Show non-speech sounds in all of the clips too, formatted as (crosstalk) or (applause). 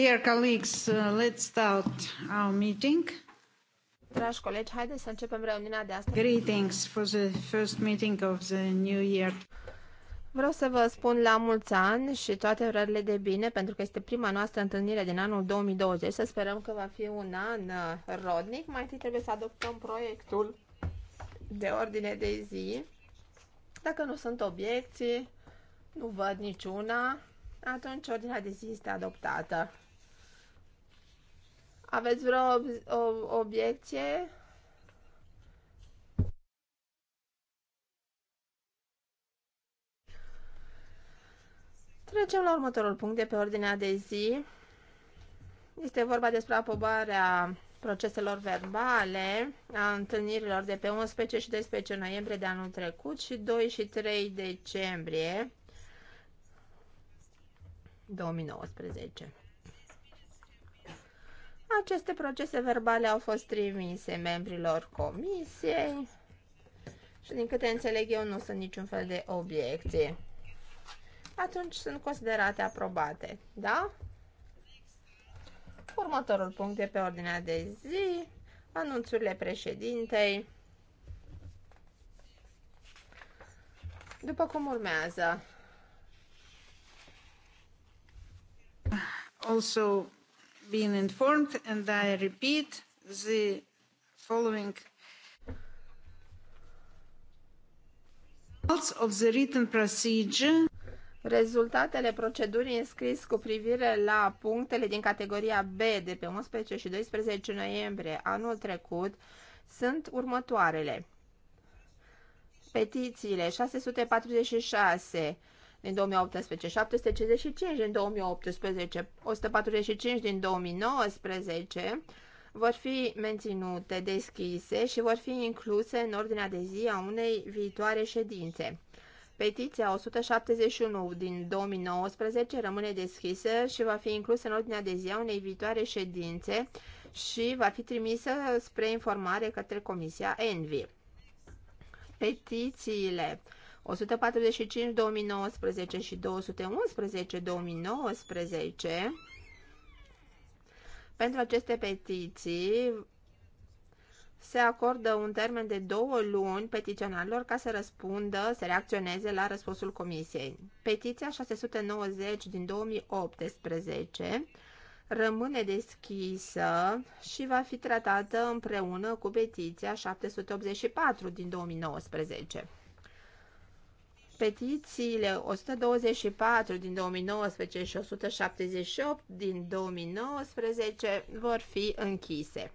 Dear colleagues, uh, let's start our meeting. Dragi colegi, haideți să începem reuniunea de astăzi. Greetings for the first meeting of the new year. Vreau să vă spun la mulți ani și toate urările de bine, pentru că este prima noastră întâlnire din anul 2020. Să sperăm că va fi un an uh, rodnic. Mai întâi trebuie să adoptăm proiectul de ordine de zi. Dacă nu sunt obiecții, nu văd niciuna, atunci ordinea de zi este adoptată. Aveți vreo o, obiecție? Trecem la următorul punct de pe ordinea de zi. Este vorba despre apobarea proceselor verbale a întâlnirilor de pe 11 și 12 noiembrie de anul trecut și 2 și 3 decembrie 2019. Aceste procese verbale au fost trimise membrilor comisiei și din câte înțeleg eu nu sunt niciun fel de obiecție. Atunci sunt considerate aprobate, da? Următorul punct de pe ordinea de zi, anunțurile președintei. După cum urmează. Also, been informed and I repeat the following results of the written procedure Rezultatele procedurii înscris cu privire la punctele din categoria B de pe 11 și 12 noiembrie anul trecut sunt următoarele. Petițiile 646, din 2018, 755 din 2018, 145 din 2019 vor fi menținute deschise și vor fi incluse în ordinea de zi a unei viitoare ședințe. Petiția 171 din 2019 rămâne deschisă și va fi inclusă în ordinea de zi a unei viitoare ședințe și va fi trimisă spre informare către Comisia ENVI. Petițiile 145 2019 și 211 2019 pentru aceste petiții se acordă un termen de două luni peticionarilor ca să răspundă, să reacționeze la răspunsul comisiei. Petiția 690 din 2018 rămâne deschisă și va fi tratată împreună cu petiția 784 din 2019. Petițiile 124 din 2019 și 178 din 2019 vor fi închise.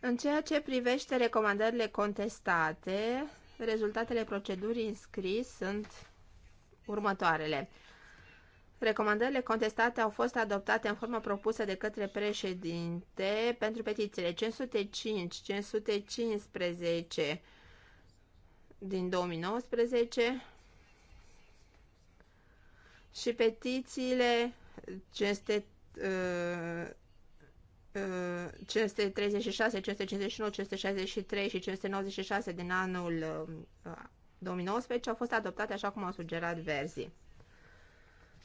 În ceea ce privește recomandările contestate, rezultatele procedurii înscris sunt următoarele. Recomandările contestate au fost adoptate în forma propusă de către președinte pentru petițiile 505, 515 din 2019 și petițiile 500, uh, 536, 559, 563 și 596 din anul 2019 uh, au fost adoptate așa cum au sugerat verzii.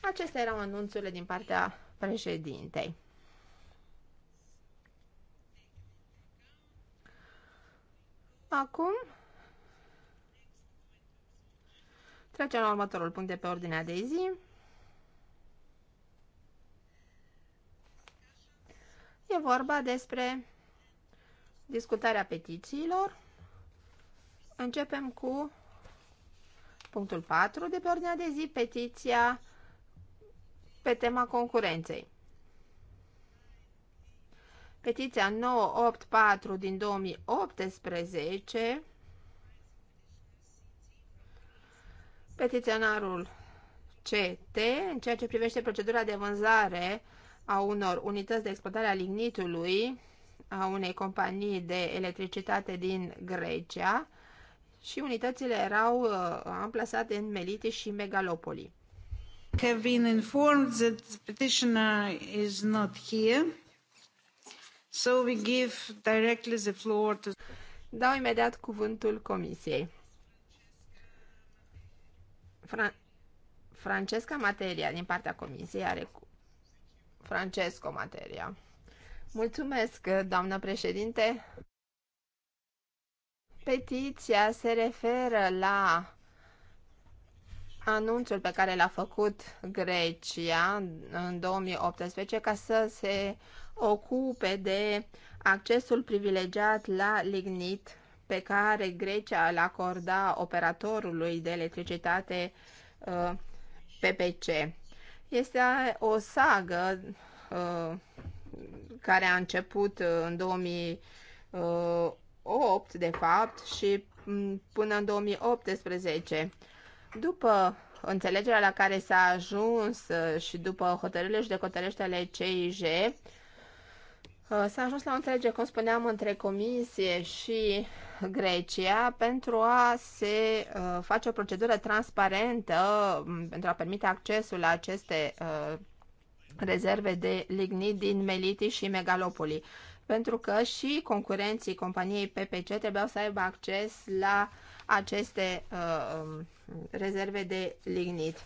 Acestea erau anunțurile din partea președintei. Acum trecem la următorul punct de pe ordinea de zi. E vorba despre discutarea petițiilor. Începem cu punctul 4 de pe ordinea de zi, petiția pe tema concurenței. Petiția 984 din 2018, petiționarul CT, în ceea ce privește procedura de vânzare a unor unități de exploatare a lignitului a unei companii de electricitate din Grecia și unitățile erau uh, amplasate în Meliti și Megalopoli have been informed that the petitioner is not here, so we give directly the floor to... Dau imediat cuvântul comisiei. Fra Francesca Materia, din partea comisiei, are cu... Francesco Materia. Mulțumesc, doamnă președinte. Petiția se referă la anunțul pe care l-a făcut Grecia în 2018 ca să se ocupe de accesul privilegiat la lignit pe care Grecia îl acorda operatorului de electricitate uh, PPC. Este o sagă uh, care a început în 2008, uh, de fapt, și mm, până în 2018. După înțelegerea la care s-a ajuns uh, și după hotărârile judecătorești ale CIJ, uh, S-a ajuns la o înțelegere, cum spuneam, între Comisie și Grecia pentru a se uh, face o procedură transparentă um, pentru a permite accesul la aceste rezerve de lignit din Meliti și Megalopoli. Pentru că și concurenții companiei PPC trebuiau să aibă acces la uh, aceste uh, um, rezerve de lignit.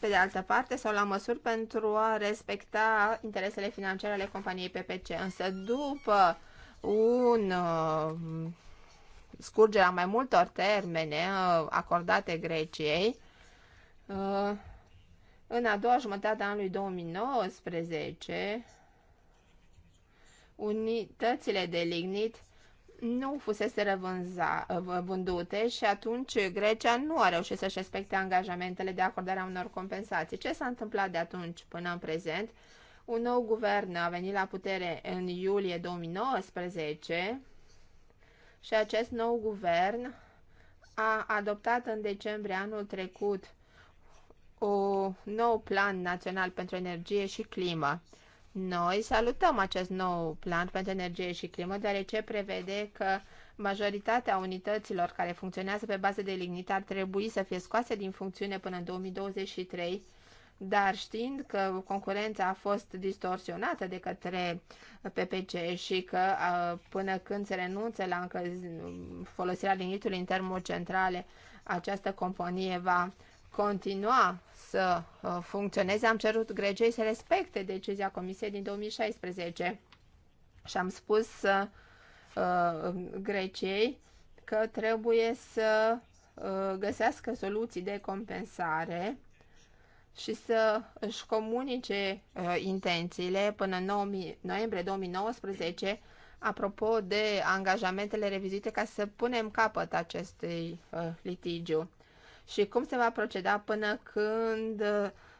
Pe de altă parte, sau la măsuri pentru a respecta interesele financiare ale companiei PPC, însă după un uh, scurgerea mai multor termene uh, acordate Greciei, uh, în a doua jumătate a anului 2019, unitățile de lignit nu fusese vânza, vândute și atunci Grecia nu a reușit să-și respecte angajamentele de acordare a unor compensații. Ce s-a întâmplat de atunci până în prezent? Un nou guvern a venit la putere în iulie 2019 și acest nou guvern a adoptat în decembrie anul trecut un nou plan național pentru energie și climă. Noi salutăm acest nou plan pentru energie și climă, deoarece prevede că majoritatea unităților care funcționează pe bază de lignit ar trebui să fie scoase din funcțiune până în 2023, dar știind că concurența a fost distorsionată de către PPC și că până când se renunță la încă folosirea lignitului în termocentrale, această companie va continua să uh, funcționeze, am cerut Greciei să respecte decizia Comisiei din 2016 și am spus uh, uh, Greciei că trebuie să uh, găsească soluții de compensare și să își comunice uh, intențiile până în noiembrie 2019 apropo de angajamentele revizuite ca să punem capăt acestui uh, litigiu și cum se va proceda până când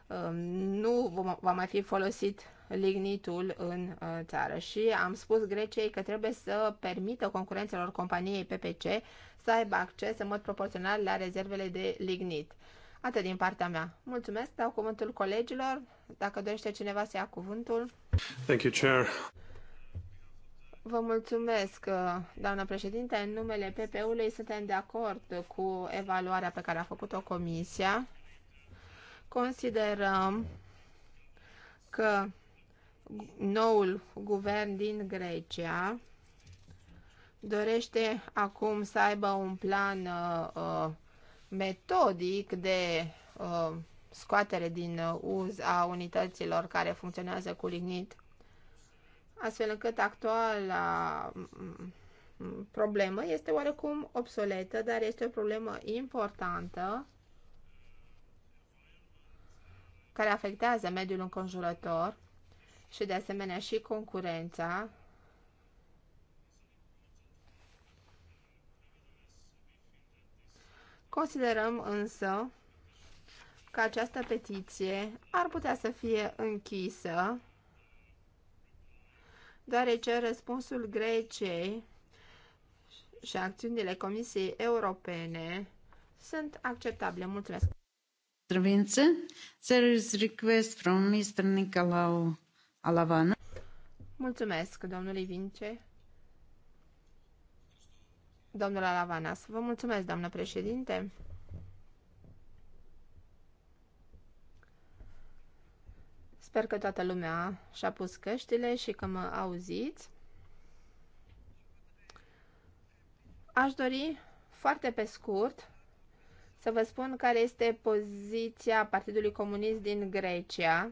um, nu va mai fi folosit lignitul în uh, țară. Și am spus Greciei că trebuie să permită concurențelor companiei PPC să aibă acces în mod proporțional la rezervele de lignit. Atât din partea mea. Mulțumesc, dau cuvântul colegilor. Dacă dorește cineva să ia cuvântul. Thank you, Chair. Vă mulțumesc, uh, doamnă președinte. În numele ppu ului suntem de acord cu evaluarea pe care a făcut-o comisia. Considerăm că noul guvern din Grecia dorește acum să aibă un plan uh, uh metodic de uh, scoatere din uz a unităților care funcționează cu lignit astfel încât actuala problemă este oarecum obsoletă, dar este o problemă importantă care afectează mediul înconjurător și de asemenea și concurența. Considerăm însă că această petiție ar putea să fie închisă deoarece răspunsul Greciei și acțiunile Comisiei Europene sunt acceptabile. Mulțumesc! Intervenție. There is request from Mr. Nicolau Alavan. Mulțumesc, domnule Vince. Domnul Alavanas, vă mulțumesc, doamnă președinte. Sper că toată lumea și-a pus căștile și că mă auziți. Aș dori foarte pe scurt să vă spun care este poziția Partidului Comunist din Grecia,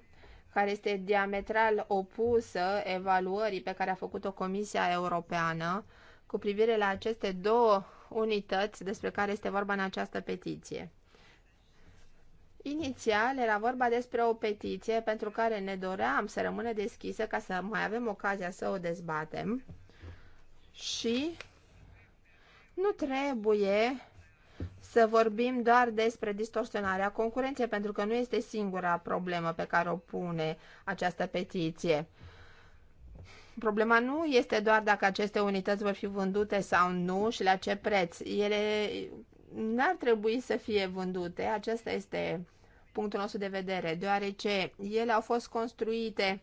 care este diametral opusă evaluării pe care a făcut-o Comisia Europeană cu privire la aceste două unități despre care este vorba în această petiție. Inițial era vorba despre o petiție pentru care ne doream să rămână deschisă ca să mai avem ocazia să o dezbatem și nu trebuie să vorbim doar despre distorsionarea concurenței, pentru că nu este singura problemă pe care o pune această petiție. Problema nu este doar dacă aceste unități vor fi vândute sau nu și la ce preț. Ele n-ar trebui să fie vândute, aceasta este punctul nostru de vedere, deoarece ele au fost construite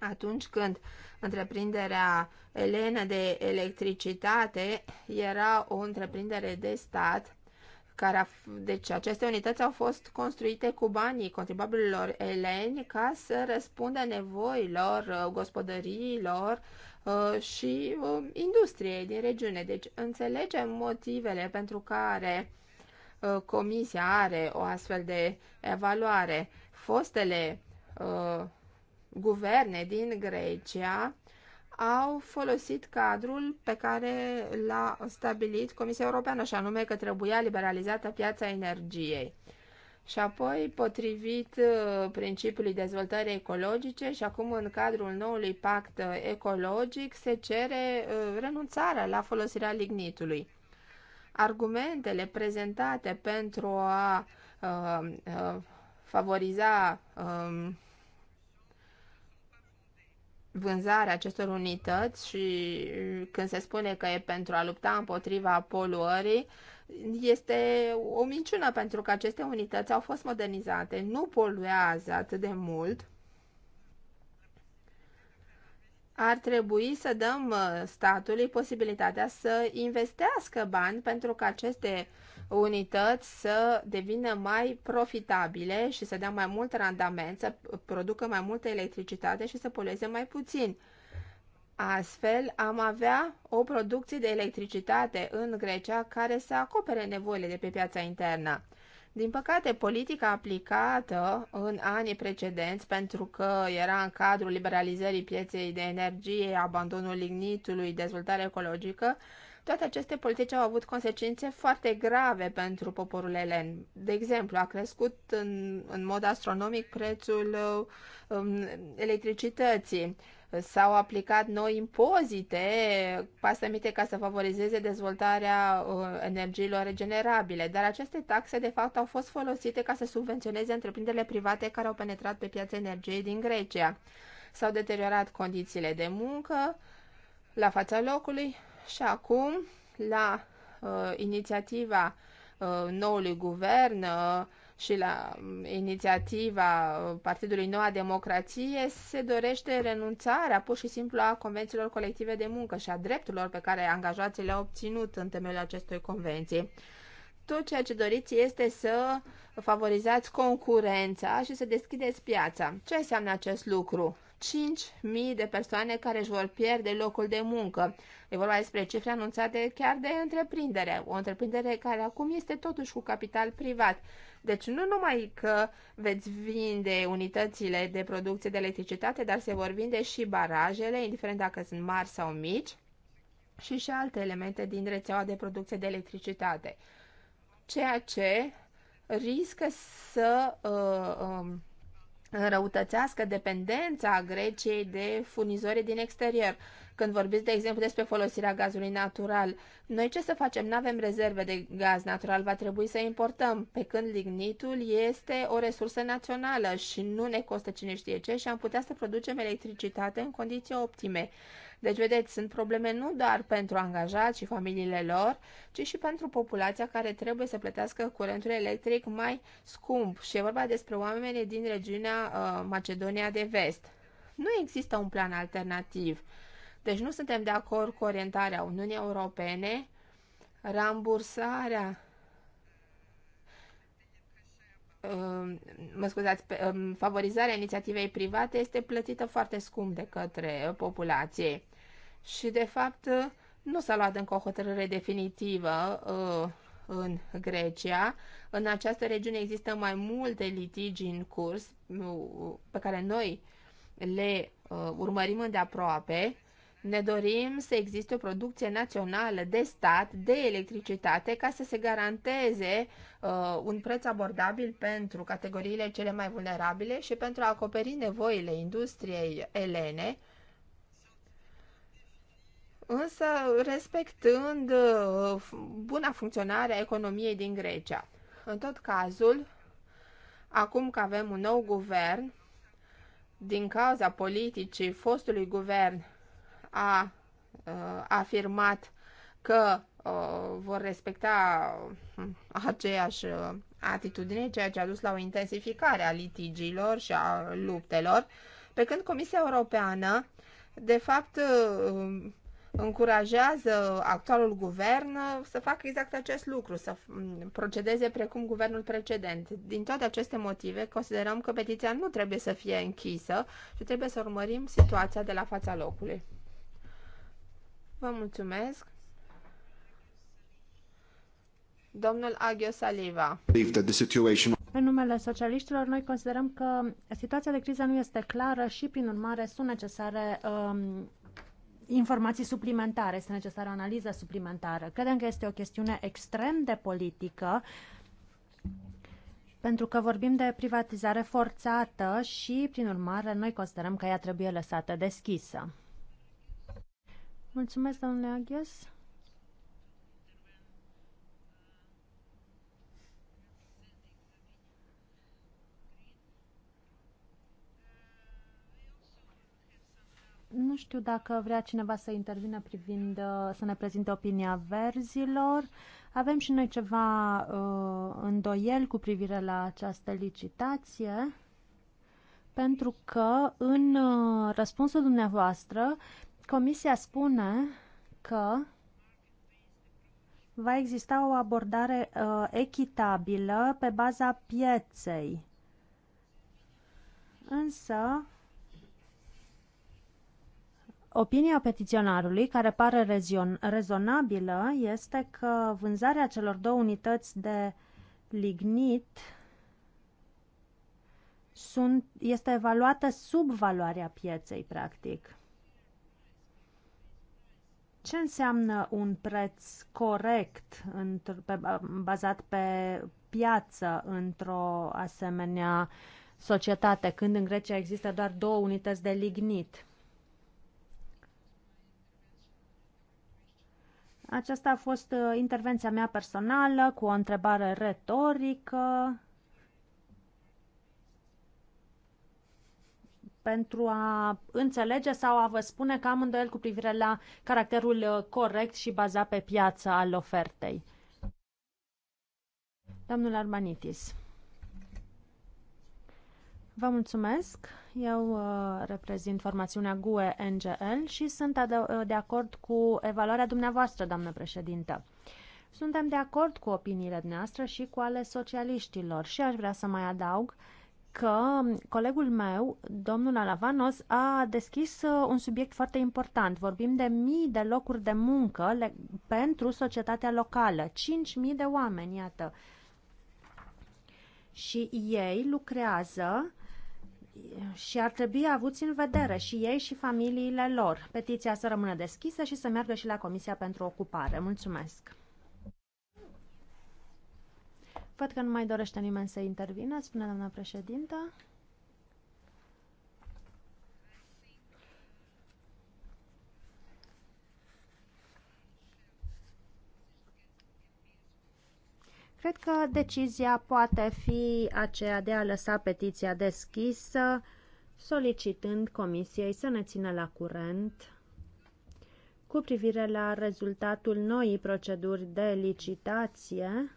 atunci când întreprinderea Elena de electricitate era o întreprindere de stat, care a, deci aceste unități au fost construite cu banii contribuabililor eleni ca să răspundă nevoilor uh, gospodăriilor uh, și uh, industriei din regiune. Deci înțelegem motivele pentru care Uh, comisia are o astfel de evaluare. Fostele uh, guverne din Grecia au folosit cadrul pe care l-a stabilit Comisia Europeană, și anume că trebuia liberalizată piața energiei. Și apoi, potrivit uh, principiului dezvoltării ecologice și acum în cadrul noului pact ecologic, se cere renunțarea la folosirea lignitului argumentele prezentate pentru a uh, uh, favoriza uh, vânzarea acestor unități și când se spune că e pentru a lupta împotriva poluării, este o minciună pentru că aceste unități au fost modernizate, nu poluează atât de mult ar trebui să dăm uh, statului posibilitatea să investească bani pentru ca aceste unități să devină mai profitabile și să dea mai mult randament, să producă mai multă electricitate și să polueze mai puțin. Astfel, am avea o producție de electricitate în Grecia care să acopere nevoile de pe piața internă. Din păcate, politica aplicată în anii precedenți, pentru că era în cadrul liberalizării pieței de energie, abandonul lignitului, dezvoltare ecologică, toate aceste politici au avut consecințe foarte grave pentru poporul elen. De exemplu, a crescut în, în mod astronomic prețul um, electricității, S-au aplicat noi impozite, pasămite ca să favorizeze dezvoltarea uh, energiilor regenerabile, dar aceste taxe de fapt au fost folosite ca să subvenționeze întreprinderile private care au penetrat pe piața energiei din Grecia. S-au deteriorat condițiile de muncă la fața locului și acum, la uh, inițiativa uh, noului guvern, uh, și la mm, inițiativa Partidului Noua Democrație se dorește renunțarea pur și simplu a convențiilor colective de muncă și a drepturilor pe care angajații le-au obținut în temelul acestui convenții. Tot ceea ce doriți este să favorizați concurența și să deschideți piața. Ce înseamnă acest lucru? 5.000 de persoane care își vor pierde locul de muncă. E vorba despre cifre anunțate chiar de întreprindere, o întreprindere care acum este totuși cu capital privat deci nu numai că veți vinde unitățile de producție de electricitate, dar se vor vinde și barajele, indiferent dacă sunt mari sau mici, și și alte elemente din rețeaua de producție de electricitate. Ceea ce riscă să uh, um, înrăutățească dependența Greciei de furnizorii din exterior. Când vorbiți, de exemplu, despre folosirea gazului natural, noi ce să facem? Nu avem rezerve de gaz natural, va trebui să importăm, pe când lignitul este o resursă națională și nu ne costă cine știe ce și am putea să producem electricitate în condiții optime. Deci, vedeți, sunt probleme nu doar pentru angajați și familiile lor, ci și pentru populația care trebuie să plătească curentul electric mai scump. Și e vorba despre oamenii din regiunea uh, Macedonia de Vest. Nu există un plan alternativ. Deci nu suntem de acord cu orientarea Uniunii Europene, rambursarea um, mă scuzați, um, favorizarea inițiativei private este plătită foarte scump de către populație. Și, de fapt, nu s-a luat încă o hotărâre definitivă uh, în Grecia. În această regiune există mai multe litigi în curs uh, pe care noi le uh, urmărim îndeaproape ne dorim să existe o producție națională de stat de electricitate ca să se garanteze uh, un preț abordabil pentru categoriile cele mai vulnerabile și pentru a acoperi nevoile industriei elene, însă respectând uh, buna funcționare a economiei din Grecia. În tot cazul, acum că avem un nou guvern, din cauza politicii fostului guvern a afirmat că vor respecta hm, aceeași ă, atitudine, ceea ce a dus la o intensificare a litigiilor și a luptelor, pe când Comisia Europeană, de fapt, ă, încurajează actualul guvern ă, să facă exact acest lucru, să hm, procedeze precum guvernul precedent. Din toate aceste motive, considerăm că petiția nu trebuie să fie închisă și trebuie să urmărim situația de la fața locului. Vă mulțumesc. Domnul Agio Saliva. În numele socialiștilor, noi considerăm că situația de criză nu este clară și, prin urmare, sunt necesare um, informații suplimentare, este necesară o analiză suplimentară. Credem că este o chestiune extrem de politică, pentru că vorbim de privatizare forțată și, prin urmare, noi considerăm că ea trebuie lăsată deschisă. Mulțumesc, domnule Aghias. Nu știu dacă vrea cineva să intervină privind uh, să ne prezinte opinia verzilor. Avem și noi ceva uh, îndoiel cu privire la această licitație, pentru că în uh, răspunsul dumneavoastră Comisia spune că va exista o abordare uh, echitabilă pe baza pieței. Însă, Opinia petiționarului, care pare rezonabilă, este că vânzarea celor două unități de lignit sunt, este evaluată sub valoarea pieței, practic. Ce înseamnă un preț corect pe, bazat pe piață într-o asemenea societate, când în Grecia există doar două unități de lignit? Aceasta a fost uh, intervenția mea personală cu o întrebare retorică. pentru a înțelege sau a vă spune că îndoiel cu privire la caracterul uh, corect și bazat pe piață al ofertei. Domnul Armanitis. Vă mulțumesc. Eu uh, reprezint formațiunea GUE NGL și sunt uh, de acord cu evaluarea dumneavoastră, doamnă președintă. Suntem de acord cu opiniile dumneavoastră și cu ale socialiștilor și aș vrea să mai adaug uh, că colegul meu, domnul Alavanos, a deschis uh, un subiect foarte important. Vorbim de mii de locuri de muncă pentru societatea locală. 5.000 de oameni, iată. Și ei lucrează și ar trebui avuți în vedere și ei și familiile lor. Petiția să rămână deschisă și să meargă și la Comisia pentru Ocupare. Mulțumesc! Văd că nu mai dorește nimeni să intervină, spune doamna președintă. Cred că decizia poate fi aceea de a lăsa petiția deschisă, solicitând Comisiei să ne țină la curent cu privire la rezultatul noii proceduri de licitație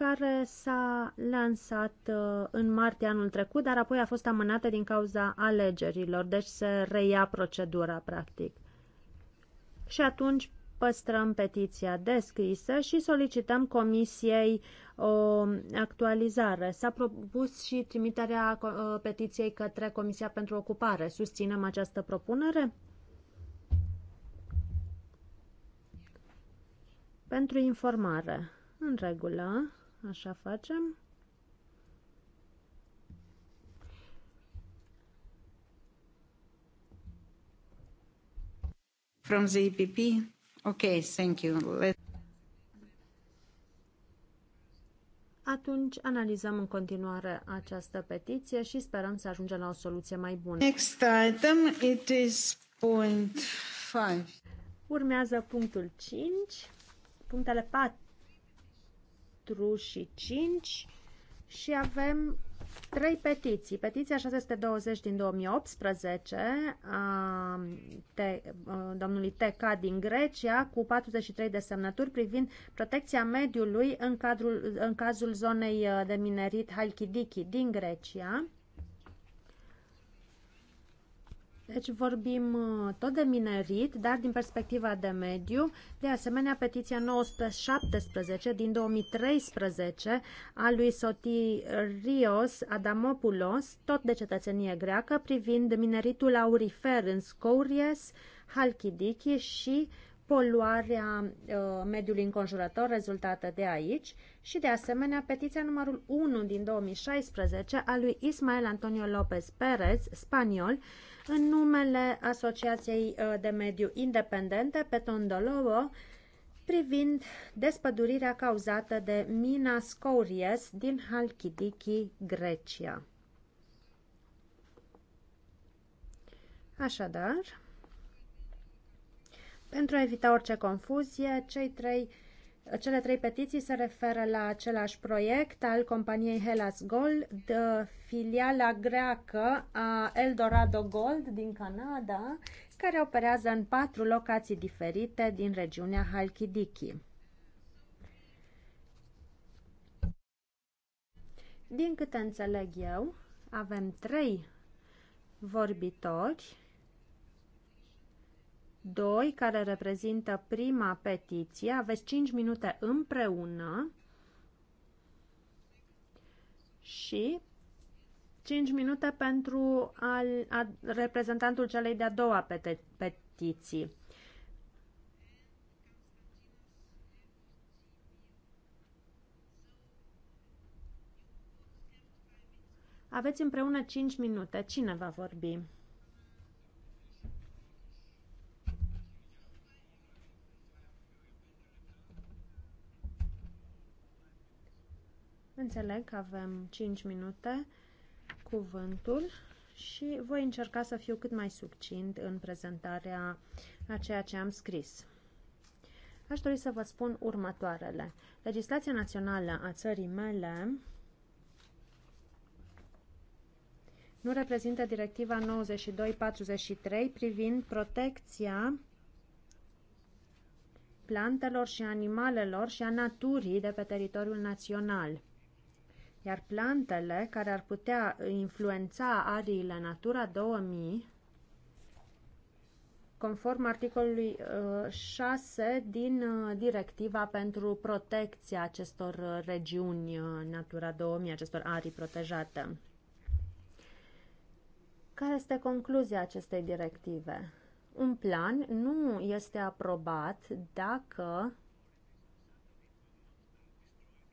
care s-a lansat uh, în martie anul trecut, dar apoi a fost amânată din cauza alegerilor, deci se reia procedura practic. Și atunci păstrăm petiția descrisă și solicităm comisiei o actualizare. S-a propus și trimiterea uh, petiției către Comisia pentru Ocupare. Susținem această propunere? Pentru informare. În regulă. Așa facem. From the EPP? Ok, thank you. Let Atunci analizăm în continuare această petiție și sperăm să ajungem la o soluție mai bună. Next item, it is point 5. Urmează punctul 5, punctele 4. 4 și 5 și avem trei petiții. Petiția 620 din 2018 a te, domnului TK din Grecia cu 43 de semnături privind protecția mediului în, cadrul, în cazul zonei de minerit Halkidiki din Grecia. Deci vorbim uh, tot de minerit, dar din perspectiva de mediu. De asemenea, petiția 917 din 2013 a lui Sotirios Adamopoulos, tot de cetățenie greacă, privind mineritul aurifer în Scouries, Halkidiki și poluarea uh, mediului înconjurător rezultată de aici și, de asemenea, petiția numărul 1 din 2016 a lui Ismael Antonio López Pérez, spaniol, uh, în numele Asociației uh, de Mediu Independente, Petondolovo, privind despădurirea cauzată de mina Scouries din Halkidiki, Grecia. Așadar, pentru a evita orice confuzie, cei trei cele trei petiții se referă la același proiect al companiei Hellas Gold, filiala greacă a Eldorado Gold din Canada, care operează în patru locații diferite din regiunea Halkidiki. Din câte înțeleg eu, avem trei vorbitori 2, care reprezintă prima petiție. Aveți 5 minute împreună și 5 minute pentru al, a, reprezentantul celei de-a doua pete, petiții. Aveți împreună 5 minute. Cine va vorbi? Înțeleg că avem 5 minute cuvântul și voi încerca să fiu cât mai succint în prezentarea a ceea ce am scris. Aș dori să vă spun următoarele. Legislația națională a țării mele nu reprezintă directiva 92/43 privind protecția plantelor și animalelor și a naturii de pe teritoriul național. Iar plantele care ar putea influența ariile Natura 2000, conform articolului 6 uh, din uh, directiva pentru protecția acestor uh, regiuni Natura 2000, acestor arii protejate. Care este concluzia acestei directive? Un plan nu este aprobat dacă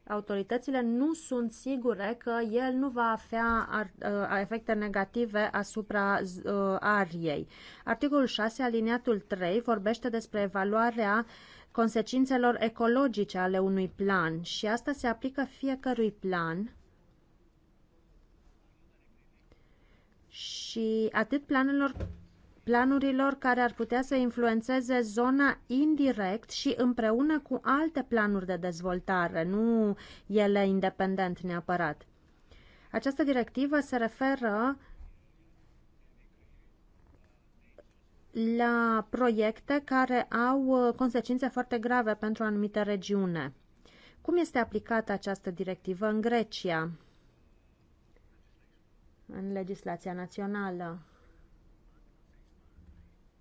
autoritățile nu sunt sigure că el nu va avea uh, efecte negative asupra uh, ariei. Articolul 6, aliniatul 3, vorbește despre evaluarea consecințelor ecologice ale unui plan și asta se aplică fiecărui plan și atât planelor planurilor care ar putea să influențeze zona indirect și împreună cu alte planuri de dezvoltare, nu ele independent neapărat. Această directivă se referă la proiecte care au uh, consecințe foarte grave pentru o anumită regiune. Cum este aplicată această directivă în Grecia, în legislația națională?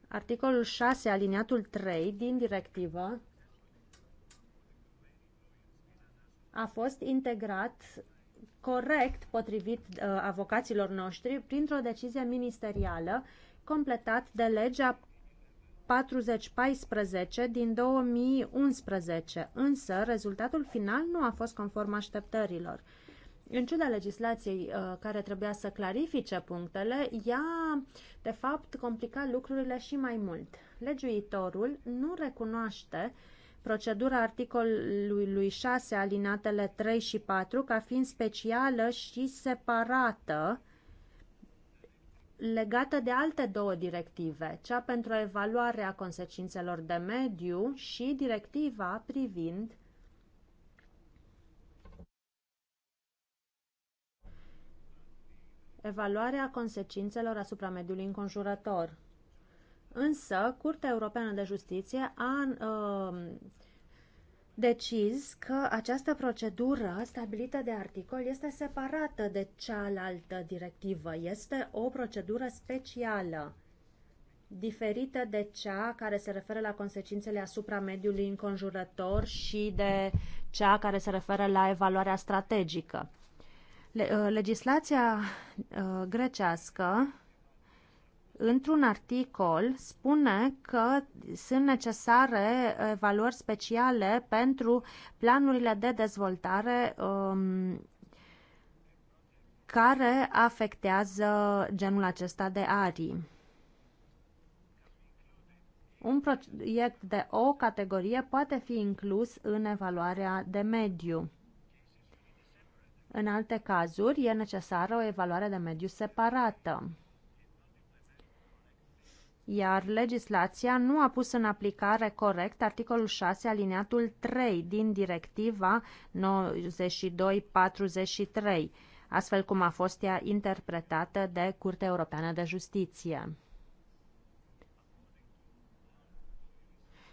Articolul 6, aliniatul 3 din directivă a fost integrat corect potrivit uh, avocaților noștri printr-o decizie ministerială completat de legea 4014 din 2011, însă rezultatul final nu a fost conform așteptărilor în ciuda legislației uh, care trebuia să clarifice punctele, ea, de fapt, complica lucrurile și mai mult. Legiuitorul nu recunoaște procedura articolului 6, alinatele 3 și 4, ca fiind specială și separată legată de alte două directive, cea pentru evaluarea consecințelor de mediu și directiva privind evaluarea consecințelor asupra mediului înconjurător. Însă, Curtea Europeană de Justiție a uh, decis că această procedură stabilită de articol este separată de cealaltă directivă. Este o procedură specială, diferită de cea care se referă la consecințele asupra mediului înconjurător și de cea care se referă la evaluarea strategică. Uh, legislația uh, grecească într-un articol spune că sunt necesare valori speciale pentru planurile de dezvoltare um, care afectează genul acesta de arii. Un proiect de o categorie poate fi inclus în evaluarea de mediu. În alte cazuri, e necesară o evaluare de mediu separată. Iar legislația nu a pus în aplicare corect articolul 6 aliniatul 3 din directiva 9243, astfel cum a fost ea interpretată de Curtea Europeană de Justiție.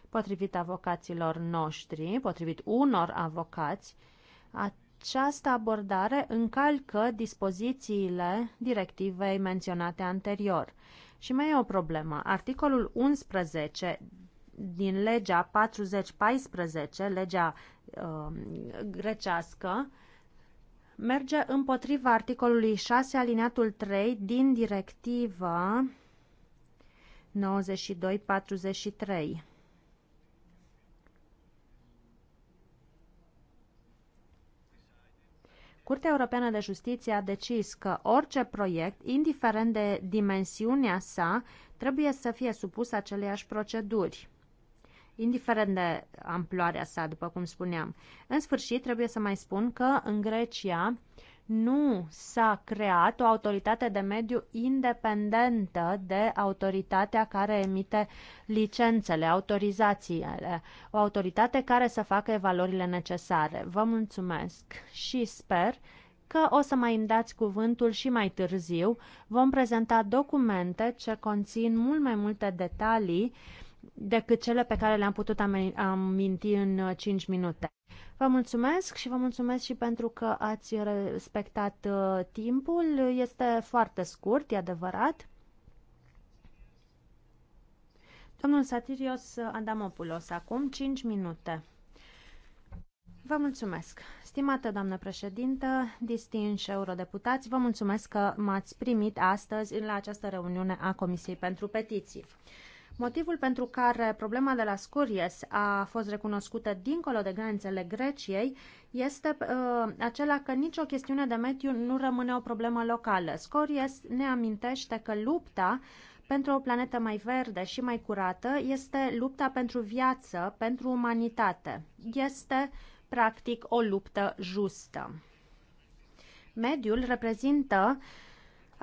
potrivit avocaților noștri, potrivit unor avocați, această abordare încalcă dispozițiile directivei menționate anterior. Și mai e o problemă. Articolul 11 din legea 4014, legea uh, grecească, merge împotriva articolului 6 alineatul 3 din directiva 9243. Curtea Europeană de Justiție a decis că orice proiect, indiferent de dimensiunea sa, trebuie să fie supus aceleiași proceduri indiferent de amploarea sa, după cum spuneam. În sfârșit, trebuie să mai spun că în Grecia nu s-a creat o autoritate de mediu independentă de autoritatea care emite licențele, autorizațiile, o autoritate care să facă evaluările necesare. Vă mulțumesc și sper că o să mai îmi dați cuvântul și mai târziu. Vom prezenta documente ce conțin mult mai multe detalii decât cele pe care le-am putut aminti în 5 uh, minute. Vă mulțumesc și vă mulțumesc și pentru că ați respectat uh, timpul. Este foarte scurt, e adevărat. Domnul Satirios Adamopoulos, acum 5 minute. Vă mulțumesc. Stimată doamnă președintă, distinși eurodeputați, vă mulțumesc că m-ați primit astăzi la această reuniune a Comisiei pentru Petiții. Motivul pentru care problema de la Scuries a fost recunoscută dincolo de granițele Greciei este uh, acela că nicio chestiune de mediu nu rămâne o problemă locală. Scuries ne amintește că lupta pentru o planetă mai verde și mai curată este lupta pentru viață, pentru umanitate. Este, practic, o luptă justă. Mediul reprezintă uh,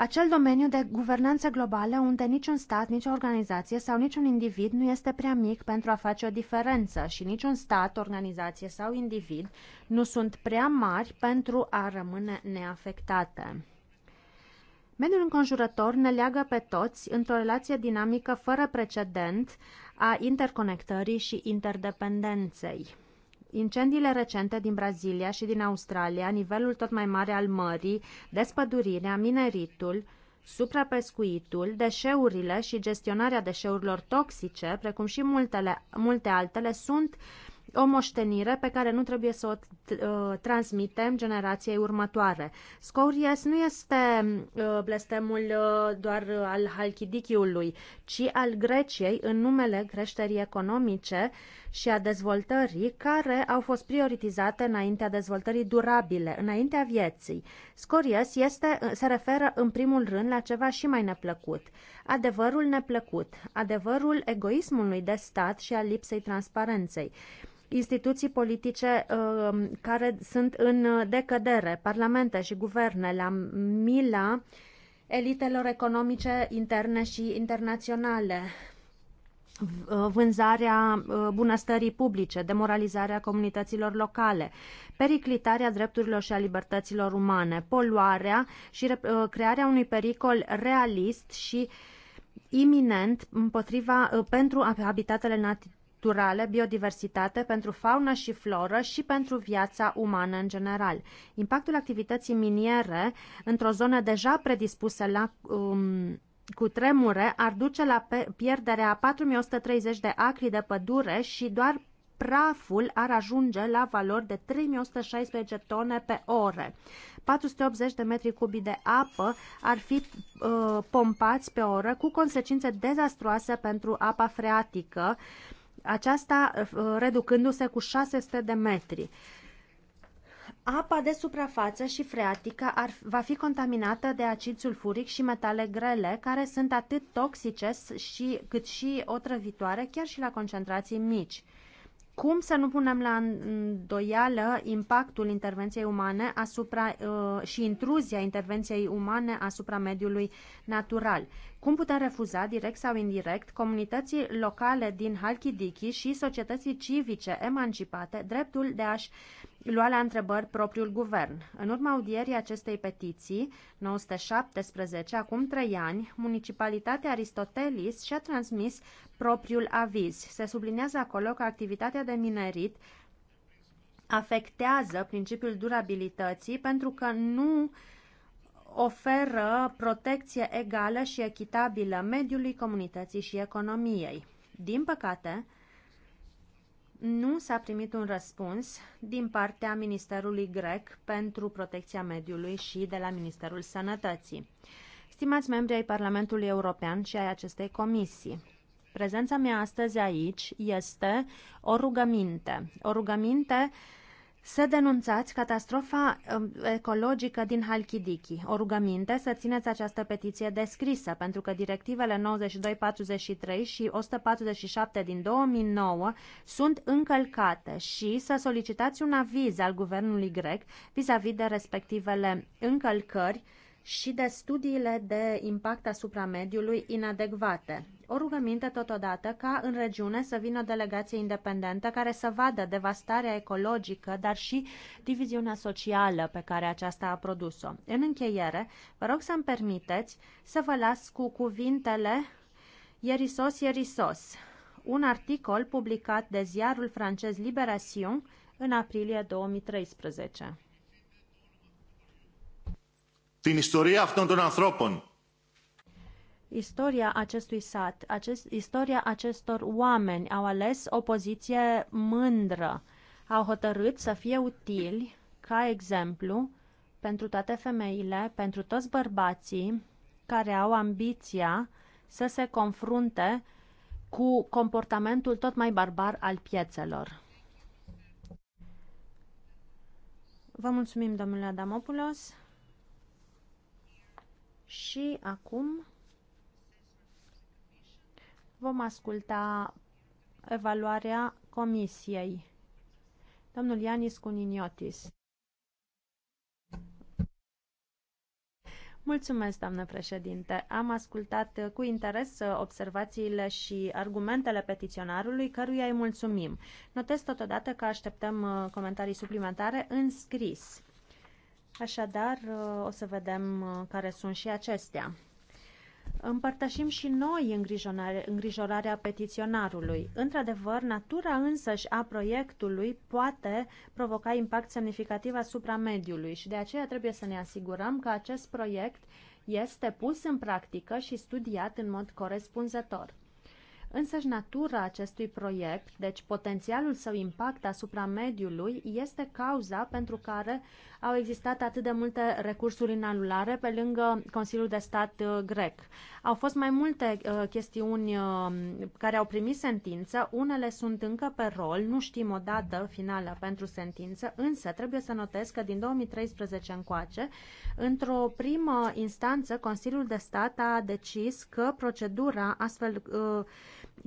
acel domeniu de guvernanță globală unde niciun stat, nicio organizație sau niciun individ nu este prea mic pentru a face o diferență și niciun stat, organizație sau individ nu sunt prea mari pentru a rămâne neafectate. Mediul înconjurător ne leagă pe toți într-o relație dinamică fără precedent a interconectării și interdependenței. Incendiile recente din Brazilia și din Australia, nivelul tot mai mare al mării, despădurirea, mineritul, suprapescuitul, deșeurile și gestionarea deșeurilor toxice, precum și multele, multe altele, sunt o moștenire pe care nu trebuie să o uh, transmitem generației următoare. Scories nu este uh, blestemul uh, doar al halchidichiului, ci al Greciei în numele creșterii economice și a dezvoltării care au fost prioritizate înaintea dezvoltării durabile, înaintea vieții. Scories este, se referă în primul rând la ceva și mai neplăcut. Adevărul neplăcut, adevărul egoismului de stat și al lipsei transparenței instituții politice um, care sunt în decădere, parlamente și guverne, la mila elitelor economice interne și internaționale, uh, vânzarea uh, bunăstării publice, demoralizarea comunităților locale, periclitarea drepturilor și a libertăților umane, poluarea și uh, crearea unui pericol realist și iminent împotriva, pentru habitatele nat- culturale, biodiversitate, pentru fauna și floră și pentru viața umană în general. Impactul activității miniere într-o zonă deja predispusă la um, cu tremure ar duce la pierderea 4130 de acri de pădure și doar praful ar ajunge la valori de 3116 tone pe ore. 480 de metri cubi de apă ar fi uh, pompați pe oră cu consecințe dezastroase pentru apa freatică. Uh, aceasta uh, uh, reducându-se cu 600 de metri. Apa de suprafață și freatică ar, va fi contaminată de acid sulfuric și metale grele, care sunt atât toxice și, cât și otrăvitoare, chiar și la concentrații mici. Cum să nu punem la îndoială impactul intervenției umane asupra, uh, și intruzia intervenției umane asupra mediului natural? Cum putem refuza, direct sau indirect, comunității locale din Halkidiki și societății civice emancipate dreptul de a-și lua la întrebări propriul guvern? În urma audierii acestei petiții, 917, acum trei ani, municipalitatea Aristotelis și-a transmis propriul aviz. Se sublinează acolo că activitatea de minerit afectează principiul durabilității pentru că nu oferă protecție egală și echitabilă mediului, comunității și economiei. Din păcate, nu s-a primit un răspuns din partea Ministerului Grec pentru protecția mediului și de la Ministerul Sănătății. Stimați membri ai Parlamentului European și ai acestei comisii, prezența mea astăzi aici este o rugăminte, o rugăminte uh, să denunțați catastrofa um, ecologică din Halkidiki. O rugăminte să țineți această petiție descrisă, pentru că directivele 9243 și 147 din 2009 sunt încălcate și să solicitați un aviz al guvernului grec vis-a-vis -vis de respectivele încălcări și de studiile de impact asupra mediului inadecvate. O rugăminte totodată ca în regiune să vină o delegație independentă care să vadă devastarea ecologică, dar și diviziunea socială pe care aceasta a produs-o. În încheiere, vă rog să-mi permiteți să vă las cu cuvintele Ierisos, Ierisos, un articol publicat de ziarul francez Libération în aprilie 2013. Την ιστορία αυτών των ανθρώπων istoria acestui sat, acest, istoria acestor oameni. Au ales o poziție mândră. Au hotărât să fie utili, ca exemplu, pentru toate femeile, pentru toți bărbații care au ambiția să se confrunte cu comportamentul tot mai barbar al piețelor. Vă mulțumim, domnule Adamopoulos. Și acum Vom asculta evaluarea comisiei. Domnul Ianis Cuniniotis. Mulțumesc, doamnă președinte. Am ascultat cu interes observațiile și argumentele petiționarului, căruia îi mulțumim. Notez totodată că așteptăm uh, comentarii suplimentare în scris. Așadar, uh, o să vedem uh, care sunt și acestea. Împărtășim și noi îngrijorarea petiționarului. Într-adevăr, natura însăși a proiectului poate provoca impact semnificativ asupra mediului și de aceea trebuie să ne asigurăm că acest proiect este pus în practică și studiat în mod corespunzător. Însăși natura acestui proiect, deci potențialul său impact asupra mediului, este cauza pentru care au existat atât de multe recursuri în anulare pe lângă Consiliul de Stat uh, grec. Au fost mai multe uh, chestiuni uh, care au primit sentință, unele sunt încă pe rol, nu știm o dată finală pentru sentință, însă trebuie să notez că din 2013 încoace, într-o primă instanță, Consiliul de Stat a decis că procedura astfel uh,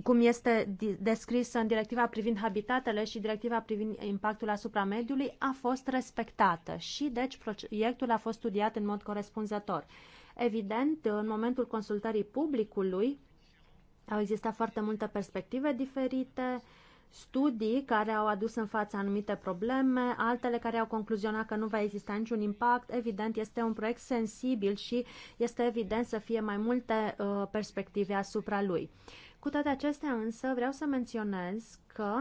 cum este descrisă în directiva privind habitatele și directiva privind impactul asupra mediului, a fost respectată și deci proiectul a fost studiat în mod corespunzător. Evident, în momentul consultării publicului au existat foarte multe perspective diferite, studii care au adus în fața anumite probleme, altele care au concluzionat că nu va exista niciun impact. Evident, este un proiect sensibil și este evident să fie mai multe uh, perspective asupra lui. Cu toate acestea însă vreau să menționez că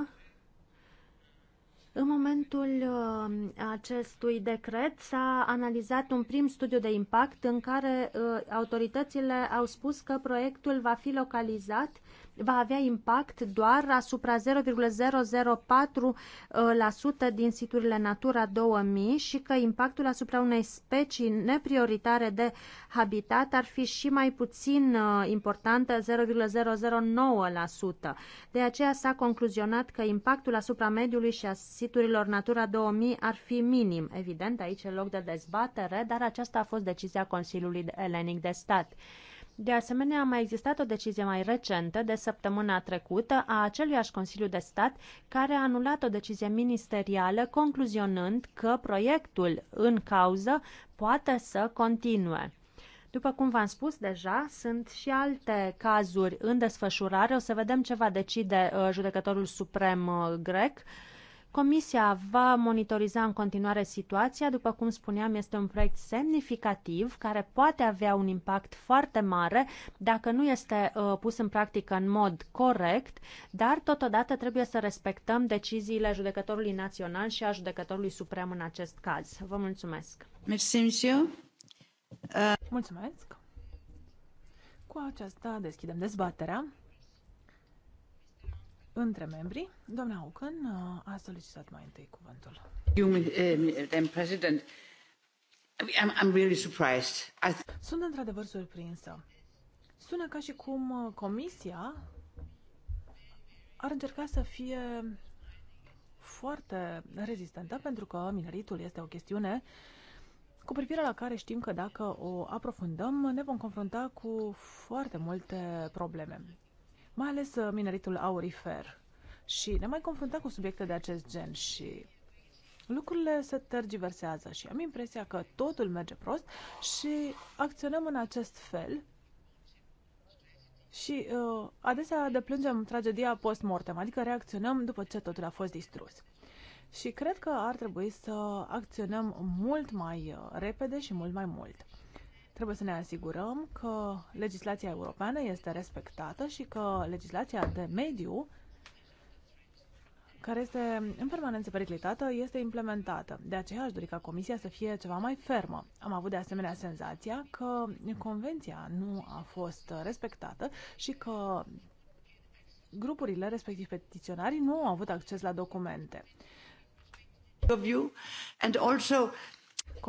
în momentul uh, acestui decret s-a analizat un prim studiu de impact în care uh, autoritățile au spus că proiectul va fi localizat va avea impact doar asupra 0,004% uh, din siturile Natura 2000 și că impactul asupra unei specii neprioritare de habitat ar fi și mai puțin uh, importantă, 0,009%. De aceea s-a concluzionat că impactul asupra mediului și a siturilor Natura 2000 ar fi minim. Evident, aici e loc de dezbatere, dar aceasta a fost decizia Consiliului Elenic de Stat. De asemenea, a mai existat o decizie mai recentă de săptămâna trecută a aceluiași Consiliu de Stat care a anulat o decizie ministerială concluzionând că proiectul în cauză poate să continue. După cum v-am spus deja, sunt și alte cazuri în desfășurare. O să vedem ce va decide uh, judecătorul suprem uh, grec. Comisia va monitoriza în continuare situația. După cum spuneam, este un proiect semnificativ care poate avea un impact foarte mare dacă nu este uh, pus în practică în mod corect, dar totodată trebuie să respectăm deciziile judecătorului național și a judecătorului suprem în acest caz. Vă mulțumesc! Mersi, uh... Mulțumesc! Cu aceasta deschidem dezbaterea între membri. Doamna Hocan uh, a solicitat mai întâi cuvântul. Uh, Sunt într-adevăr surprinsă. Sună ca și cum uh, Comisia ar încerca să fie foarte rezistentă, pentru că mineritul este o chestiune cu privire la care știm că dacă o aprofundăm, ne vom confrunta cu foarte multe probleme mai ales uh, mineritul aurifer. Și ne mai confruntăm cu subiecte de acest gen și lucrurile se tergiversează și am impresia că totul merge prost și acționăm în acest fel și uh, adesea deplângem tragedia post-mortem, adică reacționăm după ce totul a fost distrus. Și cred că ar trebui să acționăm mult mai uh, repede și mult mai mult. Trebuie să ne asigurăm că legislația europeană este respectată și că legislația de mediu care este în permanență periclitată, este implementată. De aceea aș dori ca Comisia să fie ceva mai fermă. Am avut de asemenea senzația că convenția nu a fost respectată și că grupurile, respectiv petiționarii, nu au avut acces la documente. and also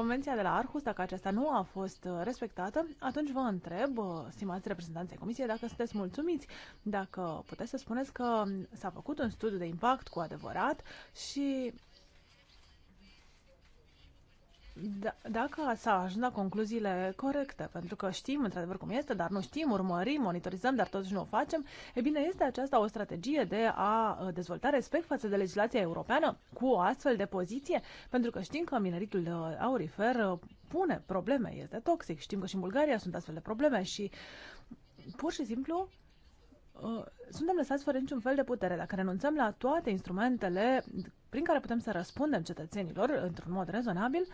Convenția de la Arhus, dacă aceasta nu a fost uh, respectată, atunci vă întreb, uh, stimați reprezentanții Comisiei, dacă sunteți mulțumiți, dacă puteți să spuneți că s-a făcut un studiu de impact cu adevărat și da, dacă s-a ajuns la concluziile corecte, pentru că știm într-adevăr cum este, dar nu știm, urmărim, monitorizăm, dar totuși nu o facem, e bine, este aceasta o strategie de a uh, dezvolta respect față de legislația europeană cu o astfel de poziție, pentru că știm că mineritul uh, aurifer uh, pune probleme, este toxic, știm că și în Bulgaria sunt astfel de probleme și pur și simplu suntem lăsați fără niciun fel de putere. Dacă renunțăm la toate instrumentele prin care putem să răspundem cetățenilor într-un mod rezonabil, uh,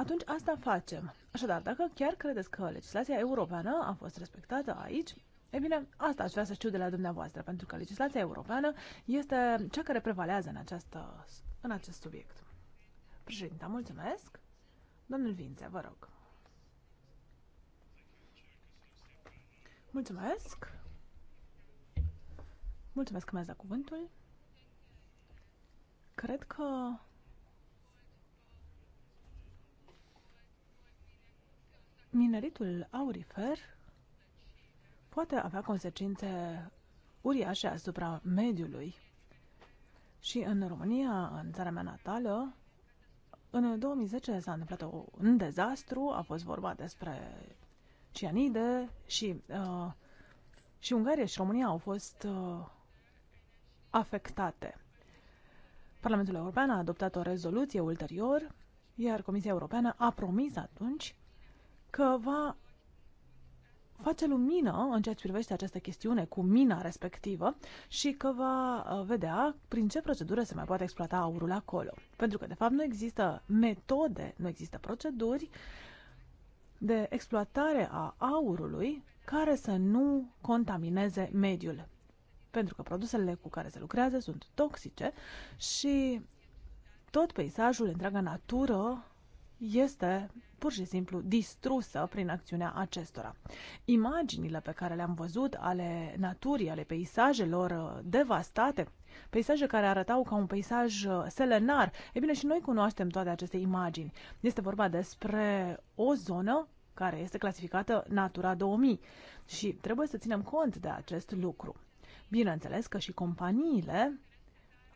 atunci asta facem. Așadar, dacă chiar credeți că legislația europeană a fost respectată aici, E bine, asta aș vrea să știu de la dumneavoastră, pentru că legislația europeană este cea care prevalează în, această, în acest subiect. Președinte, mulțumesc. Domnul Vințe, vă rog. Mulțumesc. Mulțumesc că mi-ați dat cuvântul. Cred că mineritul aurifer poate avea consecințe uriașe asupra mediului. Și în România, în țara mea natală, în 2010 s-a întâmplat un dezastru, a fost vorba despre cianide și, uh, și Ungaria și România au fost uh, afectate. Parlamentul European a adoptat o rezoluție ulterior, iar Comisia Europeană a promis atunci că va face lumină în ceea ce privește această chestiune cu mina respectivă și că va uh, vedea prin ce procedură se mai poate exploata aurul acolo. Pentru că, de fapt, nu există metode, nu există proceduri de exploatare a aurului care să nu contamineze mediul. Pentru că produsele cu care se lucrează sunt toxice și tot peisajul, întreaga natură este pur și simplu distrusă prin acțiunea acestora. Imaginile pe care le-am văzut ale naturii, ale peisajelor uh, devastate, peisaje care arătau ca un peisaj uh, selenar, e bine și noi cunoaștem toate aceste imagini. Este vorba despre o zonă care este clasificată Natura 2000 și trebuie să ținem cont de acest lucru. Bineînțeles că și companiile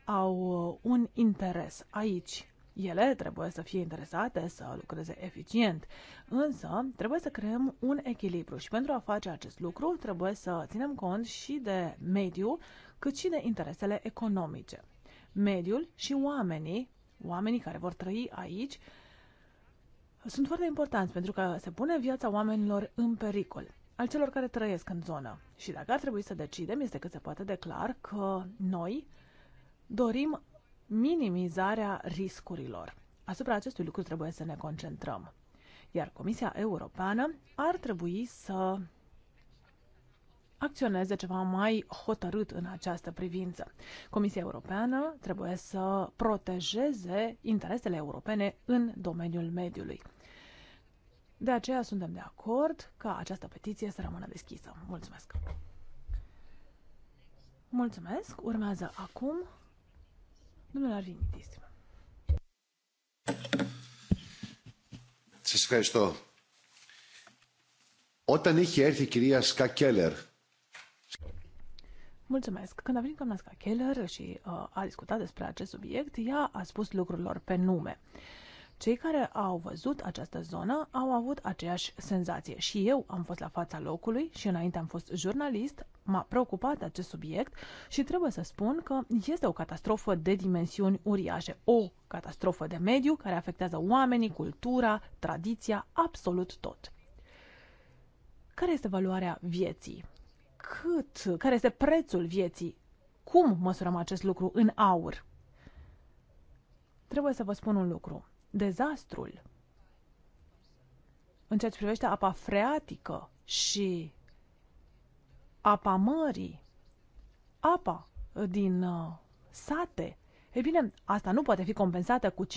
au uh, un interes aici ele trebuie să fie interesate să lucreze eficient, însă trebuie să creăm un echilibru și pentru a face acest lucru trebuie să ținem cont și de mediu, cât și de interesele economice. Mediul și oamenii, oamenii care vor trăi aici, sunt foarte importanți pentru că se pune viața oamenilor în pericol al celor care trăiesc în zonă. Și dacă ar trebui să decidem, este cât se poate declar că noi dorim minimizarea riscurilor. Asupra acestui lucru trebuie să ne concentrăm. Iar Comisia Europeană ar trebui să acționeze ceva mai hotărât în această privință. Comisia Europeană trebuie să protejeze interesele europene în domeniul mediului. De aceea suntem de acord ca această petiție să rămână deschisă. Mulțumesc! Mulțumesc! Urmează acum Domnul Arvinitis. Σας ευχαριστώ. Όταν είχε έρθει η κυρία Σκα Κέλλερ. Mulțumesc. Când a venit doamna Sca Keller și uh, a discutat despre acest subiect, ea a spus lucrurilor pe nume. Uh, cei care au văzut această zonă au avut aceeași senzație și eu am fost la fața locului și înainte am fost jurnalist, m-a preocupat acest subiect și trebuie să spun că este o catastrofă de dimensiuni uriașe, o catastrofă de mediu care afectează oamenii, cultura, tradiția, absolut tot. Care este valoarea vieții? Cât? Care este prețul vieții? Cum măsurăm acest lucru în aur? Trebuie să vă spun un lucru dezastrul. În ceea ce privește apa freatică și apa mării, apa uh, din uh, sate, e bine, asta nu poate fi compensată cu 5-600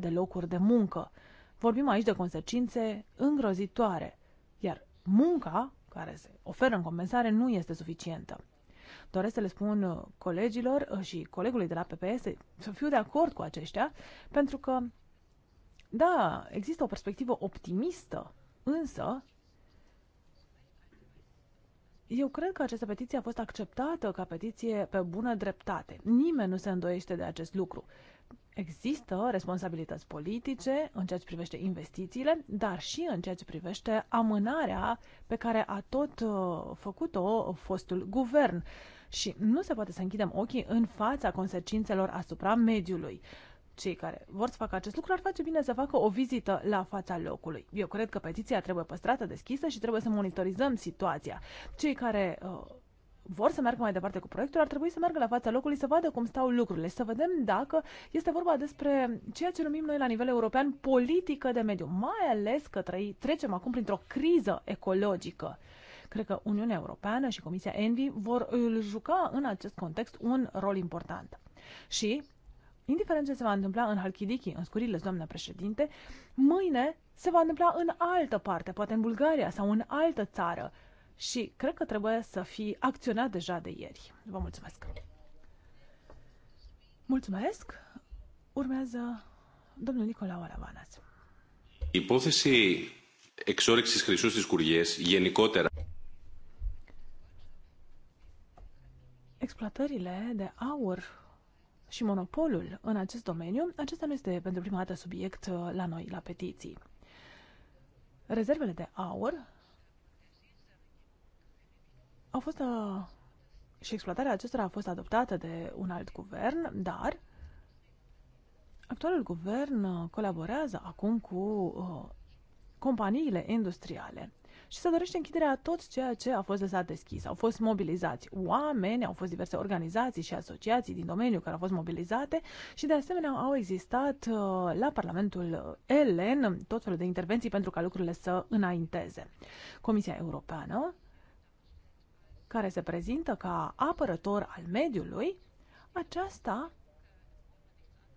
de locuri de muncă. Vorbim aici de consecințe îngrozitoare, iar munca care se oferă în compensare nu este suficientă. Doresc să le spun uh, colegilor uh, și colegului de la PPS să fiu de acord cu aceștia, pentru că da, există o perspectivă optimistă, însă eu cred că această petiție a fost acceptată ca petiție pe bună dreptate. Nimeni nu se îndoiește de acest lucru. Există responsabilități politice în ceea ce privește investițiile, dar și în ceea ce privește amânarea pe care a tot uh, făcut-o fostul guvern. Și nu se poate să închidem ochii în fața consecințelor asupra mediului cei care vor să facă acest lucru ar face bine să facă o vizită la fața locului. Eu cred că petiția trebuie păstrată deschisă și trebuie să monitorizăm situația. Cei care uh, vor să meargă mai departe cu proiectul, ar trebui să meargă la fața locului să vadă cum stau lucrurile și să vedem dacă este vorba despre ceea ce numim noi la nivel european politică de mediu, mai ales că trăi, trecem acum printr-o criză ecologică. Cred că Uniunea Europeană și Comisia Envi vor juca în acest context un rol important. Și indiferent ce se va întâmpla în Halkidiki, în scurile doamna președinte, mâine se va întâmpla în altă parte, poate în Bulgaria sau în altă țară. Și cred că trebuie să fi acționat deja de ieri. Vă mulțumesc! Mulțumesc! Urmează domnul Nicolau Alavanas. Ipotesi exorexis χρυσού στις κουριές γενικότερα exploatările de aur și monopolul în acest domeniu, acesta nu este pentru prima dată subiect uh, la noi, la petiții. Rezervele de aur au fost a... Uh, și exploatarea acestora a fost adoptată de un alt guvern, dar actualul guvern uh, colaborează acum cu companiile industriale și se dorește închiderea a tot ceea ce a fost lăsat deschis. Au fost mobilizați oameni, au fost diverse organizații și asociații din domeniu care au fost mobilizate și de asemenea au existat uh, la Parlamentul Elen tot felul de intervenții pentru ca lucrurile să înainteze. Comisia Europeană care se prezintă ca apărător al mediului, aceasta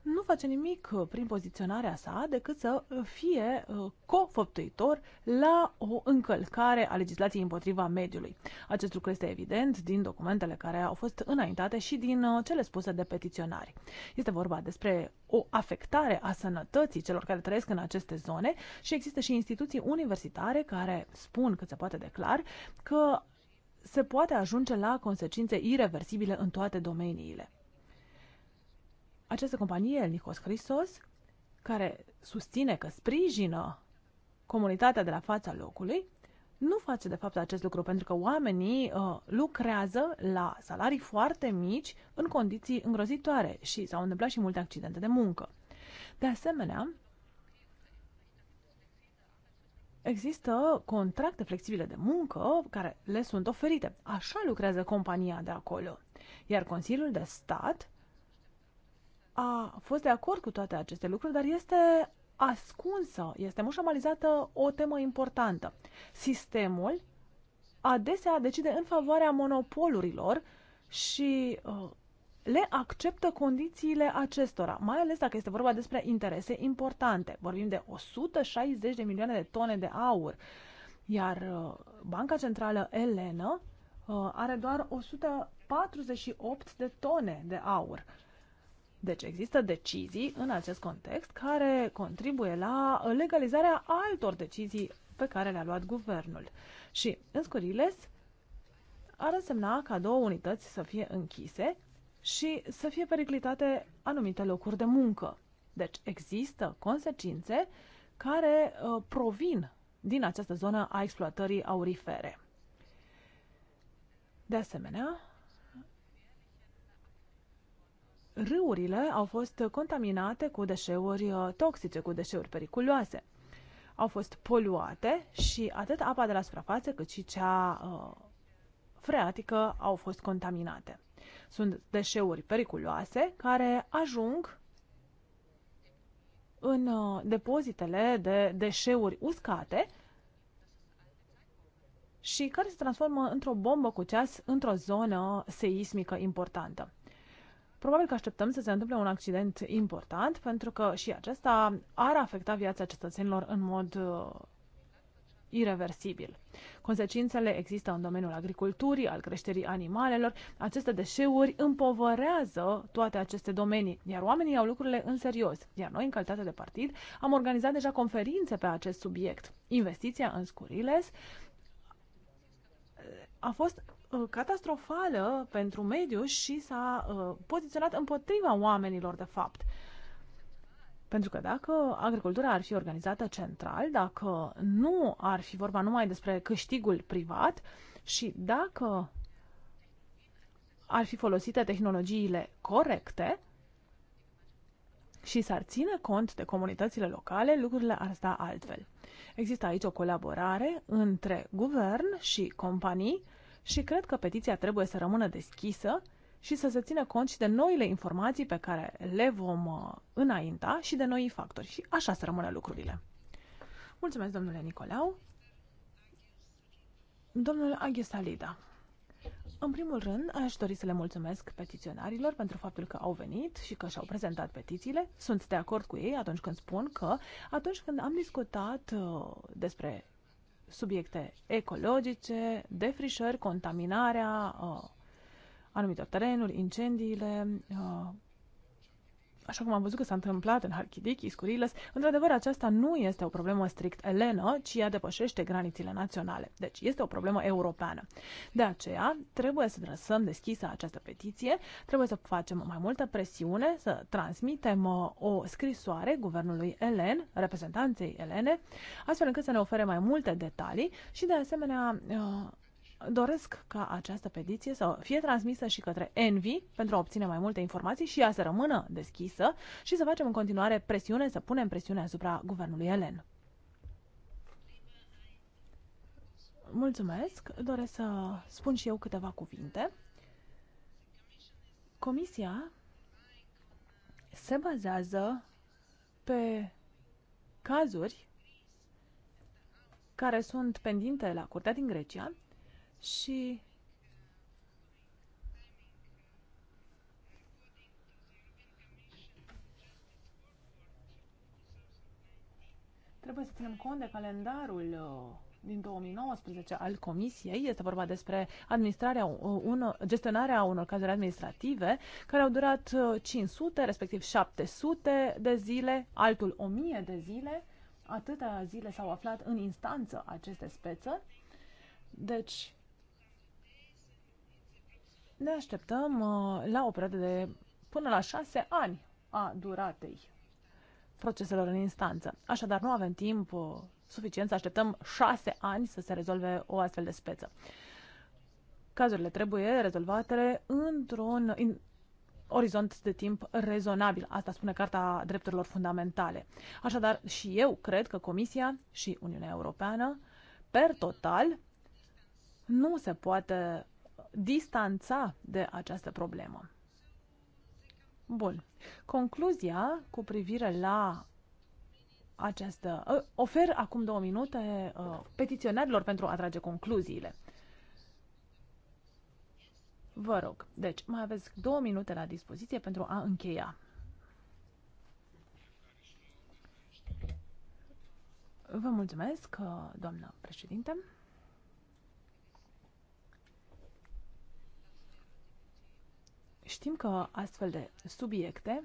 nu face nimic uh, prin poziționarea sa decât să uh, fie uh, cofăptuitor la o încălcare a legislației împotriva mediului. Acest lucru este evident din documentele care au fost înaintate și din cele spuse de petiționari. Este vorba despre o afectare a sănătății celor care trăiesc în aceste zone și există și instituții universitare care spun cât se poate declar că se poate ajunge la consecințe irreversibile în toate domeniile această companie, el Nicos Hristos, care susține că sprijină comunitatea de la fața locului, nu face de fapt acest lucru pentru că oamenii uh, lucrează la salarii foarte mici în condiții îngrozitoare și s-au întâmplat și multe accidente de muncă. De asemenea, există contracte flexibile de muncă care le sunt oferite. Așa lucrează compania de acolo. Iar Consiliul de Stat a fost de acord cu toate aceste lucruri, dar este ascunsă, este mușamalizată o temă importantă. Sistemul adesea decide în favoarea monopolurilor și uh, le acceptă condițiile acestora, mai ales dacă este vorba despre interese importante. Vorbim de 160 de milioane de tone de aur, iar uh, Banca Centrală Elenă uh, are doar 148 de tone de aur. Deci există decizii în acest context care contribuie la legalizarea altor decizii pe care le-a luat guvernul. Și înscuriles ar însemna ca două unități să fie închise și să fie periclitate anumite locuri de muncă. Deci există consecințe care uh, provin din această zonă a exploatării aurifere. De asemenea, râurile au fost contaminate cu deșeuri uh, toxice, cu deșeuri periculoase. Au fost poluate și atât apa de la suprafață cât și cea uh, freatică au fost contaminate. Sunt deșeuri periculoase care ajung în uh, depozitele de deșeuri uscate și care se transformă într-o bombă cu ceas într-o zonă seismică importantă. Probabil că așteptăm să se întâmple un accident important, pentru că și acesta ar afecta viața cetățenilor în mod uh, irreversibil. Consecințele există în domeniul agriculturii, al creșterii animalelor. Aceste deșeuri împovărează toate aceste domenii, iar oamenii au lucrurile în serios. Iar noi, în calitate de partid, am organizat deja conferințe pe acest subiect. Investiția în Scuriles uh, a fost Uh, catastrofală pentru mediu și s-a uh, poziționat împotriva oamenilor, de fapt. Pentru că dacă agricultura ar fi organizată central, dacă nu ar fi vorba numai despre câștigul privat și dacă ar fi folosite tehnologiile corecte și s-ar ține cont de comunitățile locale, lucrurile ar sta altfel. Există aici o colaborare între guvern și companii și cred că petiția trebuie să rămână deschisă și să se țină cont și de noile informații pe care le vom uh, înainta și de noi factori. Și așa să rămână lucrurile. Mulțumesc, domnule Nicolau. Domnul Aghesalida. În primul rând, aș dori să le mulțumesc petiționarilor pentru faptul că au venit și că și-au prezentat petițiile. Sunt de acord cu ei atunci când spun că atunci când am discutat uh, despre subiecte ecologice, defrișări, contaminarea uh, anumitor terenuri, incendiile, uh, așa cum am văzut că s-a întâmplat în Halkidiki, Iscuriles, într-adevăr aceasta nu este o problemă strict elenă, ci ea depășește granițele naționale. Deci este o problemă europeană. De aceea trebuie să lăsăm deschisă această petiție, trebuie să facem mai multă presiune, să transmitem uh, o scrisoare guvernului elen, reprezentanței elene, astfel încât să ne ofere mai multe detalii și de asemenea uh, doresc ca această petiție să fie transmisă și către Envi pentru a obține mai multe informații și ea să rămână deschisă și să facem în continuare presiune, să punem presiune asupra guvernului elen. Mulțumesc! Doresc să spun și eu câteva cuvinte. Comisia se bazează pe cazuri care sunt pendinte la Curtea din Grecia și trebuie să ținem cont de calendarul uh, din 2019 al Comisiei. Este vorba despre administrarea uh, un, gestionarea unor cazuri administrative care au durat 500, uh, respectiv 700 de zile, altul 1000 de zile. Atâtea zile s-au aflat în instanță aceste speță. Deci, ne așteptăm uh, la o perioadă de până la șase ani a duratei proceselor în instanță. Așadar, nu avem timp uh, suficient să așteptăm șase ani să se rezolve o astfel de speță. Cazurile trebuie rezolvate într-un orizont de timp rezonabil. Asta spune Carta Drepturilor Fundamentale. Așadar, și eu cred că Comisia și Uniunea Europeană, per total, nu se poate distanța de această problemă. Bun. Concluzia cu privire la această... Ă, ofer acum două minute ă, petiționarilor pentru a trage concluziile. Vă rog, deci mai aveți două minute la dispoziție pentru a încheia. Vă mulțumesc, ă, doamnă președinte. Știm că astfel de subiecte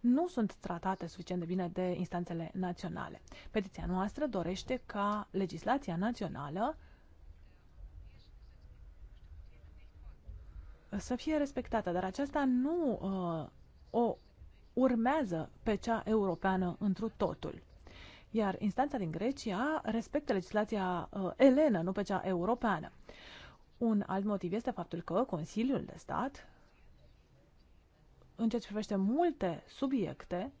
nu sunt tratate suficient de bine de instanțele naționale. Petiția noastră dorește ca legislația națională să fie respectată, dar aceasta nu uh, o urmează pe cea europeană întru totul. Iar instanța din Grecia respectă legislația uh, elenă, nu pe cea europeană. Un alt motiv este faptul că Consiliul de Stat, în ceea ce privește multe subiecte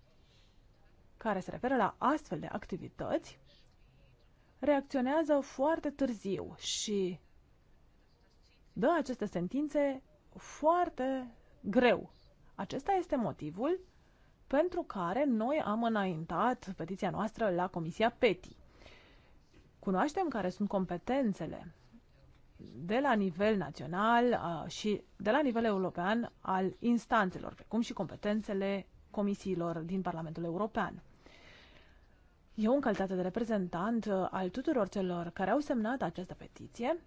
care se referă la astfel de activități, reacționează foarte târziu și dă aceste sentințe foarte greu. Acesta este motivul pentru care noi am înaintat petiția noastră la Comisia PETI. Cunoaștem care sunt competențele de la nivel național și de la nivel european al instanțelor, precum și competențele comisiilor din Parlamentul European. Eu, în calitate de reprezentant al tuturor celor care au semnat această petiție,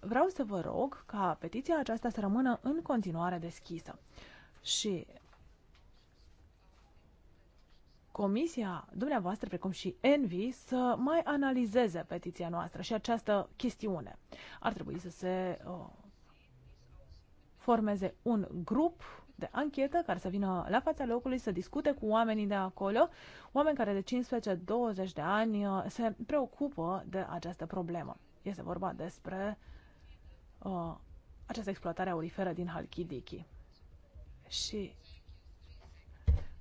vreau să vă rog ca petiția aceasta să rămână în continuare deschisă. Și Comisia dumneavoastră, precum și Envi, să mai analizeze petiția noastră și această chestiune. Ar trebui să se uh, formeze un grup de anchetă care să vină la fața locului, să discute cu oamenii de acolo, oameni care de 15-20 de ani uh, se preocupă de această problemă. Este vorba despre uh, această exploatare auriferă din Halkidiki. Și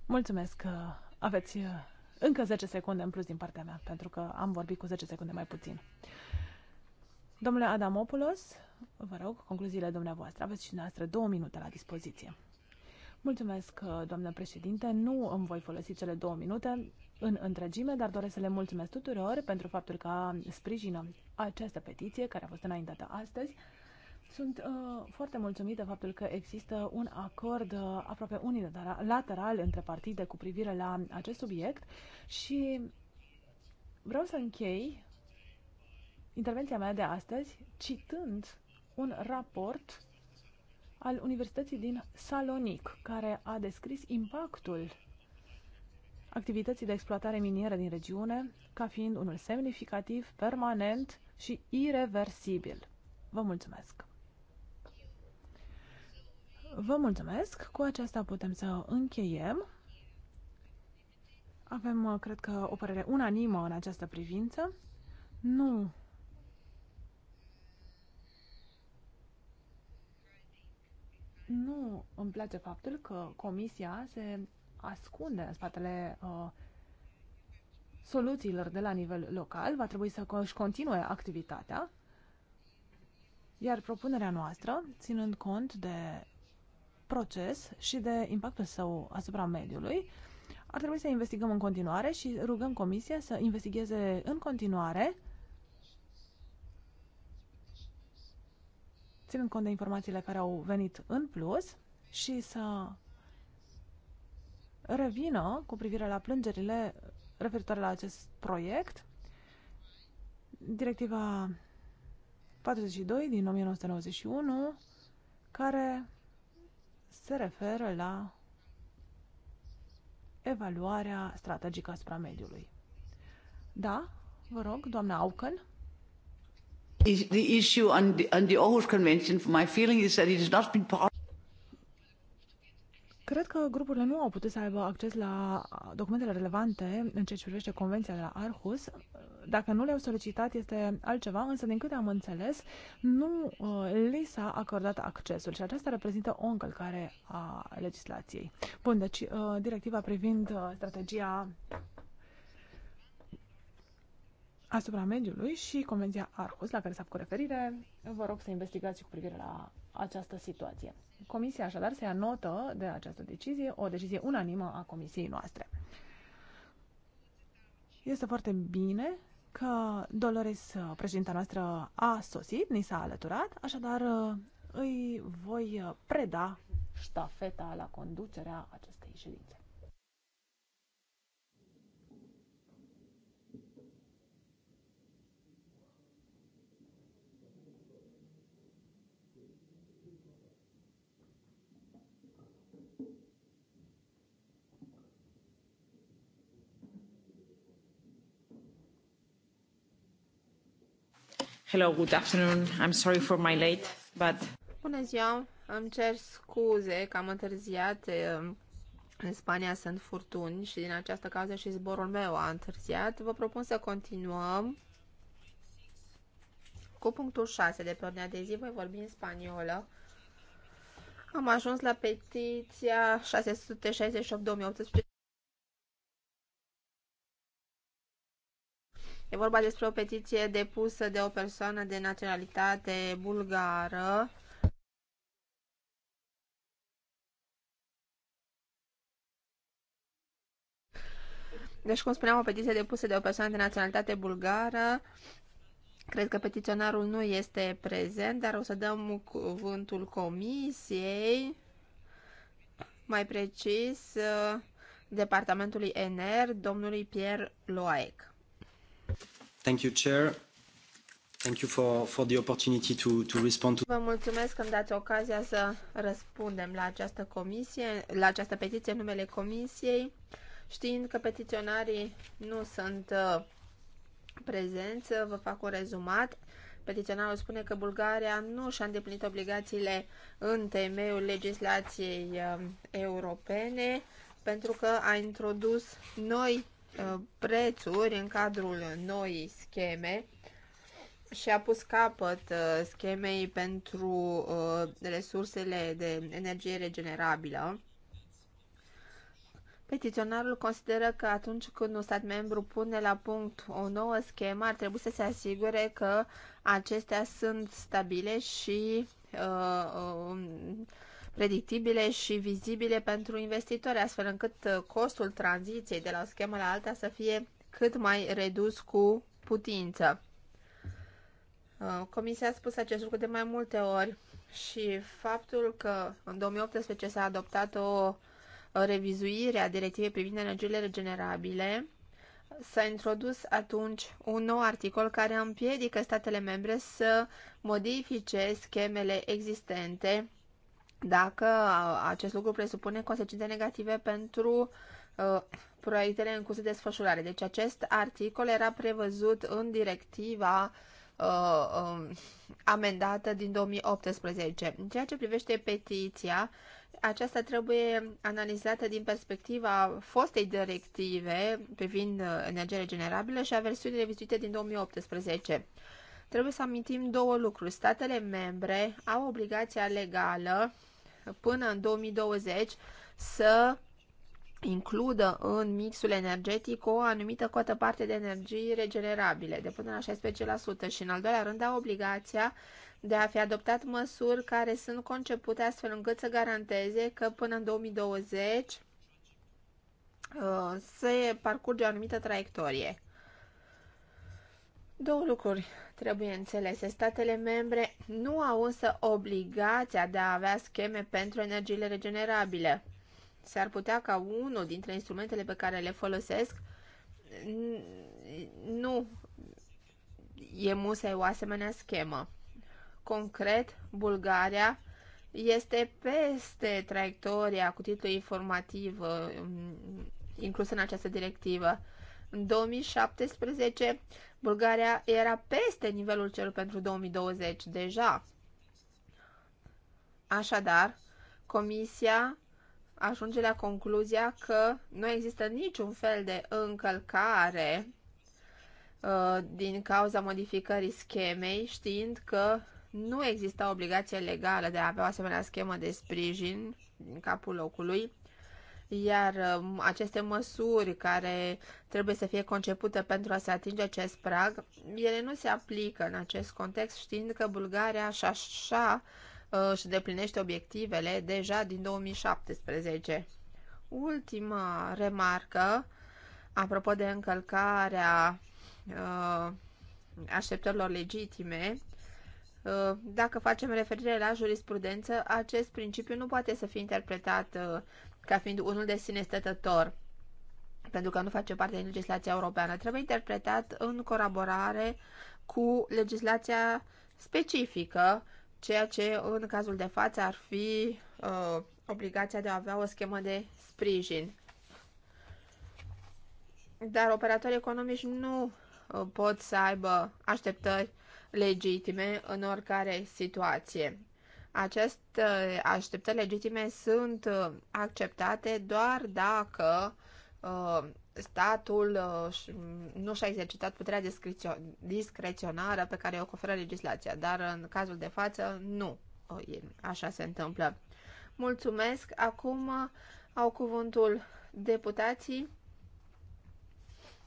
mulțumesc uh, aveți uh, încă 10 secunde în plus din partea mea, pentru că am vorbit cu 10 secunde mai puțin. Domnule Adamopoulos, vă rog, concluziile dumneavoastră. Aveți și dumneavoastră două minute la dispoziție. Mulțumesc, uh, doamnă președinte. Nu îmi voi folosi cele două minute în întregime, dar doresc să le mulțumesc tuturor pentru faptul că sprijină această petiție care a fost înaintată astăzi. Sunt uh, foarte mulțumită faptul că există un acord uh, aproape unilateral între partide cu privire la acest subiect și vreau să închei intervenția mea de astăzi citând un raport al Universității din Salonic, care a descris impactul activității de exploatare minieră din regiune ca fiind unul semnificativ, permanent și irreversibil. Vă mulțumesc! Vă mulțumesc. Cu aceasta putem să încheiem. Avem, uh, cred că, o părere unanimă în această privință. Nu. Nu îmi place faptul că comisia se ascunde în spatele uh, soluțiilor de la nivel local. Va trebui să își continue activitatea. Iar propunerea noastră, ținând cont de proces și de impactul său asupra mediului. Ar trebui să investigăm în continuare și rugăm Comisia să investigheze în continuare, ținând cont de informațiile care au venit în plus și să revină cu privire la plângerile referitoare la acest proiect. Directiva 42 din 1991, care se referă la evaluarea strategică asupra mediului. Da, vă rog, doamna Auken. The issue on the, on the Aarhus Convention, my feeling is that it has not been part Cred că grupurile nu au putut să aibă acces la documentele relevante în ceea ce privește convenția de la Arhus. Dacă nu le-au solicitat, este altceva, însă, din câte am înțeles, nu uh, li s-a acordat accesul și aceasta reprezintă o încălcare a legislației. Bun, deci uh, directiva privind uh, strategia asupra mediului și Convenția Arhus, la care s-a făcut referire, vă rog să investigați cu privire la această situație. Comisia așadar se anotă de această decizie, o decizie unanimă a comisiei noastre. Este foarte bine că Dolores, președinta noastră, a sosit, ni s-a alăturat, așadar îi voi preda ștafeta la conducerea acestei ședințe. Hello, good afternoon. I'm sorry for my late, but... Bună ziua, îmi cer scuze că am întârziat. În Spania sunt furtuni și din această cauză și zborul meu a întârziat. Vă propun să continuăm cu punctul 6 de pe ordinea de zi. Voi vorbi în spaniolă. Am ajuns la petiția 668-2018 E vorba despre o petiție depusă de o persoană de naționalitate bulgară. Deci, cum spuneam, o petiție depusă de o persoană de naționalitate bulgară. Cred că petiționarul nu este prezent, dar o să dăm cuvântul comisiei, mai precis departamentului NR, domnului Pierre Loaec. Thank you, Chair. Thank you for, for the opportunity to, to respond to... Vă mulțumesc că îmi dați ocazia să răspundem la această comisie, la această petiție în numele comisiei, știind că petiționarii nu sunt uh, prezenți, vă fac un rezumat. Petiționarul spune că Bulgaria nu și-a îndeplinit obligațiile în temeiul legislației uh, europene pentru că a introdus noi Uh, prețuri în cadrul noii scheme și a pus capăt uh, schemei pentru uh, resursele de energie regenerabilă. Petiționarul consideră că atunci când un stat membru pune la punct o nouă schemă, ar trebui să se asigure că acestea sunt stabile și uh, uh, predictibile și vizibile pentru investitori, astfel încât uh, costul tranziției de la o schemă la alta să fie cât mai redus cu putință. Uh, Comisia a spus acest lucru de mai multe ori și faptul că în 2018 s-a adoptat o revizuire a directivei privind energiile regenerabile, s-a introdus atunci un nou articol care împiedică statele membre să modifice schemele existente dacă acest lucru presupune consecințe negative pentru uh, proiectele în curs de desfășurare. Deci acest articol era prevăzut în directiva uh, um, amendată din 2018. În ceea ce privește petiția, aceasta trebuie analizată din perspectiva fostei directive privind uh, energia regenerabilă și a versiunii revizuite din 2018. Trebuie să amintim două lucruri. Statele membre au obligația legală până în 2020 să includă în mixul energetic o anumită cotă parte de energii regenerabile, de până la 16%, și în al doilea rând au obligația de a fi adoptat măsuri care sunt concepute astfel încât să garanteze că până în 2020 uh, se parcurge o anumită traiectorie. Două lucruri trebuie înțelese. Statele membre nu au însă obligația de a avea scheme pentru energiile regenerabile. S-ar putea ca unul dintre instrumentele pe care le folosesc nu e musai o asemenea schemă. Concret, Bulgaria este peste traiectoria cu titlul informativ uh, inclus în această directivă. În 2017, Bulgaria era peste nivelul celor pentru 2020 deja. Așadar, Comisia ajunge la concluzia că nu există niciun fel de încălcare uh, din cauza modificării schemei, știind că nu exista obligație legală de a avea o asemenea schemă de sprijin din capul locului iar um, aceste măsuri care trebuie să fie concepute pentru a se atinge acest prag, ele nu se aplică în acest context știind că Bulgaria și așa uh, își deplinește obiectivele deja din 2017. Ultima remarcă, apropo de încălcarea uh, așteptărilor legitime, uh, dacă facem referire la jurisprudență, acest principiu nu poate să fie interpretat ca fiind unul de sine stătător, pentru că nu face parte din legislația europeană. Trebuie interpretat în colaborare cu legislația specifică, ceea ce în cazul de față ar fi uh, obligația de a avea o schemă de sprijin. Dar operatorii economici nu uh, pot să aibă așteptări legitime în oricare situație. Aceste ă, așteptări legitime sunt ă, acceptate doar dacă ă, statul nu și-a exercitat puterea discreționară pe care o oferă legislația, dar în cazul de față nu. Așa se întâmplă. Mulțumesc. Acum au cuvântul deputații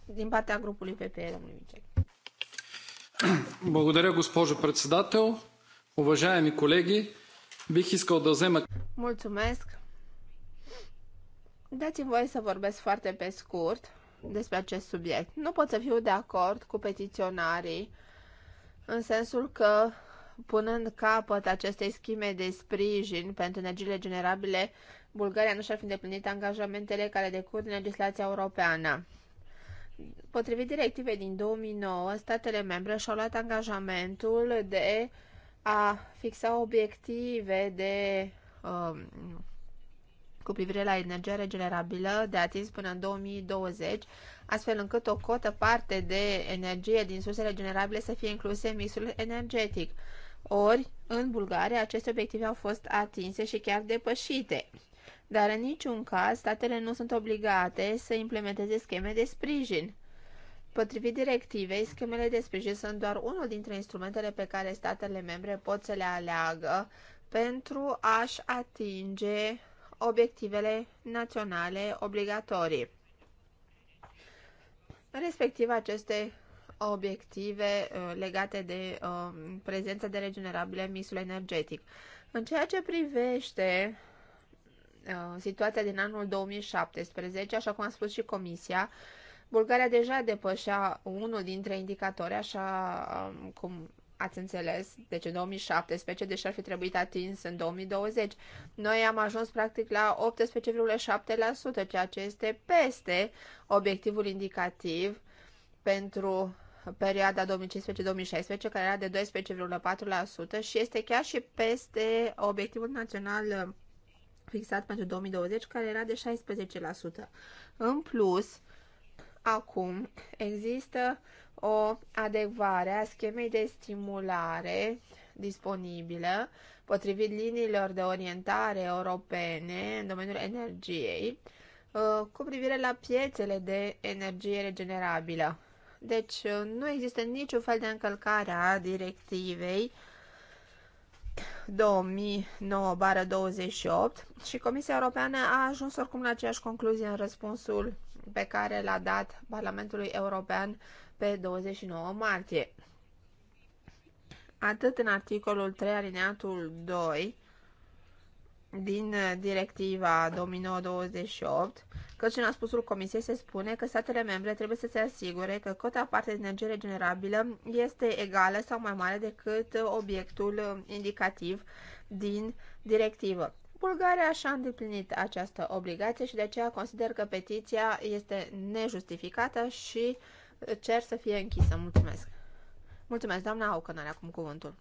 din partea grupului PPE, domnului Vicec. Благодаря, Уважаеми колеги, бих искал да взема... Mulțumesc! Dați-mi voie să vorbesc foarte pe scurt despre acest subiect. Nu pot să fiu de acord cu petiționarii în sensul că punând capăt acestei schime de sprijin pentru energiile generabile, Bulgaria nu și-ar fi îndeplinit angajamentele care decurg din legislația europeană. Potrivit directivei din 2009, statele membre și-au luat angajamentul de a fixa obiective de um, cu privire la energia regenerabilă de atins până în 2020, astfel încât o cotă parte de energie din surse regenerabile să fie incluse în mixul energetic. Ori, în Bulgaria, aceste obiective au fost atinse și chiar depășite. Dar în niciun caz, statele nu sunt obligate să implementeze scheme de sprijin. Potrivit directivei, schemele de sprijin sunt doar unul dintre instrumentele pe care statele membre pot să le aleagă pentru a-și atinge obiectivele naționale obligatorii. Respectiv, aceste obiective uh, legate de um, prezența de regenerabile în misul energetic. În ceea ce privește uh, situația din anul 2017, așa cum a spus și Comisia, Bulgaria deja depășea unul dintre indicatori, așa um, cum ați înțeles, deci în 2017, deși ar fi trebuit atins în 2020. Noi am ajuns practic la 18,7%, ceea ce este peste obiectivul indicativ pentru perioada 2015-2016, care era de 12,4% și este chiar și peste obiectivul național um, fixat pentru 2020, care era de 16%. În plus, acum există o adecvare a schemei de stimulare disponibilă potrivit liniilor de orientare europene în domeniul energiei uh, cu privire la piețele de energie regenerabilă. Deci uh, nu există niciun fel de încălcare a directivei 2009-28 și Comisia Europeană a ajuns oricum la aceeași concluzie în răspunsul pe care l-a dat Parlamentului European pe 29 martie. Atât în articolul 3 alineatul 2 din directiva 2009-28, căci în spusul Comisiei se spune că statele membre trebuie să se asigure că cota parte de energie regenerabilă este egală sau mai mare decât obiectul indicativ din directivă. Bulgaria și-a îndeplinit această obligație și de aceea consider că petiția este nejustificată și cer să fie închisă. Mulțumesc! Mulțumesc, doamna Aucăn are acum cuvântul.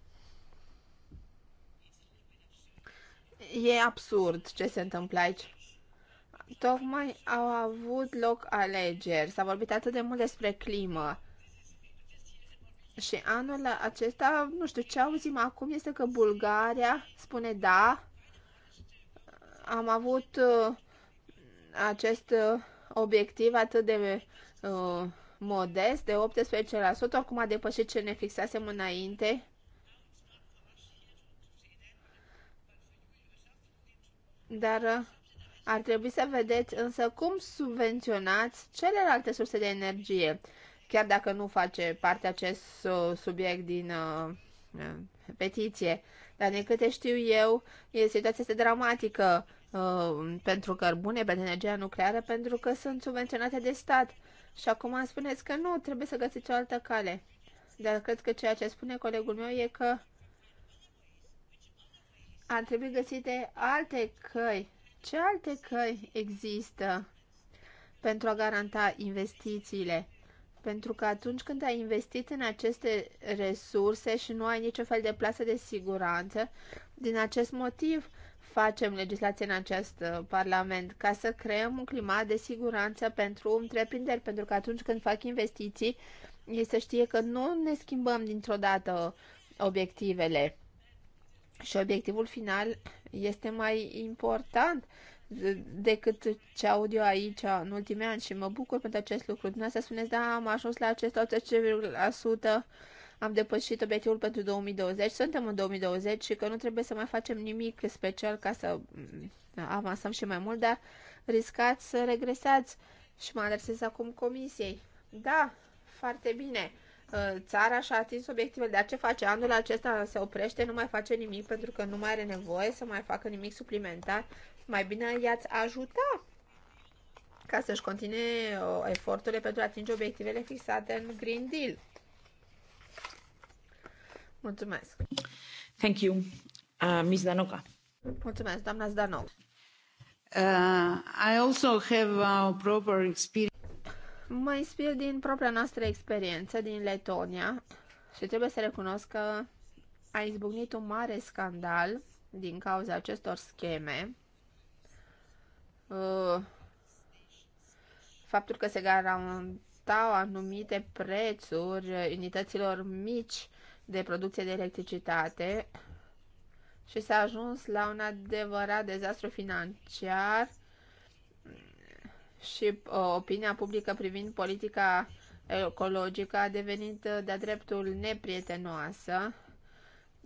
E absurd ce se întâmplă aici. Tocmai au avut loc alegeri, s-a vorbit atât de mult despre climă. Și anul acesta, nu știu ce auzim acum, este că Bulgaria spune da am avut uh, acest uh, obiectiv atât de uh, modest, de 18%, acum a depășit ce ne fixasem înainte. Dar ar trebui să vedeți însă cum subvenționați celelalte surse de energie, chiar dacă nu face parte acest subiect din petiție. Dar de câte știu eu, situația este dramatică uh, pentru cărbune, pentru energia nucleară, pentru că sunt subvenționate de stat. Și acum spuneți că nu, trebuie să găsiți o altă cale. Dar cred că ceea ce spune colegul meu e că ar trebui găsite alte căi. Ce alte căi există pentru a garanta investițiile? pentru că atunci când ai investit în aceste resurse și nu ai niciun fel de plasă de siguranță, din acest motiv facem legislație în acest uh, parlament, ca să creăm un climat de siguranță pentru întreprinderi, pentru că atunci când fac investiții, ei să știe că nu ne schimbăm dintr-o dată obiectivele. Și obiectivul final este mai important decât ce aud eu aici în ultimii ani și mă bucur pentru acest lucru. Dumneavoastră spuneți, da, am ajuns la acest 80%, am depășit obiectivul pentru 2020, suntem în 2020 și că nu trebuie să mai facem nimic special ca să avansăm și mai mult, dar riscați să regresați. Și mă adresez acum comisiei. Da, foarte bine. Ă, țara și-a atins obiectivele, dar ce face? Anul acesta se oprește, nu mai face nimic pentru că nu mai are nevoie să mai facă nimic suplimentar mai bine i-ați ajuta ca să-și continue uh, eforturile pentru a atinge obiectivele fixate în Green Deal. Mulțumesc. Thank you. Uh, Ms. Danoka. Mulțumesc, doamna Zdanov. Uh, I also have a proper experience. Mă inspir din propria noastră experiență din Letonia și trebuie să recunosc că a izbucnit un mare scandal din cauza acestor scheme Uh, faptul că se garantau anumite prețuri unităților mici de producție de electricitate și s-a ajuns la un adevărat dezastru financiar și uh, opinia publică privind politica ecologică a devenit uh, de-a dreptul neprietenoasă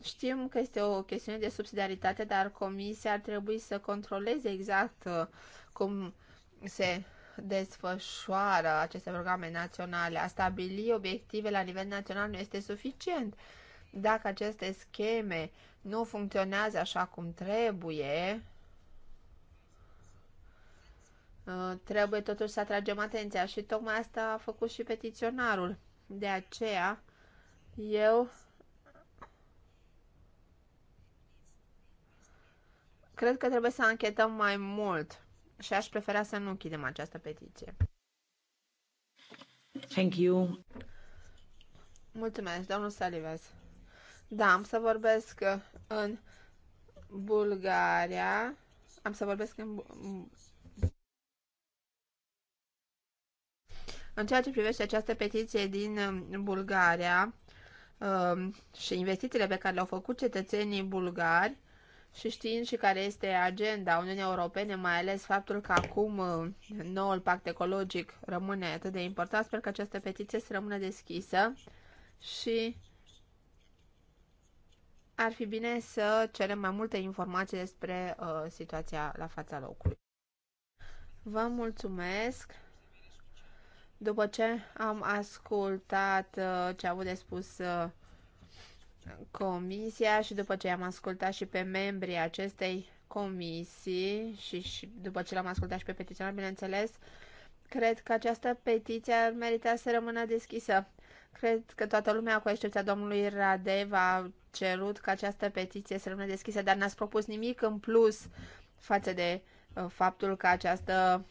Știm că este o chestiune de subsidiaritate, dar Comisia ar trebui să controleze exact uh, cum se desfășoară aceste programe naționale. A stabili obiective la nivel național nu este suficient. Dacă aceste scheme nu funcționează așa cum trebuie, uh, trebuie totuși să atragem atenția și tocmai asta a făcut și petiționarul. De aceea, eu Cred că trebuie să anchetăm mai mult și aș prefera să nu închidem această petiție. Thank you. Mulțumesc, domnul Salivas. Da, am să vorbesc în Bulgaria. Am să vorbesc în... În ceea ce privește această petiție din um, Bulgaria um, și investițiile pe care le-au făcut cetățenii bulgari, și știind și care este agenda Uniunii Europene, mai ales faptul că acum uh, noul pact ecologic rămâne atât de important, sper că această petiție să rămână deschisă și ar fi bine să cerem mai multe informații despre uh, situația la fața locului. Vă mulțumesc! După ce am ascultat uh, ce a avut de spus uh, comisia și după ce am ascultat și pe membrii acestei comisii și, și după ce l-am ascultat și pe petiționar, bineînțeles, cred că această petiție ar merita să rămână deschisă. Cred că toată lumea, cu excepția domnului Radev, a cerut ca această petiție să rămână deschisă, dar n-ați propus nimic în plus față de uh, faptul că această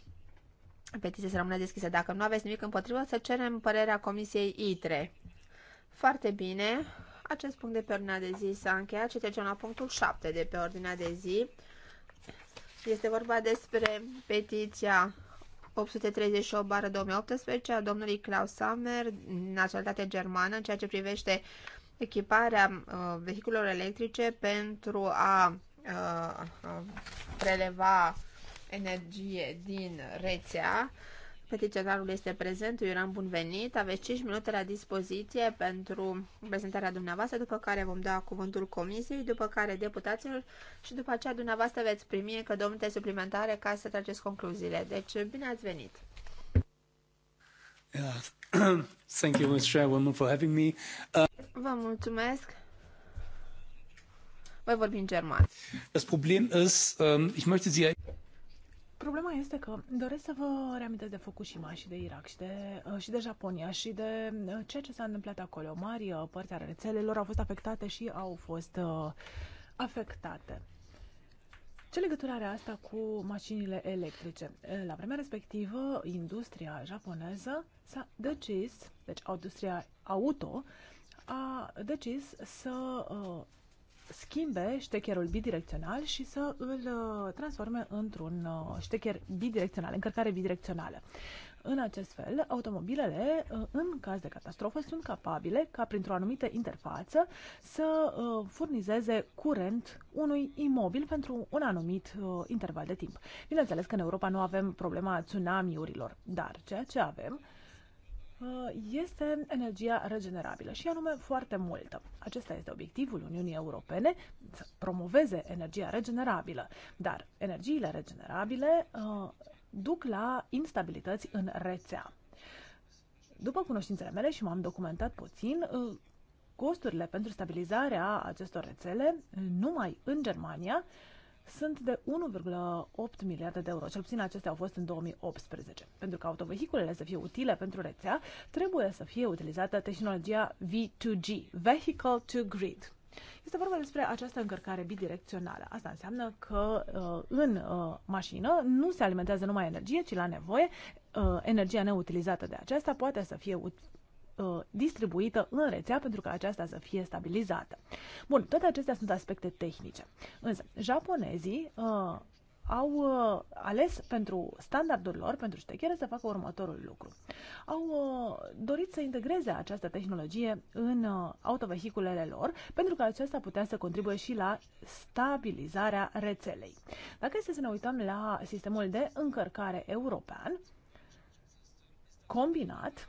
petiție să rămână deschisă. Dacă nu aveți nimic împotrivă, să cerem părerea Comisiei ITRE. Foarte bine. Acest punct de pe ordinea de zi s-a încheiat și trecem la punctul 7 de pe ordinea de zi. Este vorba despre petiția 838-2018 a domnului Klaus Sammer, naționalitate germană, în ceea ce privește echiparea uh, vehiculelor electrice pentru a uh, preleva energie din rețea. Uh, Petiționarul este prezent, eu eram bun venit, aveți 5 minute la dispoziție pentru prezentarea dumneavoastră, după care vom da cuvântul comisiei, după care deputaților și după aceea dumneavoastră veți primi încă două minute suplimentare ca să trageți concluziile. Deci, bine ați venit! Yeah. (coughs) Thank you, Mr. Chairwoman, for having me. Uh... Vă mulțumesc! Voi vorbi în german. Das Problem ist, ähm, ich möchte Sie Problema este că doresc să vă reamintesc de Fukushima și de Irak și de, uh, și de Japonia și de uh, ceea ce s-a întâmplat acolo. Mari uh, părți ale rețelelor au fost afectate și au fost afectate. Ce legătură are asta cu mașinile electrice? La vremea respectivă, industria japoneză s-a decis, deci industria auto, a decis să schimbe ștecherul bidirecțional și să îl uh, transforme într-un uh, ștecher bidirecțional, încărcare bidirecțională. În acest fel, automobilele, uh, în caz de catastrofă, sunt capabile ca printr-o anumită interfață să furnizeze curent unui imobil pentru un anumit interval de timp. Bineînțeles că în Europa nu avem problema tsunamiurilor, dar ceea ce avem Uh, este energia regenerabilă și anume foarte multă. Acesta este obiectivul Uniunii Europene, să promoveze energia regenerabilă. Dar energiile regenerabile uh, duc la instabilități în rețea. După cunoștințele mele și m-am documentat puțin, uh, costurile pentru stabilizarea acestor rețele, numai în Germania, uh, sunt de 1,8 miliarde de euro. Cel puțin acestea au fost în 2018. Pentru că autovehiculele să fie utile pentru rețea, trebuie să fie utilizată tehnologia V2G, Vehicle to Grid. Este vorba despre această încărcare bidirecțională. Asta înseamnă că uh, în uh, mașină nu se alimentează numai energie, ci la nevoie uh, energia neutilizată de aceasta poate să fie Uh, distribuită în rețea pentru ca aceasta să fie stabilizată. Bun, toate acestea sunt aspecte tehnice. Însă, japonezii uh, au uh, ales pentru standardul lor, pentru ștechere, să facă următorul lucru. Au uh, dorit să integreze această tehnologie în uh, autovehiculele lor, pentru că aceasta putea să contribuie și la stabilizarea rețelei. Dacă este să ne uităm la sistemul de încărcare european, combinat,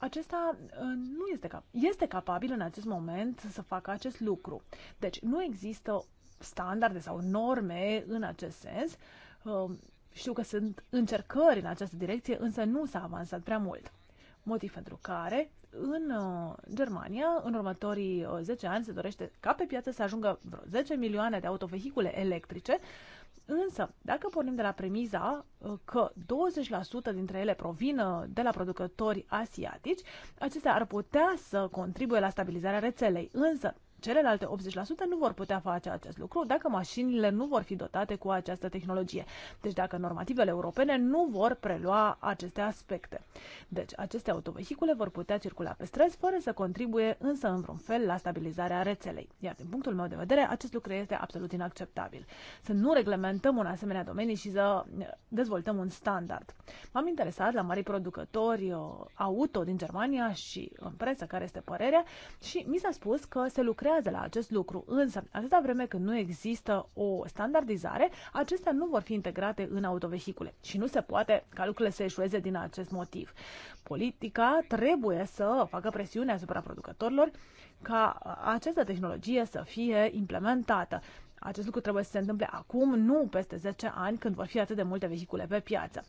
acesta uh, nu este, cap- este capabil în acest moment să facă acest lucru. Deci nu există standarde sau norme în acest sens. Uh, știu că sunt încercări în această direcție, însă nu s-a avansat prea mult. Motiv pentru care în uh, Germania, în următorii 10 ani, se dorește ca pe piață să ajungă vreo 10 milioane de autovehicule electrice, Însă, dacă pornim de la premiza uh, că 20% dintre ele provin uh, de la producători asiatici, acestea ar putea să contribuie la stabilizarea rețelei. Însă, celelalte 80% nu vor putea face acest lucru dacă mașinile nu vor fi dotate cu această tehnologie. Deci dacă normativele europene nu vor prelua aceste aspecte. Deci aceste autovehicule vor putea circula pe străzi fără să contribuie însă în vreun fel la stabilizarea rețelei. Iar din punctul meu de vedere, acest lucru este absolut inacceptabil. Să nu reglementăm un asemenea domeniu și să eh, dezvoltăm un standard. M-am interesat la mari producători eh, auto din Germania și în presă care este părerea și mi s-a spus că se lucrează lucrează la acest lucru, însă atâta vreme când nu există o standardizare, acestea nu vor fi integrate în autovehicule și nu se poate ca lucrurile să eșueze din acest motiv. Politica trebuie să facă presiune asupra producătorilor ca această tehnologie să fie implementată. Acest lucru trebuie să se întâmple acum, nu peste 10 ani, când vor fi atât de multe vehicule pe piață.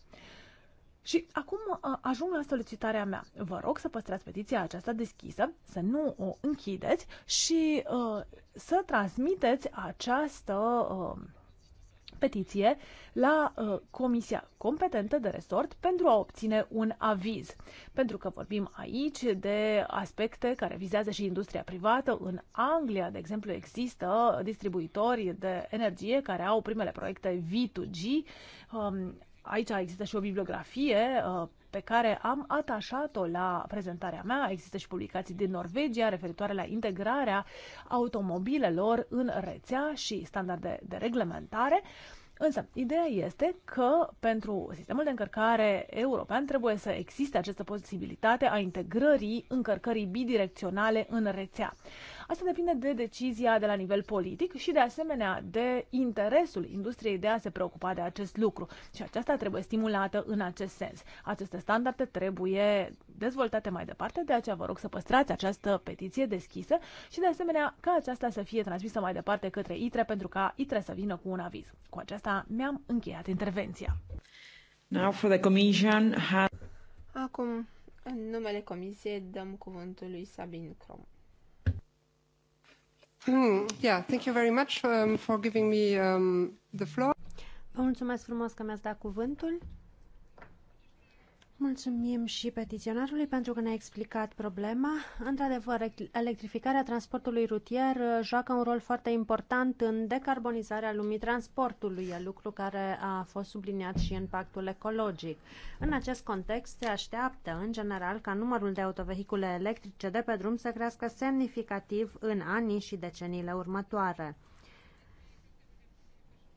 Și acum ajung la solicitarea mea. Vă rog să păstrați petiția aceasta deschisă, să nu o închideți și uh, să transmiteți această uh, petiție la uh, comisia competentă de resort pentru a obține un aviz. Pentru că vorbim aici de aspecte care vizează și industria privată. În Anglia, de exemplu, există distribuitori de energie care au primele proiecte V2G. Um, Aici există și o bibliografie uh, pe care am atașat-o la prezentarea mea. Există și publicații din Norvegia referitoare la integrarea automobilelor în rețea și standarde de reglementare. Însă, ideea este că pentru sistemul de încărcare european trebuie să existe această posibilitate a integrării încărcării bidirecționale în rețea. Asta depinde de decizia de la nivel politic și de asemenea de interesul industriei de a se preocupa de acest lucru. Și aceasta trebuie stimulată în acest sens. Aceste standarde trebuie dezvoltate mai departe, de aceea vă rog să păstrați această petiție deschisă și de asemenea ca aceasta să fie transmisă mai departe către ITRE pentru ca ITRE să vină cu un aviz. Cu aceasta mi-am încheiat intervenția. Now for the commission has... Acum, în numele comisiei, dăm cuvântul lui Sabin Crom. Vă mulțumesc frumos că mi-ați dat cuvântul. Mulțumim și petiționarului pentru că ne-a explicat problema. Într-adevăr, electrificarea transportului rutier uh, joacă un rol foarte important în decarbonizarea lumii transportului, lucru care a fost subliniat și în pactul ecologic. În acest context, se așteaptă, în general, ca numărul de autovehicule electrice de pe drum să crească semnificativ în anii și deceniile următoare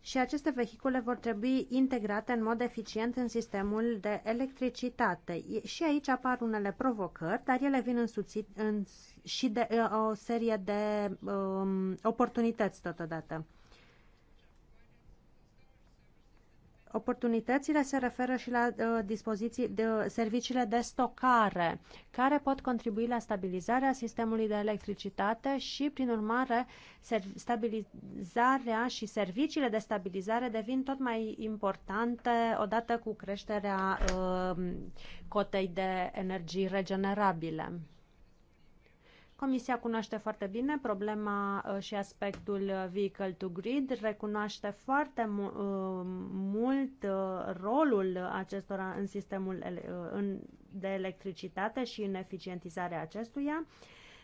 și aceste vehicule vor trebui integrate în mod eficient în sistemul de electricitate. Și aici apar unele provocări, dar ele vin însuțit în, și de o serie de um, oportunități totodată. Oportunitățile se referă și la uh, dispoziții de serviciile de stocare, care pot contribui la stabilizarea sistemului de electricitate și, prin urmare, stabilizarea și serviciile de stabilizare devin tot mai importante odată cu creșterea uh, cotei de energii regenerabile. Comisia cunoaște foarte bine problema uh, și aspectul uh, vehicle to grid, recunoaște foarte mu uh, mult rolul acestora în sistemul de electricitate și în eficientizarea acestuia.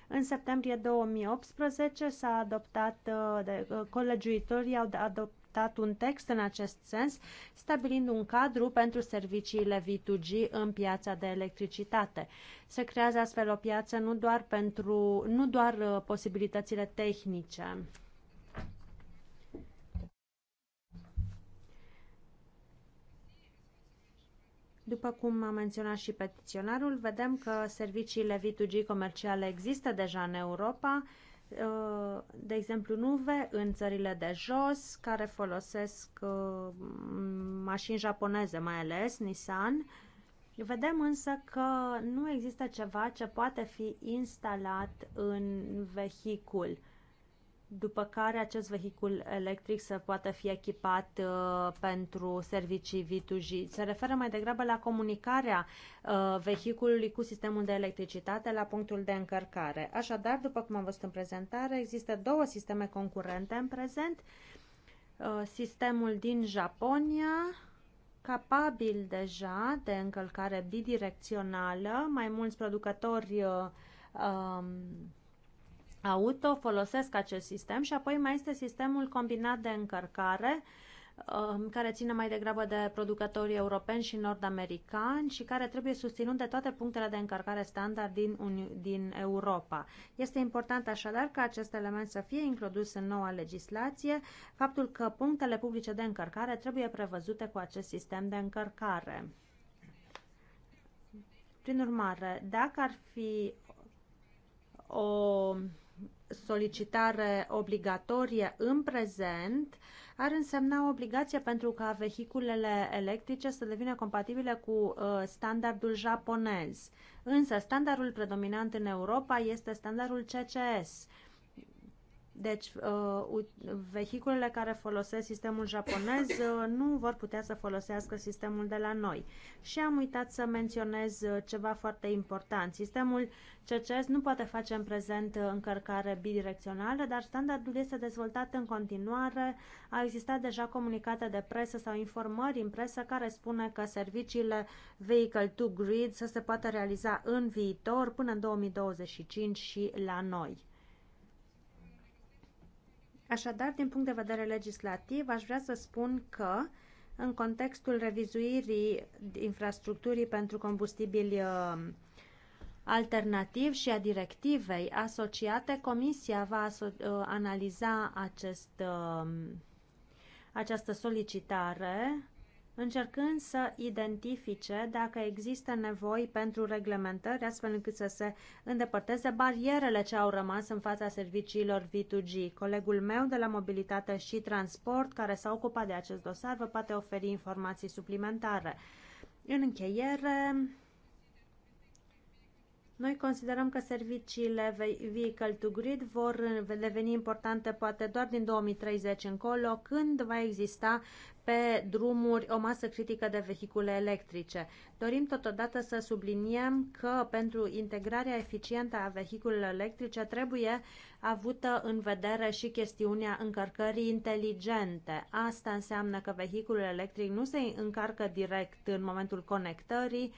În septembrie 2018 s-a adoptat, de, colegiuitorii au adoptat adoptat un text în acest sens, stabilind un cadru pentru serviciile V2G în piața de electricitate. Se creează astfel o piață nu doar pentru nu doar uh, posibilitățile tehnice. După cum a menționat și petiționarul, vedem că serviciile V2G comerciale există deja în Europa, Uh, de exemplu, nuve în țările de jos care folosesc uh, mașini japoneze, mai ales Nissan. Vedem însă că nu există ceva ce poate fi instalat în vehicul după care acest vehicul electric să poată fi echipat uh, pentru servicii V2G. Se referă mai degrabă la comunicarea uh, vehiculului cu sistemul de electricitate la punctul de încărcare. Așadar, după cum am văzut în prezentare, există două sisteme concurente în prezent. Uh, sistemul din Japonia, capabil deja de încălcare bidirecțională, mai mulți producători uh, um, auto folosesc acest sistem și apoi mai este sistemul combinat de încărcare um, care ține mai degrabă de producătorii europeni și nord-americani și care trebuie susținut de toate punctele de încărcare standard din, din Europa. Este important așadar ca acest element să fie introdus în noua legislație, faptul că punctele publice de încărcare trebuie prevăzute cu acest sistem de încărcare. Prin urmare, dacă ar fi o solicitare obligatorie în prezent ar însemna o obligație pentru ca vehiculele electrice să devină compatibile cu uh, standardul japonez. Însă standardul predominant în Europa este standardul CCS deci, uh, vehiculele care folosesc sistemul japonez uh, nu vor putea să folosească sistemul de la noi. Și am uitat să menționez uh, ceva foarte important. Sistemul CCS nu poate face în prezent încărcare bidirecțională, dar standardul este dezvoltat în continuare. A existat deja comunicate de presă sau informări în presă care spune că serviciile Vehicle to Grid să se poată realiza în viitor, până în 2025 și la noi. Așadar, din punct de vedere legislativ, aș vrea să spun că în contextul revizuirii infrastructurii pentru combustibili uh, alternativ și a directivei asociate, Comisia va uh, analiza acest, uh, această solicitare încercând să identifice dacă există nevoi pentru reglementări, astfel încât să se îndepărteze barierele ce au rămas în fața serviciilor V2G. Colegul meu de la Mobilitate și Transport, care s-a ocupat de acest dosar, vă poate oferi informații suplimentare. În încheiere, noi considerăm că serviciile Vehicle to Grid vor deveni importante poate doar din 2030 încolo, când va exista pe drumuri o masă critică de vehicule electrice. Dorim totodată să subliniem că pentru integrarea eficientă a vehiculelor electrice trebuie avută în vedere și chestiunea încărcării inteligente. Asta înseamnă că vehiculul electric nu se încarcă direct în momentul conectării,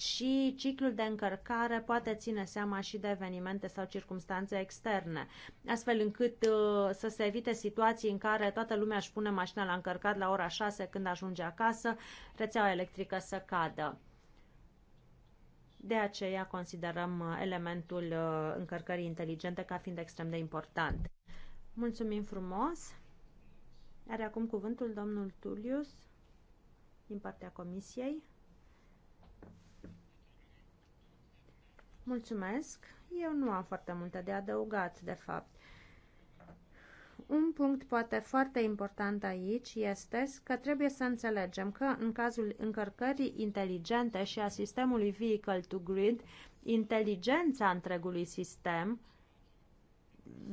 și ciclul de încărcare poate ține seama și de evenimente sau circumstanțe externe, astfel încât uh, să se evite situații în care toată lumea își pune mașina la încărcat la ora 6 când ajunge acasă, rețeaua electrică să cadă. De aceea considerăm uh, elementul uh, încărcării inteligente ca fiind extrem de important. Mulțumim frumos! Are acum cuvântul domnul Tullius din partea comisiei. Mulțumesc. Eu nu am foarte multe de adăugat, de fapt. Un punct poate foarte important aici este că trebuie să înțelegem că în cazul încărcării inteligente și a sistemului Vehicle to Grid, inteligența întregului sistem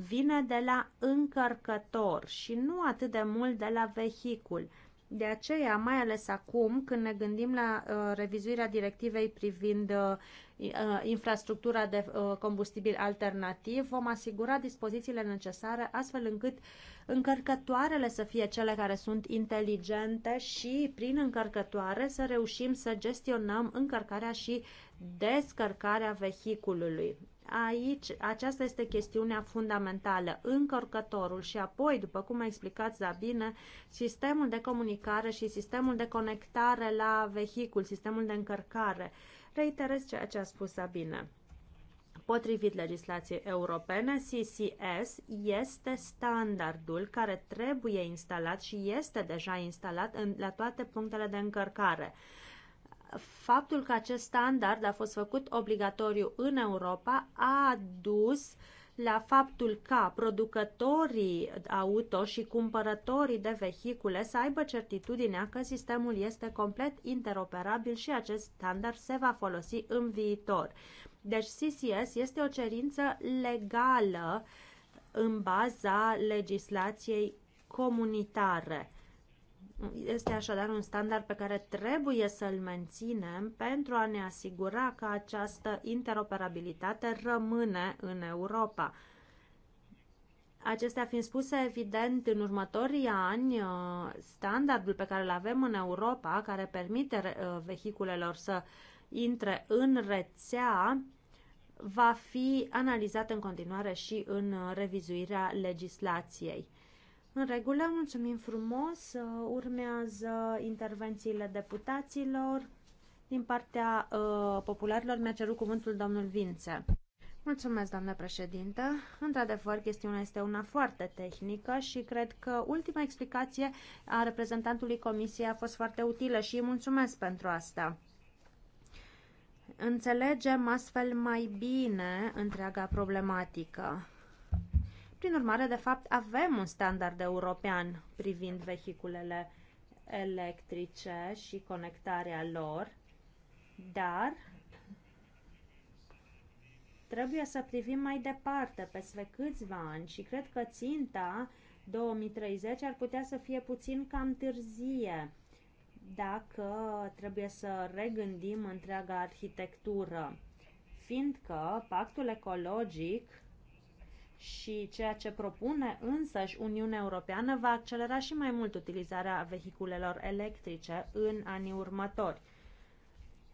vine de la încărcător și nu atât de mult de la vehicul. De aceea, mai ales acum, când ne gândim la uh, revizuirea directivei privind uh, uh, infrastructura de uh, combustibil alternativ, vom asigura dispozițiile necesare astfel încât încărcătoarele să fie cele care sunt inteligente și, prin încărcătoare, să reușim să gestionăm încărcarea și descărcarea vehiculului. Aici, aceasta este chestiunea fundamentală. Încărcătorul și apoi, după cum a explicat Zabine, sistemul de comunicare și sistemul de conectare la vehicul, sistemul de încărcare. Reiterez ceea ce a spus Zabine. Potrivit legislației europene, CCS este standardul care trebuie instalat și este deja instalat în, la toate punctele de încărcare faptul că acest standard a fost făcut obligatoriu în Europa a dus la faptul ca producătorii auto și cumpărătorii de vehicule să aibă certitudinea că sistemul este complet interoperabil și acest standard se va folosi în viitor. Deci CCS este o cerință legală în baza legislației comunitare. Este așadar un standard pe care trebuie să-l menținem pentru a ne asigura că această interoperabilitate rămâne în Europa. Acestea fiind spuse, evident, în următorii ani, uh, standardul pe care îl avem în Europa, care permite uh, vehiculelor să intre în rețea, va fi analizat în continuare și în uh, revizuirea legislației. În regulă, mulțumim frumos. Urmează intervențiile deputaților. Din partea uh, popularilor mi-a cerut cuvântul domnul Vințe. Mulțumesc, doamnă președintă. Într-adevăr, chestiunea este una foarte tehnică și cred că ultima explicație a reprezentantului Comisiei a fost foarte utilă și îi mulțumesc pentru asta. Înțelegem astfel mai bine întreaga problematică. Prin urmare, de fapt, avem un standard european privind vehiculele electrice și conectarea lor, dar trebuie să privim mai departe, peste câțiva ani și cred că ținta 2030 ar putea să fie puțin cam târzie dacă trebuie să regândim întreaga arhitectură, fiindcă pactul ecologic și ceea ce propune însăși Uniunea Europeană va accelera și mai mult utilizarea vehiculelor electrice în anii următori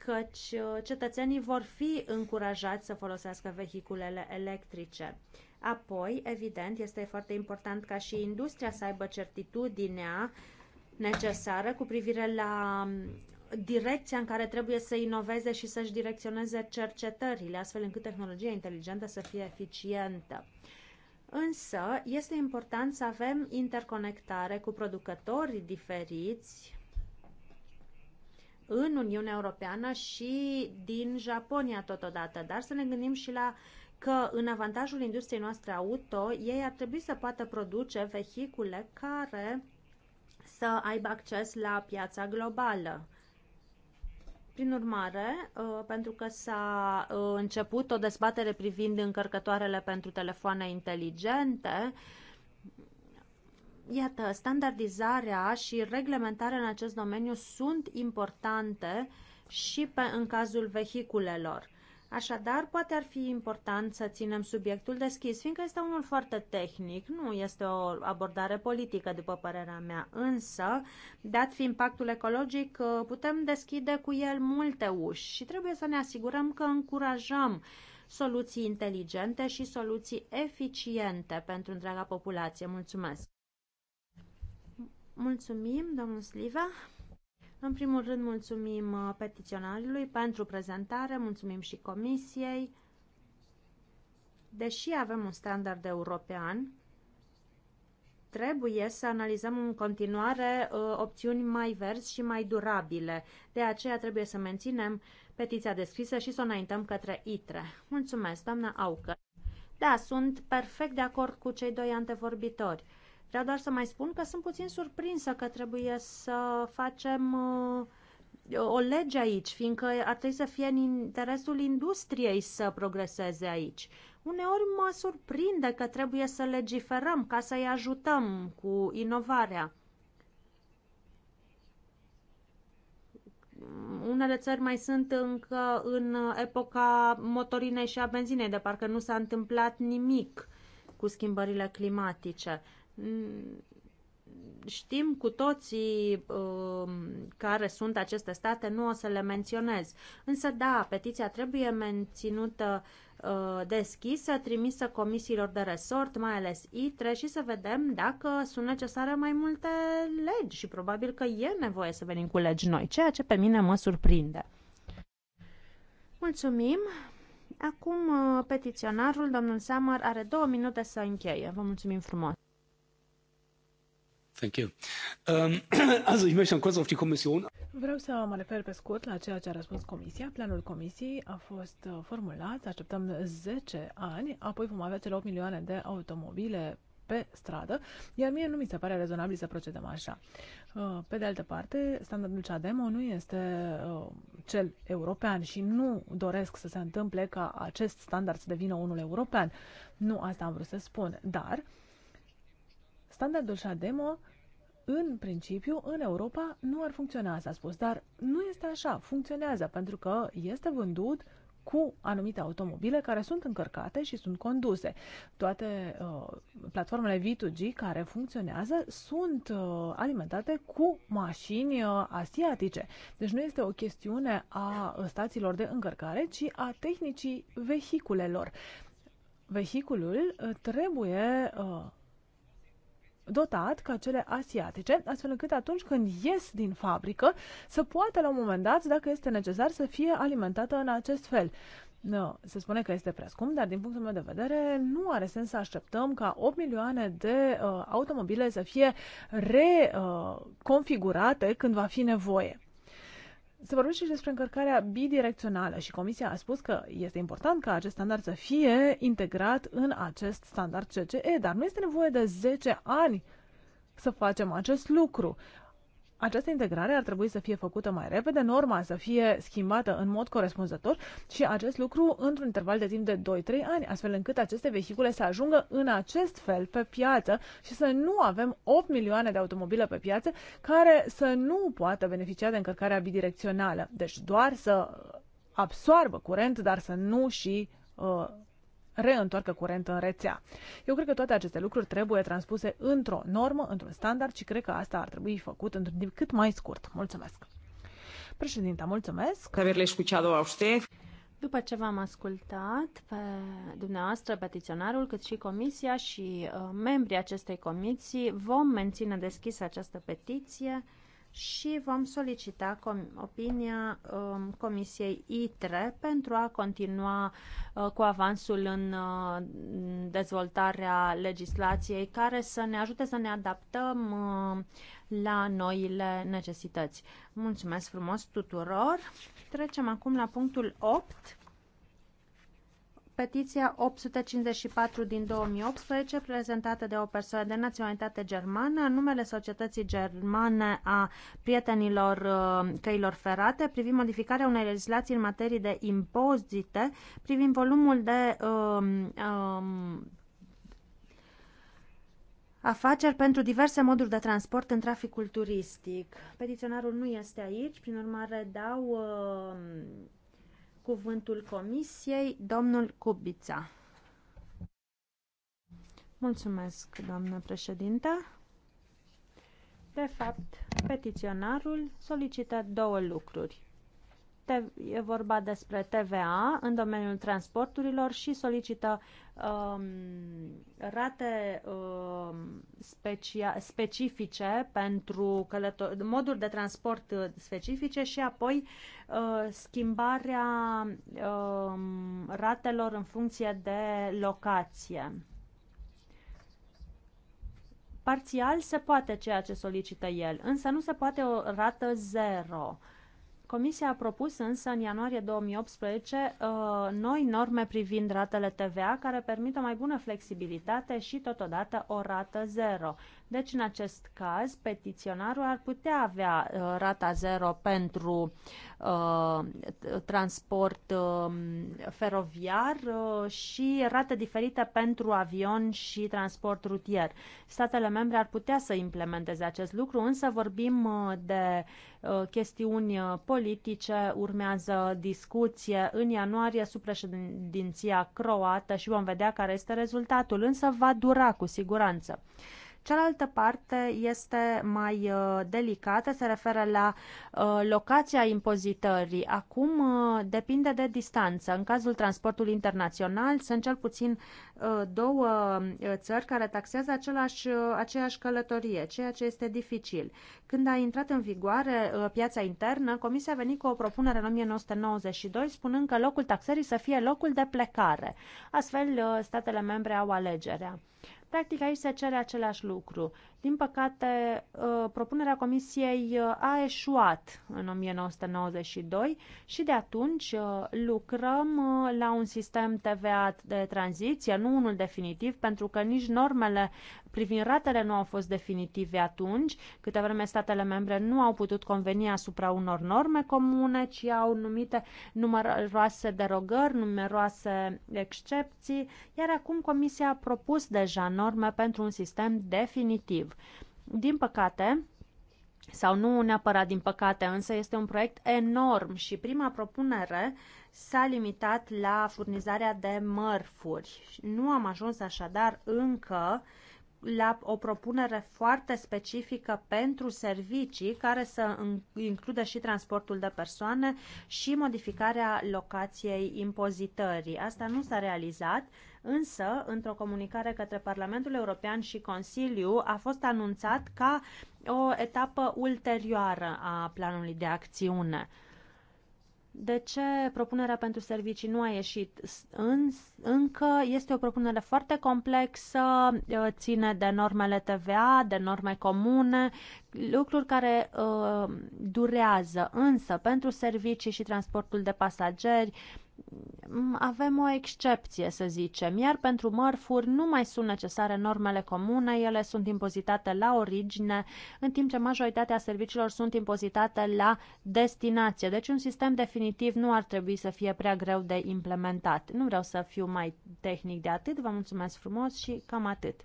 căci uh, cetățenii vor fi încurajați să folosească vehiculele electrice. Apoi, evident, este foarte important ca și industria să aibă certitudinea necesară cu privire la um, direcția în care trebuie să inoveze și să-și direcționeze cercetările, astfel încât tehnologia inteligentă să fie eficientă. Însă, este important să avem interconectare cu producători diferiți în Uniunea Europeană și din Japonia totodată, dar să ne gândim și la că în avantajul industriei noastre auto, ei ar trebui să poată produce vehicule care să aibă acces la piața globală. Prin urmare, uh, pentru că s-a uh, început o dezbatere privind încărcătoarele pentru telefoane inteligente, iată, standardizarea și reglementarea în acest domeniu sunt importante și pe, în cazul vehiculelor. Așadar, poate ar fi important să ținem subiectul deschis, fiindcă este unul foarte tehnic, nu este o abordare politică, după părerea mea. Însă, dat fiind impactul ecologic, putem deschide cu el multe uși și trebuie să ne asigurăm că încurajăm soluții inteligente și soluții eficiente pentru întreaga populație. Mulțumesc! Mulțumim, domnul Sliva! În primul rând, mulțumim uh, petiționarului pentru prezentare, mulțumim și comisiei. Deși avem un standard european, trebuie să analizăm în continuare uh, opțiuni mai verzi și mai durabile. De aceea trebuie să menținem petiția descrisă și să o înaintăm către ITRE. Mulțumesc, doamna Aucă. Da, sunt perfect de acord cu cei doi antevorbitori. Vreau doar să mai spun că sunt puțin surprinsă că trebuie să facem uh, o lege aici, fiindcă ar trebui să fie în interesul industriei să progreseze aici. Uneori mă surprinde că trebuie să legiferăm ca să-i ajutăm cu inovarea. unele țări mai sunt încă în epoca motorinei și a benzinei, de parcă nu s-a întâmplat nimic cu schimbările climatice. Știm cu toții uh, care sunt aceste state, nu o să le menționez. Însă, da, petiția trebuie menținută uh, deschisă, trimisă comisiilor de resort, mai ales ITRE, și să vedem dacă sunt necesare mai multe legi și probabil că e nevoie să venim cu legi noi, ceea ce pe mine mă surprinde. Mulțumim! Acum uh, petiționarul, domnul Samar, are două minute să încheie. Vă mulțumim frumos! Thank you. Um, (clears throat) also, ich möchte kurz auf die Kommission. Vreau să mă refer pe scurt la ceea ce a răspuns Comisia. Planul Comisiei a fost uh, formulat, așteptăm 10 ani, apoi vom avea cele 8 milioane de automobile pe stradă, iar mie nu mi se pare rezonabil să procedăm așa. Uh, pe de altă parte, standardul CEADEMO nu este uh, cel european și nu doresc să se întâmple ca acest standard să devină unul european. Nu asta am vrut să spun, dar uh, Standardul demo, în principiu, în Europa nu ar funcționa, s-a spus, dar nu este așa, funcționează, pentru că este vândut cu anumite automobile care sunt încărcate și sunt conduse. Toate uh, platformele V2G care funcționează sunt uh, alimentate cu mașini uh, asiatice. Deci nu este o chestiune a stațiilor de încărcare, ci a tehnicii vehiculelor. Vehiculul uh, trebuie uh, dotat ca cele asiatice, astfel încât atunci când ies din fabrică să poată la un moment dat, dacă este necesar, să fie alimentată în acest fel. No, se spune că este prea scump, dar din punctul meu de vedere nu are sens să așteptăm ca 8 milioane de uh, automobile să fie reconfigurate uh, când va fi nevoie se vorbește și despre încărcarea bidirecțională și Comisia a spus că este important ca acest standard să fie integrat în acest standard CCE, dar nu este nevoie de 10 ani să facem acest lucru această integrare ar trebui să fie făcută mai repede, norma să fie schimbată în mod corespunzător și acest lucru într-un interval de timp de 2-3 ani, astfel încât aceste vehicule să ajungă în acest fel pe piață și să nu avem 8 milioane de automobile pe piață care să nu poată beneficia de încărcarea bidirecțională. Deci doar să absoarbă curent, dar să nu și uh, reîntoarcă curent în rețea. Eu cred că toate aceste lucruri trebuie transpuse într-o normă, într-un standard și cred că asta ar trebui făcut într-un timp cât mai scurt. Mulțumesc! Președinta, mulțumesc! Haberle escuchado a usted. După ce v-am ascultat pe dumneavoastră, petiționarul, cât și comisia și uh, membrii acestei comisii, vom menține deschisă această petiție și vom solicita com- opinia um, Comisiei ITRE pentru a continua uh, cu avansul în uh, dezvoltarea legislației care să ne ajute să ne adaptăm uh, la noile necesități. Mulțumesc frumos tuturor! Trecem acum la punctul 8 petiția 854 din 2018, prezentată de o persoană de naționalitate germană, în numele societății germane a prietenilor uh, căilor ferate, privind modificarea unei legislații în materie de impozite, privind volumul de um, um, afaceri pentru diverse moduri de transport în traficul turistic. Petiționarul nu este aici, prin urmare dau... um, cuvântul Comisiei, domnul Cubița. Mulțumesc, doamnă președintă. De fapt, petiționarul solicită două lucruri e vorba despre TVA în domeniul transporturilor și solicită um, rate um, specia- specifice pentru călător- moduri de transport uh, specifice și apoi uh, schimbarea um, ratelor în funcție de locație. Parțial se poate ceea ce solicită el, însă nu se poate o rată zero. Uh, Comisia a propus însă în ianuarie 2018 uh, noi norme privind ratele TVA care permit o mai bună flexibilitate și totodată o rată zero. Deci, în acest caz, petiționarul ar putea avea uh, rata zero pentru uh, transport uh, feroviar uh, și rată diferită pentru avion și transport rutier. Statele membre ar putea să implementeze acest lucru, însă vorbim uh, de uh, chestiuni uh, politice, urmează discuție în ianuarie sub președinția croată și vom vedea care este rezultatul, însă va dura cu siguranță. Cealaltă parte este mai uh, delicată, se referă la uh, locația impozitării. Acum uh, depinde de distanță. În cazul transportului internațional sunt cel puțin două țări care taxează același, aceeași călătorie, ceea ce este dificil. Când a intrat în vigoare piața internă, Comisia a venit cu o propunere în 1992 spunând că locul taxării să fie locul de plecare. Astfel, statele membre au alegerea. Practic aici se cere același lucru din păcate, uh, propunerea Comisiei uh, a eșuat în 1992 și de atunci uh, lucrăm la un sistem TVA de tranziție, nu unul definitiv, pentru că nici normele privind ratele nu au fost definitive atunci. Câte vreme statele membre nu au putut conveni asupra unor norme comune, ci au numite numeroase derogări, numeroase excepții, iar acum Comisia a propus deja norme pentru un sistem definitiv. Din păcate, sau nu neapărat din păcate, însă este un proiect enorm și prima propunere s-a limitat la furnizarea de mărfuri. Nu am ajuns așadar încă la o propunere foarte specifică pentru servicii care să includă și transportul de persoane și modificarea locației impozitării. Asta nu s-a realizat însă într-o comunicare către Parlamentul European și Consiliu a fost anunțat ca o etapă ulterioară a planului de acțiune. De ce propunerea pentru servicii nu a ieșit în, încă? Este o propunere foarte complexă, uh, ține de normele TVA, de norme comune, lucruri care uh, durează. Însă, pentru servicii și transportul de pasageri, Mm, avem o excepție, să zicem, iar pentru mărfuri nu mai sunt necesare normele comune, ele sunt impozitate la origine, în timp ce majoritatea serviciilor sunt impozitate la destinație. Deci un sistem definitiv nu ar trebui să fie prea greu de implementat. Nu vreau să fiu mai tehnic de atât, vă mulțumesc frumos și cam atât.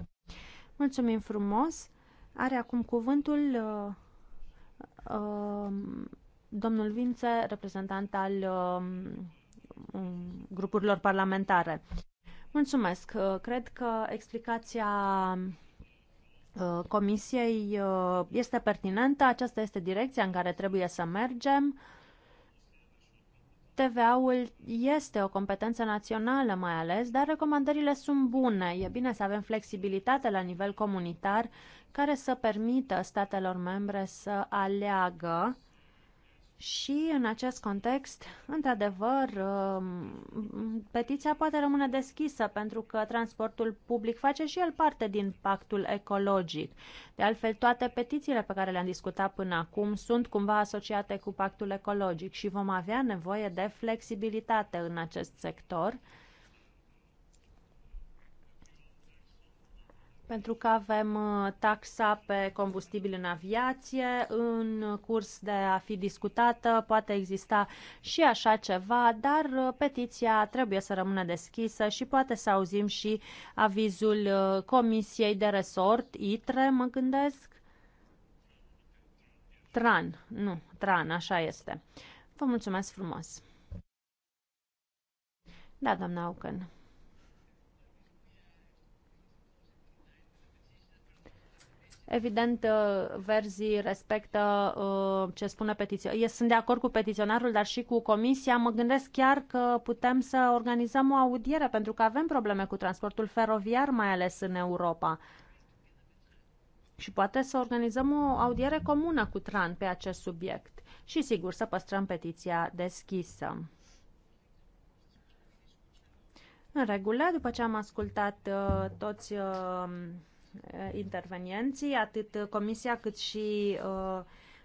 Mulțumim frumos. Are acum cuvântul uh, uh, domnul Vințe, reprezentant al uh, Mm, grupurilor parlamentare. Mulțumesc. Uh, cred că explicația uh, Comisiei uh, este pertinentă. Aceasta este direcția în care trebuie să mergem. TVA-ul este o competență națională mai ales, dar recomandările sunt bune. E bine să avem flexibilitate la nivel comunitar care să permită statelor membre să aleagă și în acest context, într-adevăr, um, petiția poate rămâne deschisă pentru că transportul public face și el parte din pactul ecologic. De altfel, toate petițiile pe care le-am discutat până acum sunt cumva asociate cu pactul ecologic și vom avea nevoie de flexibilitate în acest sector pentru că avem uh, taxa pe combustibil în aviație în curs de a fi discutată, poate exista și așa ceva, dar uh, petiția trebuie să rămână deschisă și poate să auzim și avizul uh, Comisiei de Resort, ITRE, mă gândesc. Tran, nu, Tran, așa este. Vă mulțumesc frumos. Da, doamna Aucăn. Evident, uh, verzii respectă uh, ce spune petiționarul. Eu sunt de acord cu petiționarul, dar și cu comisia. Mă gândesc chiar că putem să organizăm o audiere, pentru că avem probleme cu transportul feroviar, mai ales în Europa. Și poate să organizăm o audiere comună cu TRAN pe acest subiect. Și, sigur, să păstrăm petiția deschisă. În regulă, după ce am ascultat uh, toți... Uh, Eh, intervenienții, atât Comisia cât și eh,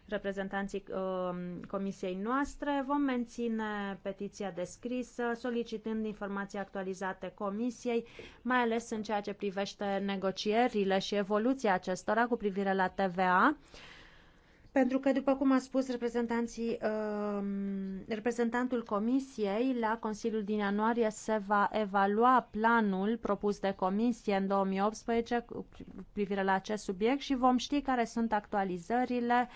reprezentanții eh, Comisiei noastre. Vom menține petiția descrisă, solicitând informații actualizate Comisiei, mai ales în ceea ce privește negocierile și evoluția acestora cu privire la TVA. Pentru că, după cum a spus reprezentanții, uh, reprezentantul Comisiei, la Consiliul din ianuarie se va evalua planul propus de Comisie în 2018 cu privire la acest subiect și vom ști care sunt actualizările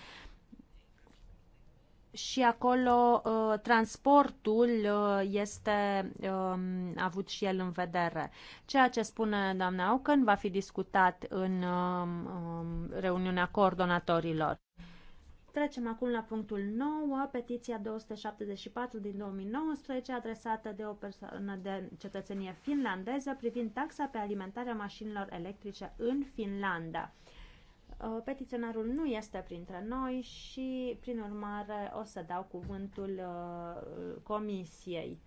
și acolo uh, transportul uh, este uh, avut și el în vedere. Ceea ce spune doamna Aucăn va fi discutat în um, reuniunea coordonatorilor. Trecem acum la punctul 9, petiția 274 din 2019, adresată de o persoană de cetățenie finlandeză privind taxa pe alimentarea mașinilor electrice în Finlanda. Uh, petiționarul nu este printre noi și, prin urmare, o să dau cuvântul uh, comisiei.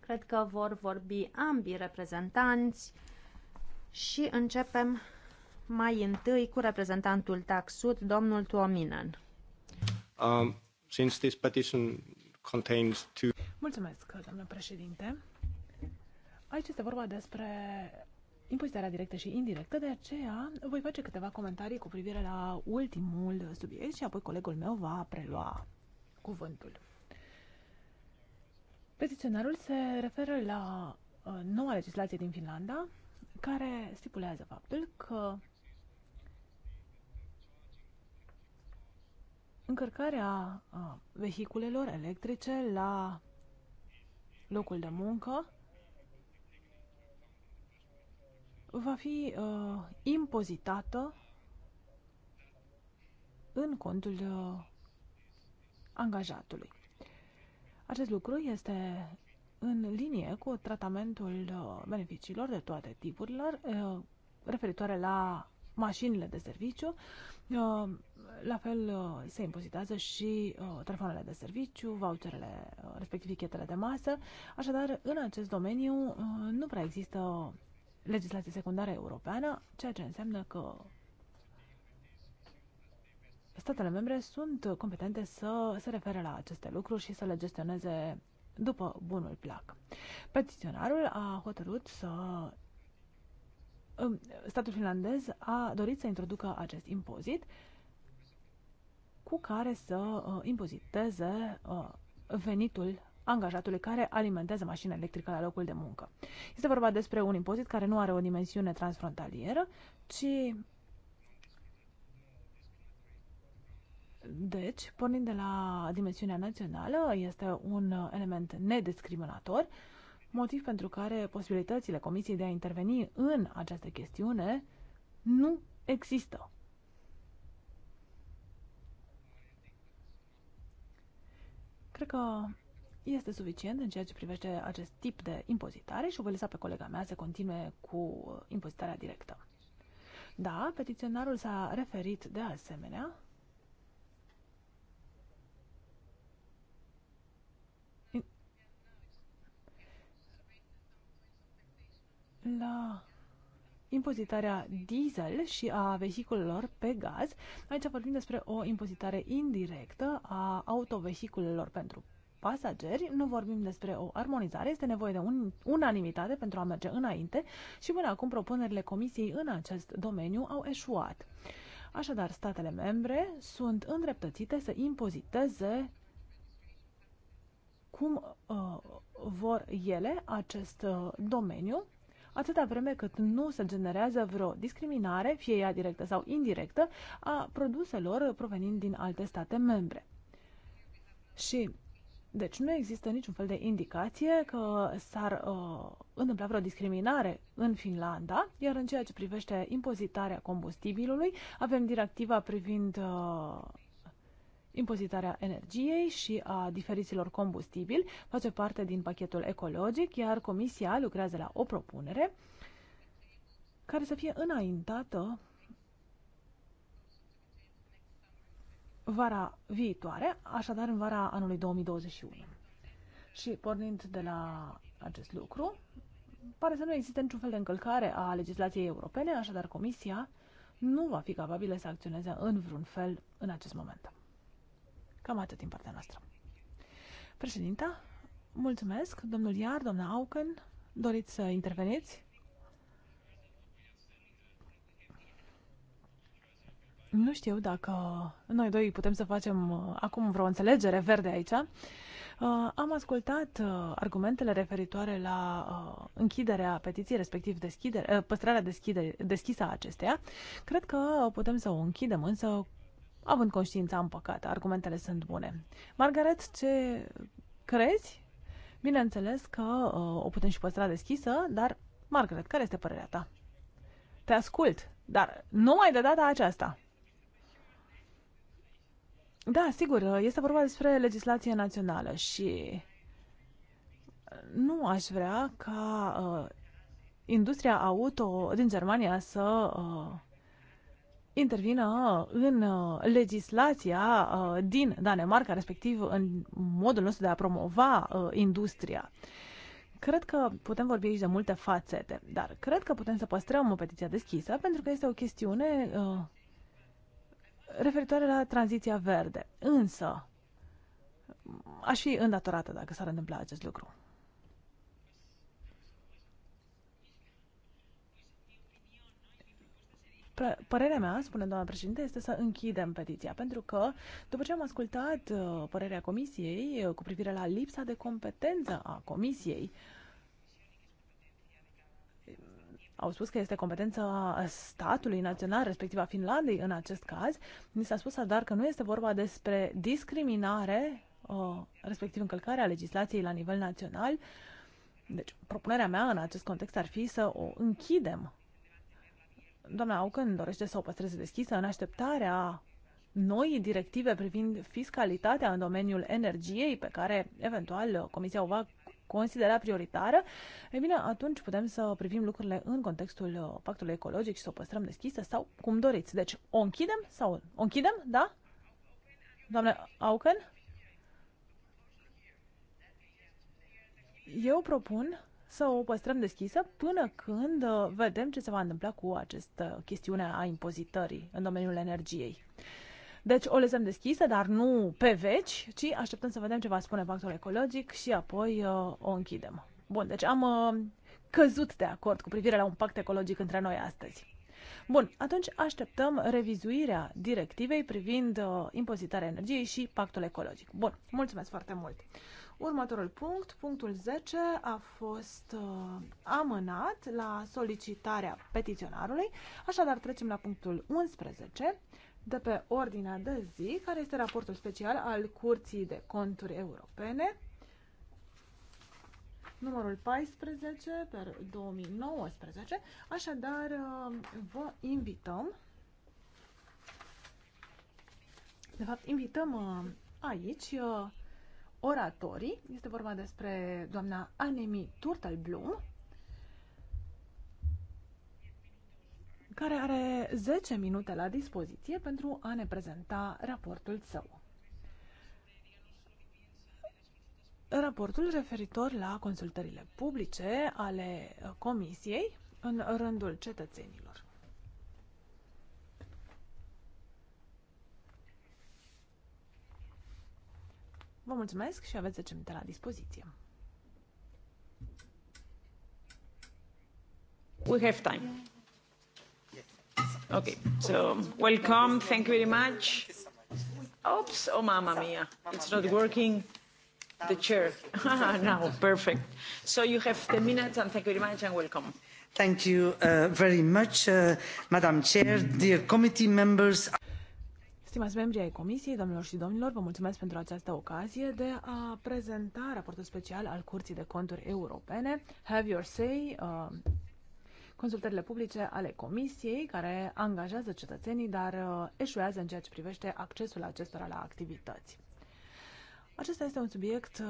Cred că vor vorbi ambii reprezentanți și începem mai întâi cu reprezentantul TAXUD, domnul Tuominen. Um, since this petition contains two... Mulțumesc, doamnă președinte. Aici este vorba despre impozitarea directă și indirectă, de aceea voi face câteva comentarii cu privire la ultimul subiect și apoi colegul meu va prelua cuvântul. Petiționarul se referă la uh, noua legislație din Finlanda, care stipulează faptul că încărcarea vehiculelor electrice la locul de muncă va fi uh, impozitată în contul uh, angajatului. Acest lucru este în linie cu tratamentul uh, beneficiilor de toate tipurile uh, referitoare la mașinile de serviciu, uh, la fel uh, se impozitează și uh, telefoanele de serviciu, voucherele, uh, respectiv chetele de masă. Așadar, în acest domeniu nu prea există legislație secundară europeană, ceea ce înseamnă că statele membre sunt competente să se refere la aceste lucruri și să le gestioneze după bunul plac. Petiționarul a hotărât să um, statul finlandez a dorit să introducă acest impozit cu care să uh, impoziteze uh, venitul angajatului care alimentează mașina electrică la locul de muncă. Este vorba despre un impozit care nu are o dimensiune transfrontalieră, ci Deci, pornind de la dimensiunea națională, este un uh, element nediscriminator, motiv pentru care posibilitățile Comisiei de a interveni în această chestiune nu există. Cred că este suficient în ceea ce privește acest tip de impozitare și o voi lăsa pe colega mea să continue cu impozitarea directă. Da, petiționarul s-a referit de asemenea la impozitarea diesel și a vehiculelor pe gaz. Aici vorbim despre o impozitare indirectă a autovehiculelor pentru pasageri, nu vorbim despre o armonizare, este nevoie de un, unanimitate pentru a merge înainte și până acum propunerile Comisiei în acest domeniu au eșuat. Așadar, statele membre sunt îndreptățite să impoziteze cum uh, vor ele acest uh, domeniu atâta vreme cât nu se generează vreo discriminare, fie ea directă sau indirectă, a produselor provenind din alte state membre. Și deci nu există niciun fel de indicație că s-ar uh, întâmpla vreo discriminare în Finlanda, iar în ceea ce privește impozitarea combustibilului, avem directiva privind uh, impozitarea energiei și a diferiților combustibili face parte din pachetul ecologic, iar Comisia lucrează la o propunere care să fie înaintată vara viitoare, așadar în vara anului 2021. Și pornind de la acest lucru, pare să nu existe niciun fel de încălcare a legislației europene, așadar Comisia nu va fi capabilă să acționeze în vreun fel în acest moment. Cam atât din partea noastră. Președinta, mulțumesc. Domnul Iar, doamna Auken, doriți să interveniți? Nu știu dacă noi doi putem să facem uh, acum vreo înțelegere verde aici. Uh, am ascultat uh, argumentele referitoare la închiderea petiției, respectiv deschidere, păstrarea deschidere deschisă a acesteia. Cred că putem să o închidem, însă având conștiința păcat, Argumentele sunt bune. Margaret, ce crezi? Bineînțeles că uh, o putem și păstra deschisă, dar, Margaret, care este părerea ta? Te ascult, dar numai de data aceasta. Da, sigur, uh, este vorba despre legislație națională și uh, nu aș vrea ca uh, industria auto din Germania să uh, intervină în uh, legislația uh, din Danemarca, respectiv în modul nostru de a promova uh, industria. Cred că putem vorbi aici de multe fațete, dar cred că putem să păstrăm o petiție deschisă pentru că este o chestiune referitoare la tranziția verde. Însă, aș fi îndatorată dacă s-ar întâmpla acest lucru. Părerea mea, spune doamna președinte, este să închidem petiția, pentru că după ce am ascultat uh, părerea comisiei uh, cu privire la lipsa de competență a comisiei, au spus că este competența statului național, respectiv a Finlandei în acest caz. Mi s-a spus dar că nu este vorba despre discriminare, uh, respectiv încălcarea legislației la nivel național. Deci, propunerea mea în acest context ar fi să o închidem doamna Aucan, dorește să o păstreze deschisă în așteptarea noi directive privind fiscalitatea în domeniul energiei, pe care eventual Comisia o va considera prioritară, e bine, atunci putem să privim lucrurile în contextul pactului ecologic și să o păstrăm deschisă sau cum doriți. Deci, o închidem sau o închidem, da? Doamne Auken? Eu propun să o păstrăm deschisă până când uh, vedem ce se va întâmpla cu această chestiune a impozitării în domeniul energiei. Deci o lăsăm deschisă, dar nu pe veci, ci așteptăm să vedem ce va spune pactul ecologic și apoi uh, o închidem. Bun, deci am uh, căzut de acord cu privire la un pact ecologic între noi astăzi. Bun, atunci așteptăm revizuirea directivei privind uh, impozitarea energiei și pactul ecologic. Bun, mulțumesc foarte mult! Următorul punct, punctul 10, a fost uh, amânat la solicitarea petiționarului, așadar trecem la punctul 11 de pe ordinea de zi, care este raportul special al Curții de Conturi Europene, numărul 14 per 2019. Așadar, uh, vă invităm, de fapt, invităm uh, aici uh, oratorii. Este vorba despre doamna Anemi Turtelblum, care are 10 minute la dispoziție pentru a ne prezenta raportul său. Raportul referitor la consultările publice ale Comisiei în rândul cetățenilor. Vă mulțumesc și aveți 10 minute la dispoziție. We have time. Okay, so welcome, thank you very much. Oops, oh mamma mia, it's not working. The chair. (laughs) now, perfect. So you have 10 minutes and thank you very much and welcome. Thank you uh, very much, uh, Madam Chair, dear committee members. Stimați membri ai Comisiei, domnilor și domnilor, vă mulțumesc pentru această ocazie de a prezenta raportul special al Curții de Conturi Europene, Have Your Say, uh, consultările publice ale Comisiei, care angajează cetățenii, dar uh, eșuează în ceea ce privește accesul acestora la activități. Acesta este un subiect uh,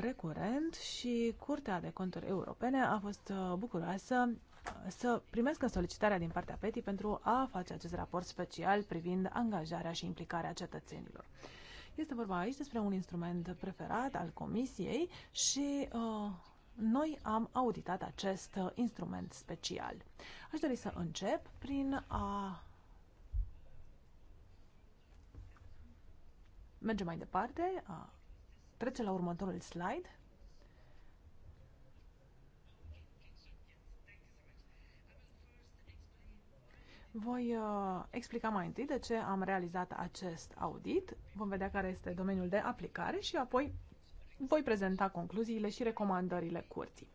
recurent și Curtea de Conturi Europene a fost uh, bucuroasă să primească solicitarea din partea PETI pentru a face acest raport special privind angajarea și implicarea cetățenilor. Este vorba aici despre un instrument preferat al Comisiei și uh, noi am auditat acest uh, instrument special. Aș dori să încep prin a merge mai departe, a trece la următorul slide. Voi uh, explica mai întâi de ce am realizat acest audit, vom vedea care este domeniul de aplicare și apoi voi prezenta concluziile și recomandările curții.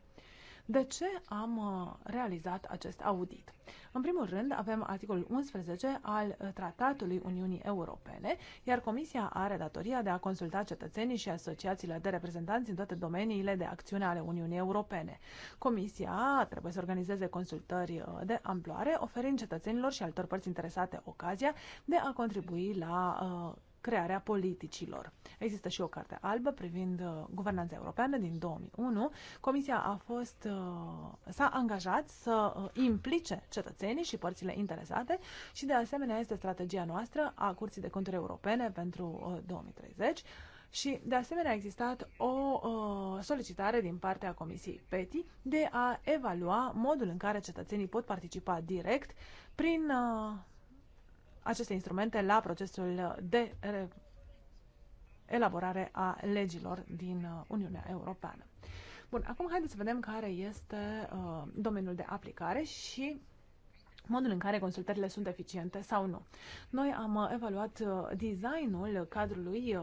De ce am uh, realizat acest audit? În primul rând, avem articolul 11 al uh, Tratatului Uniunii Europene, iar Comisia are datoria de a consulta cetățenii și asociațiile de reprezentanți în toate domeniile de acțiune ale Uniunii Europene. Comisia trebuie să organizeze consultări uh, de amploare, oferind cetățenilor și altor părți interesate ocazia de a contribui la uh, crearea politicilor. Există și o carte albă privind uh, guvernanța europeană din 2001. Comisia a fost, uh, s-a angajat să uh, implice cetățenii și părțile interesate și de asemenea este strategia noastră a Curții de Conturi Europene pentru 2030 și, de asemenea, a existat o uh, solicitare din partea Comisiei PETI de a evalua modul în care cetățenii pot participa direct prin uh, aceste instrumente la procesul de elaborare a legilor din uh, Uniunea Europeană. Bun, acum haideți să vedem care este uh, domeniul de aplicare și modul în care consultările sunt eficiente sau nu. Noi am uh, evaluat uh, designul cadrului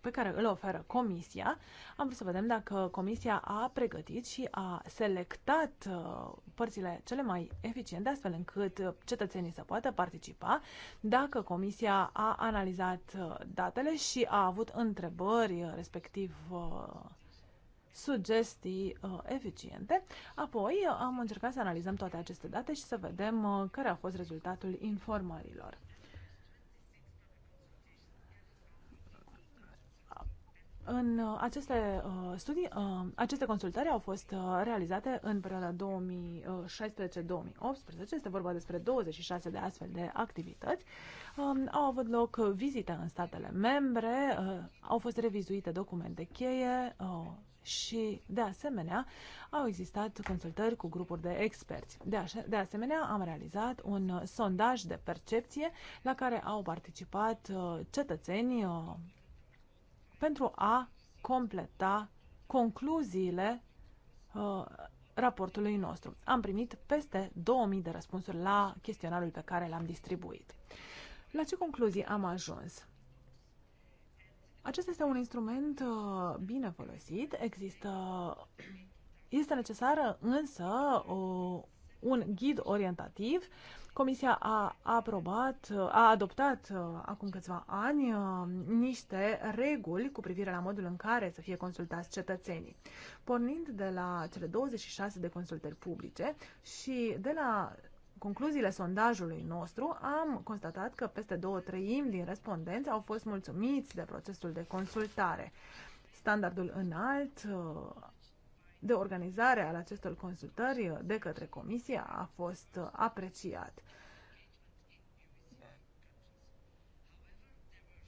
pe care îl oferă Comisia. Am vrut să vedem dacă Comisia a pregătit și a selectat uh, părțile cele mai eficiente, astfel încât cetățenii să poată participa, dacă Comisia a analizat uh, datele și a avut întrebări, uh, respectiv sugestii uh, eficiente. Apoi am încercat să analizăm toate aceste date și să vedem uh, care a fost rezultatul informărilor. În uh, aceste uh, studii, uh, aceste consultări au fost realizate în perioada 2016-2018. Este vorba despre 26 de astfel de activități. Um, au avut loc vizite în statele membre, au fost revizuite documente cheie și, de asemenea, au existat consultări cu grupuri de experți. De, de asemenea, am realizat un sondaj de percepție la care au participat Uh, pentru a completa concluziile uh, raportului nostru. Am primit peste 2000 de răspunsuri la chestionarul pe care l-am distribuit. La ce concluzii am ajuns? Acesta este un instrument uh, bine folosit, există, este necesară însă uh, un ghid orientativ Comisia a aprobat, a adoptat uh, acum câțiva ani uh, niște reguli cu privire la modul în care să fie consultați cetățenii. Pornind de la cele 26 de consultări publice și de la concluziile sondajului nostru, am constatat că peste două treimi din respondenți au fost mulțumiți de procesul de consultare. Standardul înalt uh, de organizare al acestor consultări de către Comisie a fost apreciat.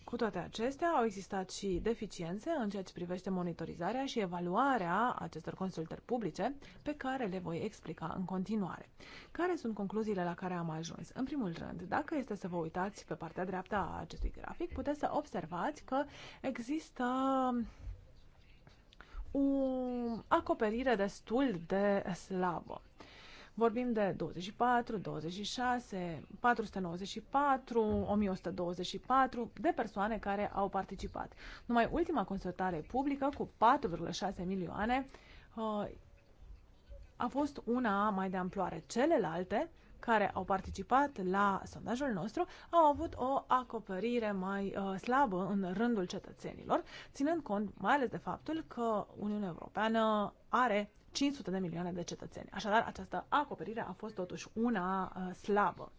Cu toate acestea, au existat și deficiențe în ceea ce privește monitorizarea și evaluarea acestor consultări publice, pe care le voi explica în continuare. Care sunt concluziile la care am ajuns? În primul rând, dacă este să vă uitați pe partea dreaptă a acestui grafic, puteți să observați că există o acoperire destul de slabă. Vorbim de 24, 26, 494, 1124 de persoane care au participat. Numai ultima consultare publică cu 4,6 milioane uh, a fost una mai de amploare. Celelalte care au participat la sondajul nostru au avut o acoperire mai uh, slabă în rândul cetățenilor, ținând cont mai ales de faptul că Uniunea Europeană are 500 de milioane de cetățeni. Așadar, această acoperire a fost totuși una uh, slabă.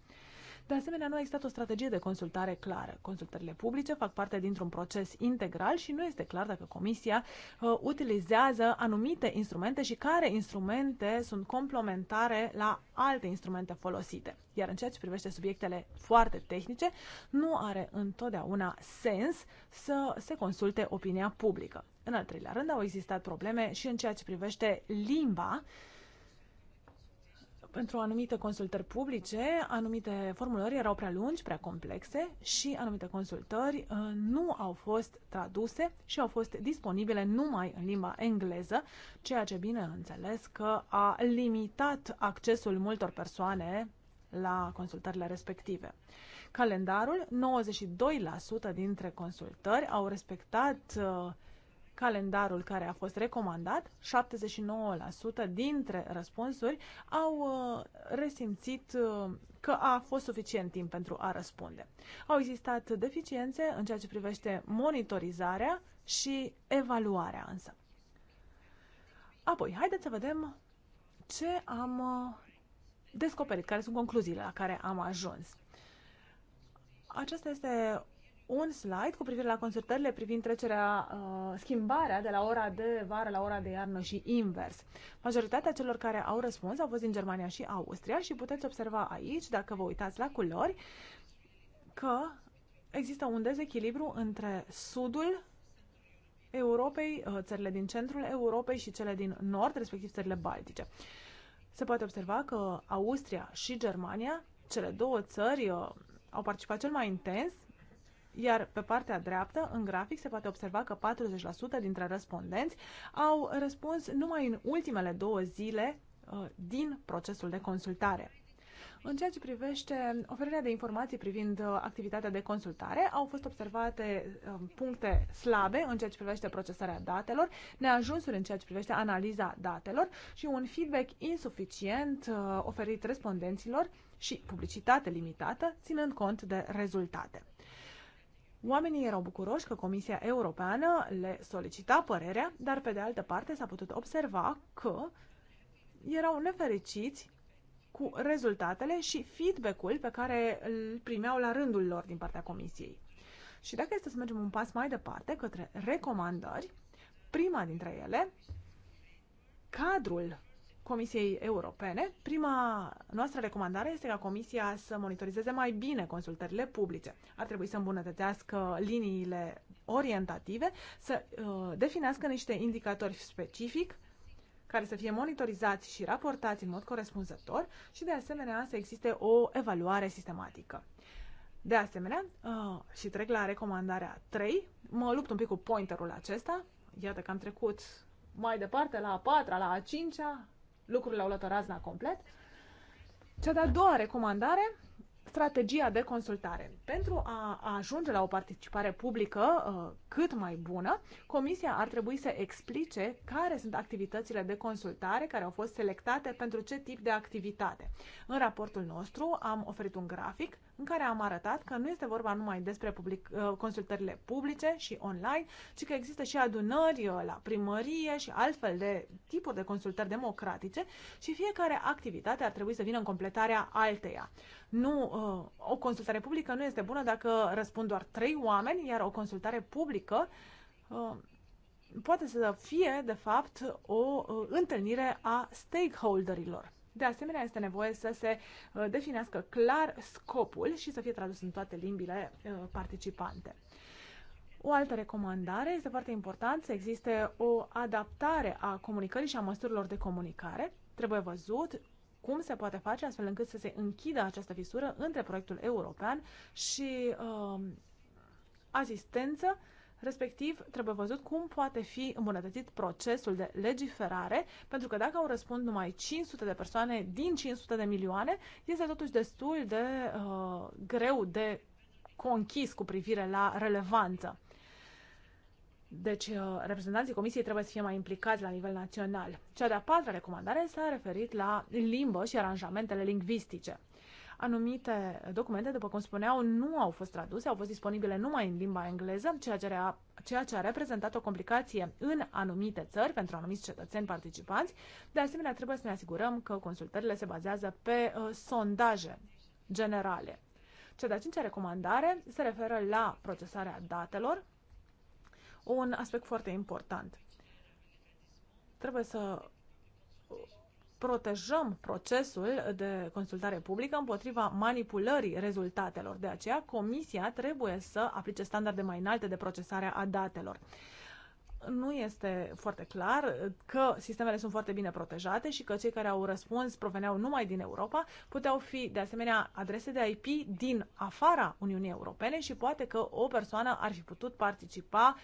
De asemenea, nu a existat o strategie de consultare clară. Consultările publice fac parte dintr-un proces integral și nu este clar dacă Comisia uh, utilizează anumite instrumente și care instrumente sunt complementare la alte instrumente folosite. Iar în ceea ce privește subiectele foarte tehnice, nu are întotdeauna sens să se consulte opinia publică. În al treilea rând, au existat probleme și în ceea ce privește limba pentru anumite consultări publice, anumite formulări erau prea lungi, prea complexe și anumite consultări uh, nu au fost traduse și au fost disponibile numai în limba engleză, ceea ce bineînțeles că a limitat accesul multor persoane la consultările respective. Calendarul, 92% dintre consultări au respectat uh, calendarul care a fost recomandat, 79% dintre răspunsuri au uh, resimțit uh, că a fost suficient timp pentru a răspunde. Au existat deficiențe în ceea ce privește monitorizarea și evaluarea însă. Apoi, haideți să vedem ce am uh, descoperit, care sunt concluziile la care am ajuns. Aceasta este un slide cu privire la concertările privind trecerea, uh, schimbarea de la ora de vară la ora de iarnă și invers. Majoritatea celor care au răspuns au fost din Germania și Austria și puteți observa aici, dacă vă uitați la culori, că există un dezechilibru între sudul Europei, uh, țările din centrul Europei și cele din nord, respectiv țările baltice. Se poate observa că Austria și Germania, cele două țări, uh, au participat cel mai intens, iar pe partea dreaptă, în grafic, se poate observa că 40% dintre respondenți au răspuns numai în ultimele două zile uh, din procesul de consultare. În ceea ce privește oferirea de informații privind uh, activitatea de consultare, au fost observate um, puncte slabe în ceea ce privește procesarea datelor, neajunsuri în ceea ce privește analiza datelor și un feedback insuficient uh, oferit respondenților și publicitate limitată, ținând cont de rezultate. Oamenii erau bucuroși că Comisia Europeană le solicita părerea, dar pe de altă parte s-a putut observa că erau nefericiți cu rezultatele și feedback-ul pe care îl primeau la rândul lor din partea Comisiei. Și dacă este să mergem un pas mai departe către recomandări, prima dintre ele, cadrul Comisiei Europene. Prima noastră recomandare este ca Comisia să monitorizeze mai bine consultările publice. Ar trebui să îmbunătățească liniile orientative, să uh, definească niște indicatori specific care să fie monitorizați și raportați în mod corespunzător și, de asemenea, să existe o evaluare sistematică. De asemenea, uh, și trec la recomandarea 3, mă lupt un pic cu pointerul acesta, iată că am trecut mai departe la a patra, la a cincea, lucrurile au luat o razna complet. Cea de-a doua recomandare, strategia de consultare. Pentru a ajunge la o participare publică uh, cât mai bună, Comisia ar trebui să explice care sunt activitățile de consultare care au fost selectate pentru ce tip de activitate. În raportul nostru am oferit un grafic în care am arătat că nu este vorba numai despre public, uh, consultările publice și online, ci că există și adunări uh, la primărie și altfel de tipuri de consultări democratice și fiecare activitate ar trebui să vină în completarea alteia. Nu, uh, o consultare publică nu este bună dacă răspund doar trei oameni, iar o consultare publică poate să fie, de fapt, o întâlnire a stakeholderilor. De asemenea, este nevoie să se uh, definească clar scopul și să fie tradus în toate limbile uh, participante. O altă recomandare este foarte important să existe o adaptare a comunicării și a măsurilor de comunicare. Trebuie văzut cum se poate face astfel încât să se închidă această fisură între proiectul european și uh, asistență Respectiv, trebuie văzut cum poate fi îmbunătățit procesul de legiferare, pentru că dacă au răspund numai 500 de persoane din 500 de milioane, este totuși destul de uh, greu de conchis cu privire la relevanță. Deci, uh, reprezentanții Comisiei trebuie să fie mai implicați la nivel național. Cea de-a patra recomandare s-a referit la limbă și aranjamentele lingvistice. Anumite documente, după cum spuneau, nu au fost traduse, au fost disponibile numai în limba engleză, ceea ce, a, ceea ce a reprezentat o complicație în anumite țări pentru anumiți cetățeni participanți. De asemenea, trebuie să ne asigurăm că consultările se bazează pe uh, sondaje generale. Cea de-a cincea recomandare se referă la procesarea datelor, un aspect foarte important. Trebuie să protejăm procesul de consultare publică împotriva manipulării rezultatelor. De aceea, Comisia trebuie să aplice standarde mai înalte de procesare a datelor. Nu este foarte clar că sistemele sunt foarte bine protejate și că cei care au răspuns proveneau numai din Europa, puteau fi de asemenea adrese de IP din afara Uniunii Europene și poate că o persoană ar fi putut participa uh,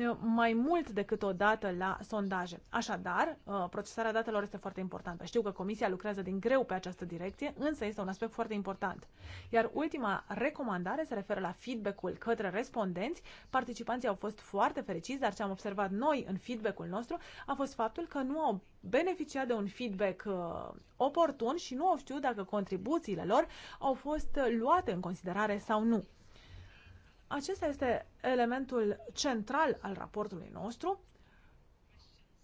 Eh, mai mult decât o dată la sondaje. Așadar, eh, procesarea datelor este foarte importantă. Știu că Comisia lucrează din greu pe această direcție, însă este un aspect foarte important. Iar ultima recomandare se referă la feedback-ul către respondenți. Participanții au fost foarte fericiți, dar ce am observat noi în feedback-ul nostru a fost faptul că nu au beneficiat de un feedback uh, oportun și nu au știut dacă contribuțiile lor au fost luate în considerare sau nu. Acesta este elementul central al raportului nostru.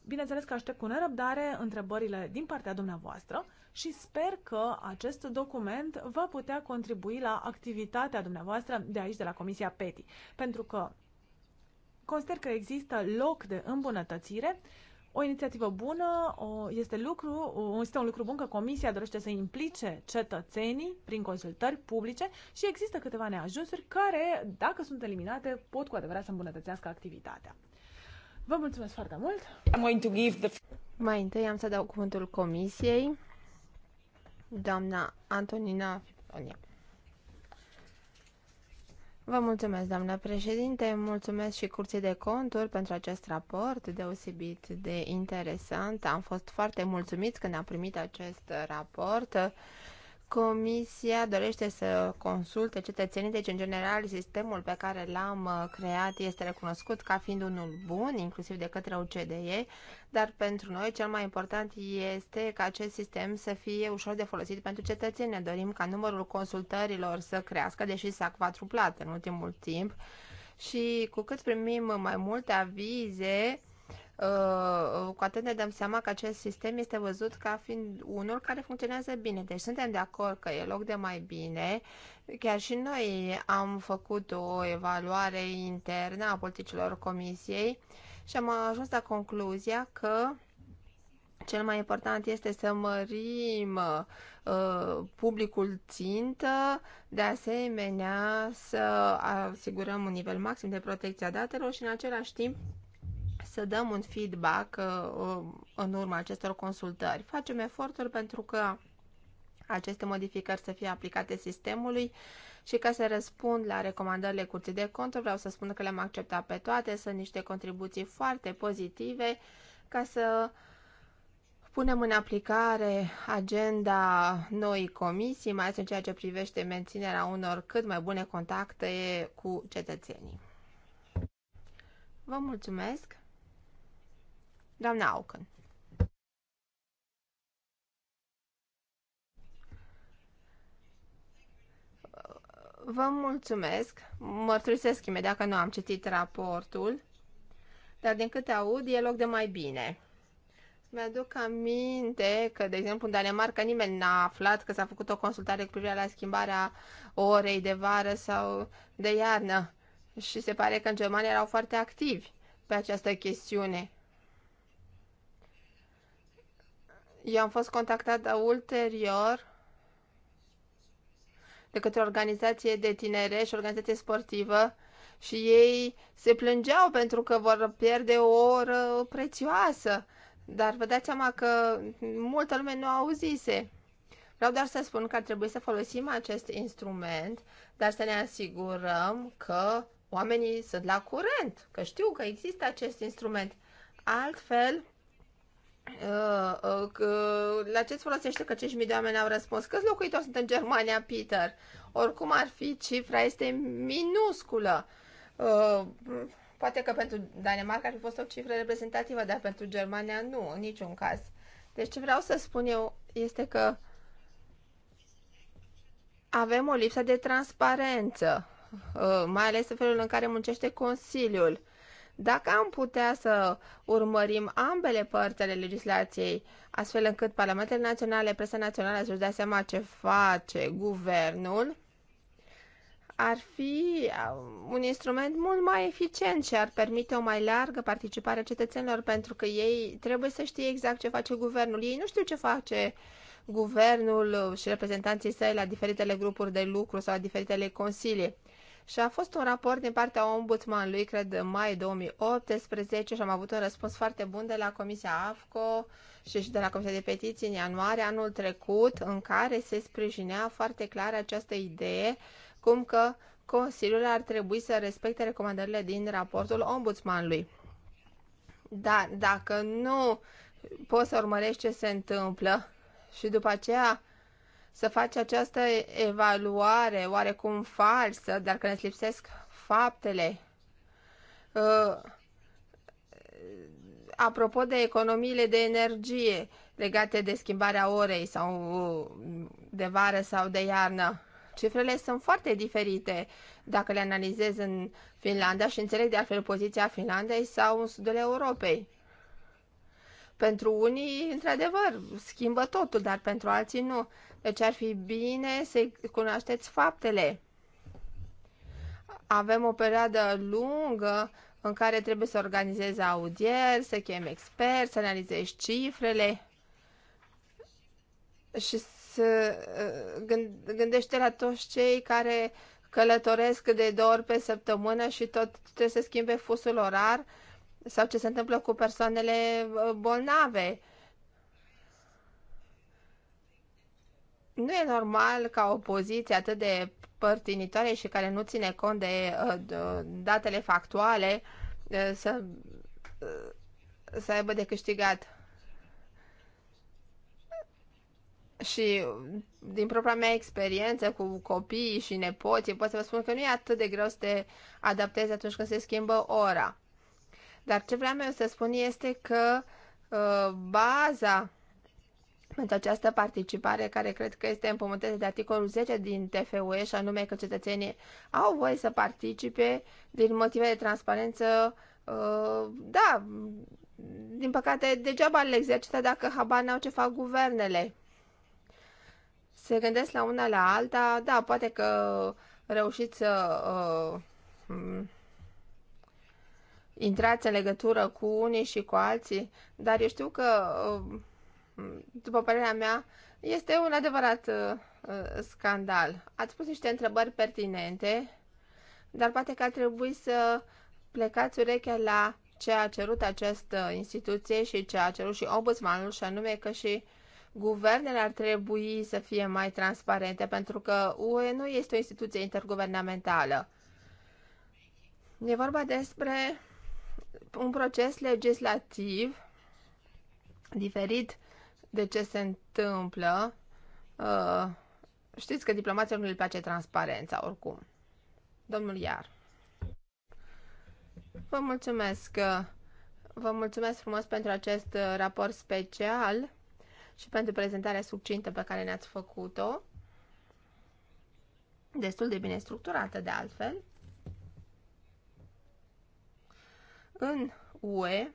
Bineînțeles că aștept cu nerăbdare întrebările din partea dumneavoastră și sper că acest document va putea contribui la activitatea dumneavoastră de aici, de la Comisia PETI, pentru că consider că există loc de îmbunătățire o inițiativă bună, o, este, lucru, este un lucru bun că Comisia dorește să implice cetățenii prin consultări publice și există câteva neajunsuri care, dacă sunt eliminate, pot cu adevărat să îmbunătățească activitatea. Vă mulțumesc foarte mult! I'm going to give the... Mai întâi am să dau cuvântul Comisiei, doamna Antonina Fiponia. Vă mulțumesc, doamnă președinte, mulțumesc și Curții de Conturi pentru acest raport deosebit de interesant. Am fost foarte mulțumit când am primit acest raport Comisia dorește să consulte cetățenii, deci în general sistemul pe care l-am uh, creat este recunoscut ca fiind unul bun, inclusiv de către OCDE, dar pentru noi cel mai important este ca acest sistem să fie ușor de folosit pentru cetățeni. Ne dorim ca numărul consultărilor să crească, deși s-a quadruplat în ultimul timp și cu cât primim mai multe avize, Uh, cu atât ne dăm seama că acest sistem este văzut ca fiind unul care funcționează bine. Deci suntem de acord că e loc de mai bine. Chiar și noi am făcut o evaluare internă a politicilor comisiei și am ajuns la concluzia că cel mai important este să mărim uh, publicul țintă, de asemenea să asigurăm un nivel maxim de protecție a datelor și în același timp să dăm un feedback uh, uh, în urma acestor consultări. Facem eforturi pentru că aceste modificări să fie aplicate sistemului și ca să răspund la recomandările curții de conturi, vreau să spun că le-am acceptat pe toate, sunt niște contribuții foarte pozitive ca să punem în aplicare agenda noii comisii, mai ales în ceea ce privește menținerea unor cât mai bune contacte cu cetățenii. Vă mulțumesc! Doamna Auken. Vă mulțumesc. Mărturisesc imediat că nu am citit raportul, dar din câte aud, e loc de mai bine. Mi-aduc aminte că, de exemplu, în Danemarca nimeni n-a aflat că s-a făcut o consultare cu privire la schimbarea orei de vară sau de iarnă. Și se pare că în Germania erau foarte activi pe această chestiune. Eu am fost contactată ulterior de către organizație de tinere și organizație sportivă și ei se plângeau pentru că vor pierde o oră prețioasă. Dar vă dați seama că multă lume nu auzise. Vreau doar să spun că ar trebui să folosim acest instrument, dar să ne asigurăm că oamenii sunt la curent, că știu că există acest instrument. Altfel, Uh, uh, la ce îți folosește că 5.000 de oameni au răspuns? Câți locuitori sunt în Germania, Peter? Oricum ar fi, cifra este minusculă. Uh, poate că pentru Danemarca ar fi fost o cifră reprezentativă, dar pentru Germania nu, în niciun caz. Deci ce vreau să spun eu este că avem o lipsă de transparență, mai ales în felul în care muncește Consiliul dacă am putea să urmărim ambele părți ale legislației, astfel încât parlamentele naționale, presa națională să-și dea seama ce face guvernul, ar fi uh, un instrument mult mai eficient și ar permite o mai largă participare a cetățenilor, pentru că ei trebuie să știe exact ce face guvernul. Ei nu știu ce face guvernul și reprezentanții săi la diferitele grupuri de lucru sau la diferitele consilii. Și a fost un raport din partea ombudsmanului, cred, în mai 2018 și am avut un răspuns foarte bun de la Comisia AFCO și de la Comisia de Petiții în ianuarie anul trecut, în care se sprijinea foarte clar această idee, cum că Consiliul ar trebui să respecte recomandările din raportul ombudsmanului. Dar dacă nu poți să urmărești ce se întâmplă și după aceea să faci această evaluare oarecum falsă, dar când îți lipsesc faptele. Uh, apropo de economiile de energie legate de schimbarea orei sau uh, de vară sau de iarnă, cifrele sunt foarte diferite dacă le analizez în Finlanda și înțeleg de altfel poziția Finlandei sau în sudul Europei. Pentru unii, într-adevăr, schimbă totul, dar pentru alții nu. Deci ar fi bine să cunoașteți faptele. Avem o perioadă lungă în care trebuie să organizezi audieri, să chem experți, să analizezi cifrele și să uh, gândește la toți cei care călătoresc de două ori pe săptămână și tot trebuie să schimbe fusul orar sau ce se întâmplă cu persoanele uh, bolnave Nu e normal ca o poziție atât de părtinitoare și care nu ține cont de, uh, de datele factuale uh, să, uh, să aibă de câștigat. Și din propria mea experiență cu copiii și nepoții, pot să vă spun că nu e atât de greu să te adaptezi atunci când se schimbă ora. Dar ce vreau eu să spun este că uh, baza pentru această participare care cred că este împământată de articolul 10 din TFUE și anume că cetățenii au voie să participe din motive de transparență, uh, da, din păcate degeaba le exercită dacă habar n-au ce fac guvernele. Se gândesc la una la alta, da, poate că reușiți să uh, intrați în legătură cu unii și cu alții, dar eu știu că uh, după părerea mea, este un adevărat uh, uh, scandal. Ați pus niște întrebări pertinente, dar poate că ar trebui să plecați urechea la ce a cerut această instituție și ce a cerut și ombudsmanul, și anume că și guvernele ar trebui să fie mai transparente, pentru că UE nu este o instituție interguvernamentală. E vorba despre un proces legislativ diferit de ce se întâmplă. Uh, știți că diplomaților nu le place transparența oricum. Domnul Iar. Vă mulțumesc. Uh, vă mulțumesc frumos pentru acest uh, raport special și pentru prezentarea succintă pe care ne-ați făcut-o. Destul de bine structurată, de altfel. În UE,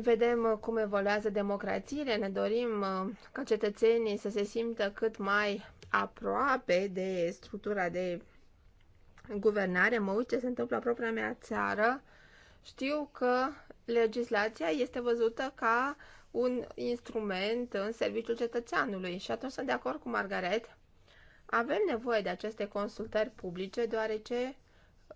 Vedem uh, cum evoluează democrațiile, ne dorim uh, ca cetățenii să se simtă cât mai aproape de structura de guvernare. Mă uit ce se întâmplă la propria mea țară. Știu că legislația este văzută ca un instrument în serviciul cetățeanului și atunci sunt de acord cu Margaret. Avem nevoie de aceste consultări publice deoarece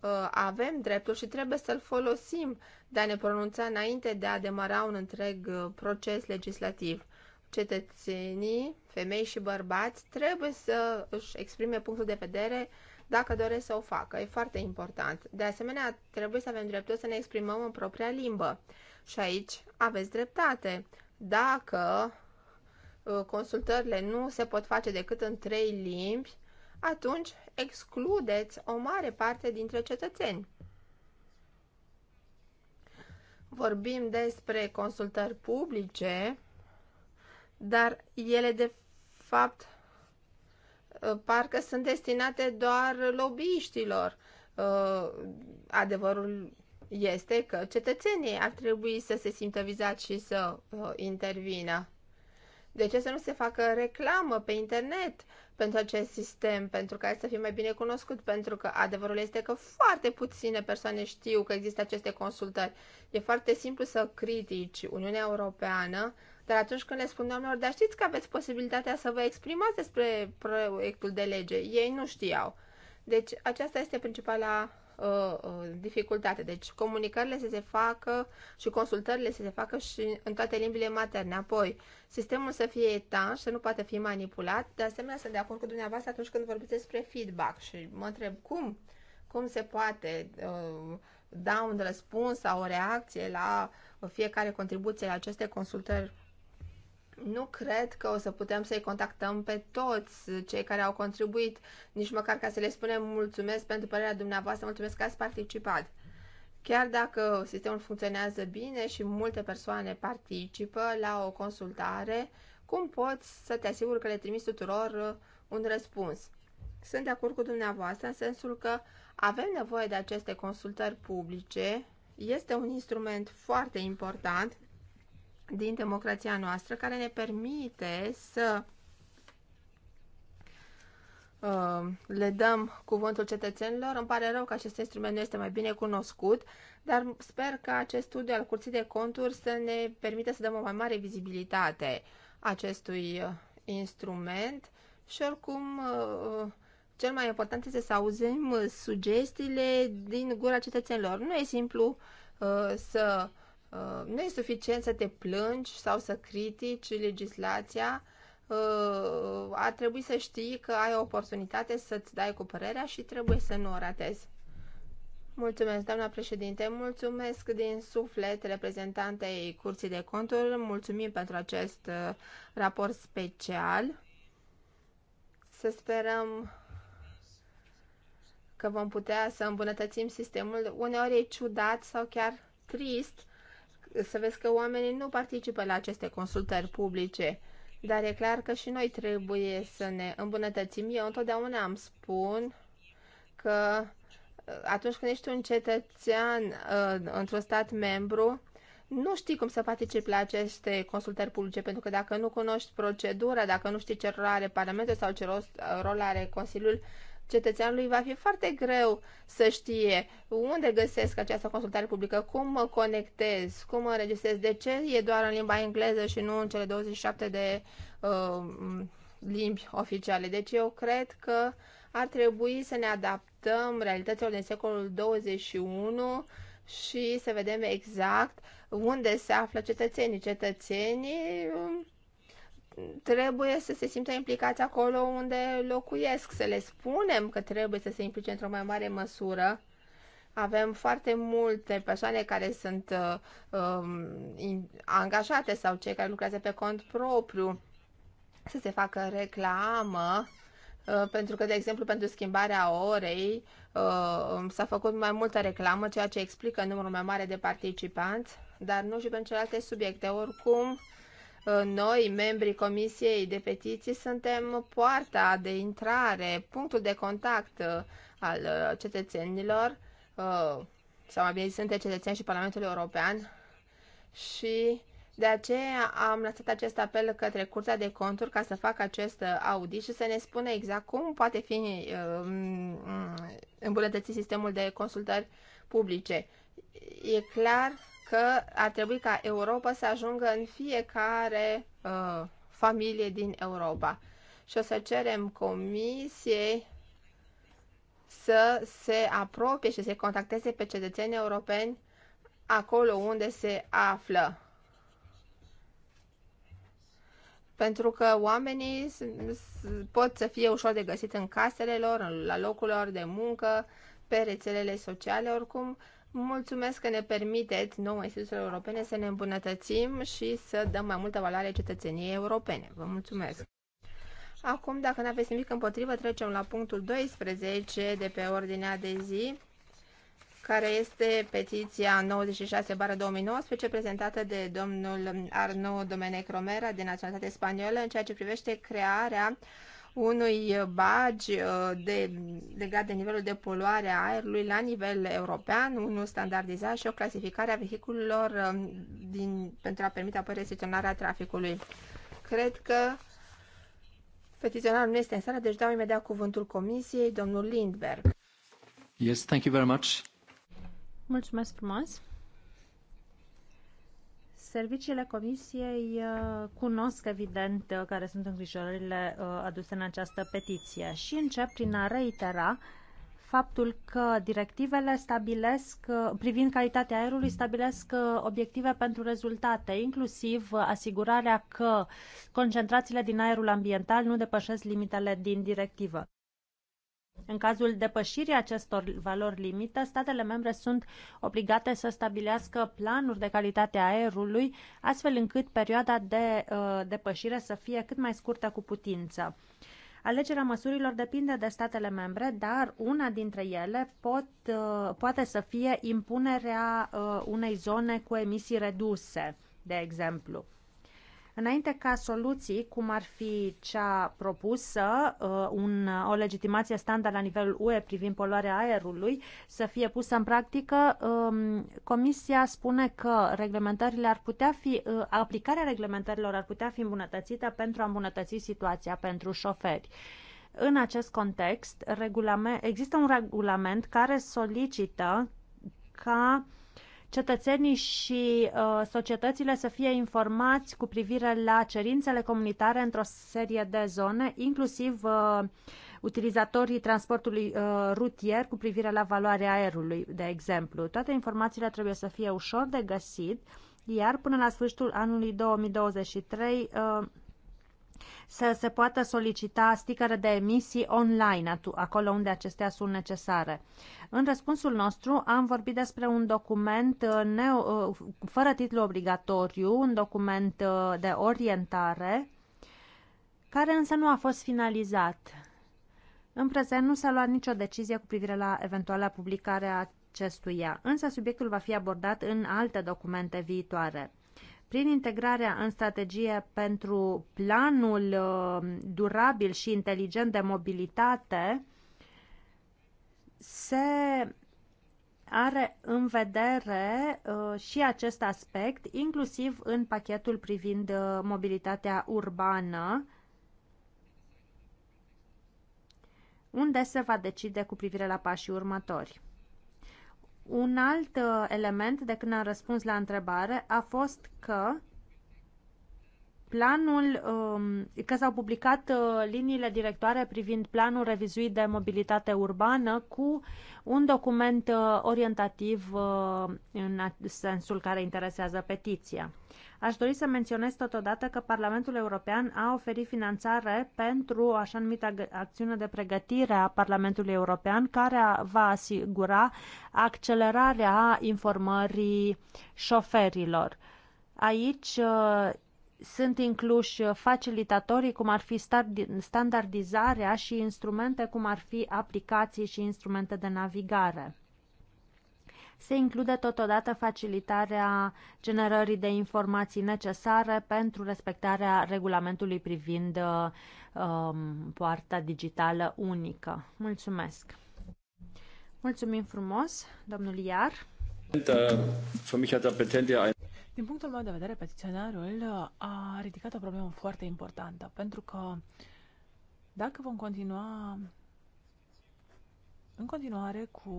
Uh, avem dreptul și trebuie să-l folosim de a ne pronunța înainte de a demara un întreg uh, proces legislativ. Cetățenii, femei și bărbați, trebuie să își exprime punctul de vedere dacă doresc să o facă. E foarte important. De asemenea, trebuie să avem dreptul să ne exprimăm în propria limbă. Și aici aveți dreptate. Dacă uh, consultările nu se pot face decât în trei limbi, atunci excludeți o mare parte dintre cetățeni. Vorbim despre consultări publice, dar ele de fapt uh, parcă sunt destinate doar lobbyiștilor. Uh, adevărul este că cetățenii ar trebui să se simtă vizați și să uh, intervină. De ce să nu se facă reclamă pe internet pentru acest sistem, pentru ca să fie mai bine cunoscut, pentru că adevărul este că foarte puține persoane știu că există aceste consultări. E foarte simplu să critici Uniunea Europeană, dar atunci când le spun oamenilor, dar știți că aveți posibilitatea să vă exprimați despre proiectul de lege, ei nu știau. Deci aceasta este principala Uh, uh, dificultate. Deci comunicările să se facă și consultările să se facă și în toate limbile materne. Apoi, sistemul să fie etanș, să nu poate fi manipulat. De asemenea, sunt de acord cu dumneavoastră atunci când vorbiți despre feedback și mă întreb cum, cum se poate uh, da un răspuns sau o reacție la fiecare contribuție la aceste consultări nu cred că o să putem să-i contactăm pe toți cei care au contribuit, nici măcar ca să le spunem mulțumesc pentru părerea dumneavoastră, mulțumesc că ați participat. Chiar dacă sistemul funcționează bine și multe persoane participă la o consultare, cum poți să te asiguri că le trimiți tuturor uh, un răspuns? Sunt de acord cu dumneavoastră în sensul că avem nevoie de aceste consultări publice, este un instrument foarte important din democrația noastră care ne permite să uh, le dăm cuvântul cetățenilor. Îmi pare rău că acest instrument nu este mai bine cunoscut, dar sper că acest studiu al Curții de Conturi să ne permită să dăm o mai mare vizibilitate acestui uh, instrument și oricum uh, uh, cel mai important este să auzim sugestiile din gura cetățenilor. Nu e simplu uh, să Uh, nu e suficient să te plângi sau să critici legislația, uh, ar trebui să știi că ai o oportunitate să-ți dai cu părerea și trebuie să nu o ratezi. Mulțumesc, doamna președinte, mulțumesc din suflet reprezentantei Curții de Conturi, mulțumim pentru acest uh, raport special. Să sperăm că vom putea să îmbunătățim sistemul. Uneori e ciudat sau chiar trist să vezi că oamenii nu participă la aceste consultări publice, dar e clar că și noi trebuie să ne îmbunătățim. Eu întotdeauna am spun că uh, atunci când ești un cetățean uh, într-un stat membru, nu știi cum să participi la aceste consultări publice, pentru că dacă nu cunoști procedura, dacă nu știi ce rol are Parlamentul sau ce uh, rol are Consiliul, cetățeanului va fi foarte greu să știe unde găsesc această consultare publică, cum mă conectez, cum mă înregistrez, de ce e doar în limba engleză și nu în cele 27 de uh, limbi oficiale. Deci eu cred că ar trebui să ne adaptăm realităților din secolul 21 și să vedem exact unde se află cetățenii. Cetățenii um, trebuie să se simtă implicați acolo unde locuiesc, să le spunem că trebuie să se implice într-o mai mare măsură. Avem foarte multe persoane care sunt uh, um, angajate sau cei care lucrează pe cont propriu să se facă reclamă, uh, pentru că, de exemplu, pentru schimbarea orei uh, um, s-a făcut mai multă reclamă, ceea ce explică numărul mai mare de participanți, dar nu și pentru celelalte subiecte. Oricum, uh, noi, membrii Comisiei de Petiții, suntem poarta de intrare, punctul de contact uh, al uh, cetățenilor, uh, sau mai bine suntem cetățeni și Parlamentul European și de aceea am lăsat acest apel către Curtea de Conturi ca să facă acest audit și să ne spună exact cum poate fi îmbunătățit sistemul de consultări publice. E clar că ar trebui ca Europa să ajungă în fiecare uh, familie din Europa. Și o să cerem comisiei să se apropie și să contacteze pe cetățenii europeni acolo unde se află. Pentru că oamenii pot să fie ușor de găsit în casele lor, la locul lor de muncă, pe rețelele sociale, oricum Mulțumesc că ne permiteți, nouă instituțiile europene, să ne îmbunătățim și să dăm mai multă valoare cetățeniei europene. Vă mulțumesc! Acum, dacă nu aveți nimic împotrivă, trecem la punctul 12 de pe ordinea de zi, care este petiția 96-2019, prezentată de domnul Arnaud Domenech Romera, de naționalitate spaniolă, în ceea ce privește crearea unui bagi uh, de, legat de nivelul de poluare a aerului la nivel european, unul standardizat și o clasificare a vehiculelor um, din, pentru a permite apoi restricționarea traficului. Cred că petiționarul nu este în sală, deci dau imediat cuvântul comisiei, domnul Lindberg. Yes, thank you very much. Mulțumesc frumos. Serviciile Comisiei uh, cunosc, evident, uh, care sunt îngrijorările uh, aduse în această petiție și încep prin a reitera faptul că directivele stabilesc, privind calitatea aerului, stabilesc obiective pentru rezultate, inclusiv asigurarea că concentrațiile din aerul ambiental nu depășesc limitele din directivă. În cazul depășirii acestor valori limită, statele membre sunt obligate să stabilească planuri de calitate a aerului, astfel încât perioada de uh, depășire să fie cât mai scurtă cu putință. Alegerea măsurilor depinde de statele membre, dar una dintre ele pot, uh, poate să fie impunerea uh, unei zone cu emisii reduse, de exemplu înainte ca soluții, cum ar fi cea propusă, uh, un, o legitimație standard la nivelul UE privind poluarea aerului, să fie pusă în practică, um, Comisia spune că reglementările ar putea fi, uh, aplicarea reglementărilor ar putea fi îmbunătățită pentru a îmbunătăți situația pentru șoferi. În acest context, există un regulament care solicită ca uh, cetățenii și uh, societățile să fie informați cu privire la cerințele comunitare într-o serie de zone, inclusiv uh, utilizatorii transportului uh, rutier cu privire la valoarea aerului, de exemplu. Toate informațiile trebuie să fie ușor de găsit, iar până la sfârșitul anului 2023 uh, să se poată solicita sticăre de emisii online, acolo unde acestea sunt necesare. În răspunsul nostru am vorbit despre un document uh, uh, fără titlu obligatoriu, un document uh, de orientare, care însă nu a fost finalizat. În prezent nu s-a luat nicio decizie cu privire la eventuala publicare a acestuia, însă subiectul va fi abordat în alte documente viitoare. Prin integrarea în strategie pentru planul uh, durabil și inteligent de mobilitate, se are în vedere uh, și acest aspect, inclusiv în pachetul privind uh, mobilitatea urbană, unde se va decide cu privire la pașii următori. Un alt uh, element de când am răspuns la întrebare a fost că planul, um, că s-au publicat uh, liniile directoare privind planul revizuit de mobilitate urbană cu un document uh, orientativ în sensul care interesează petiția. Aș dori să menționez totodată că Parlamentul European a oferit finanțare pentru o așa numită acțiune de pregătire a Parlamentului European care va asigura accelerarea informării șoferilor. Aici uh, sunt incluși facilitatorii, cum ar fi standardizarea și instrumente, cum ar fi aplicații și instrumente de navigare se include totodată facilitarea generării de informații necesare pentru respectarea regulamentului privind um, poarta digitală unică. Mulțumesc! Mulțumim frumos, domnul Iar. Din punctul meu de vedere, petiționarul a ridicat o problemă foarte importantă, pentru că dacă vom continua în continuare cu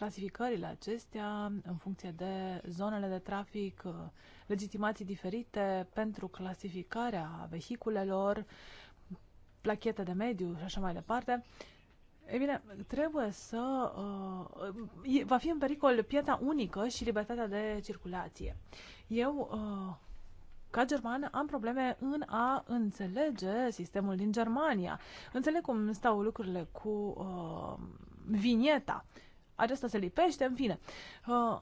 clasificările acestea în funcție de zonele de trafic, uh, legitimații diferite pentru clasificarea vehiculelor, plachete de mediu și așa mai departe. E bine, trebuie să... Uh, va fi în pericol piața unică și libertatea de circulație. Eu, uh, ca german, am probleme în a înțelege sistemul din Germania. Înțeleg cum stau lucrurile cu uh, vinieta acesta se lipește, în fine. Uh,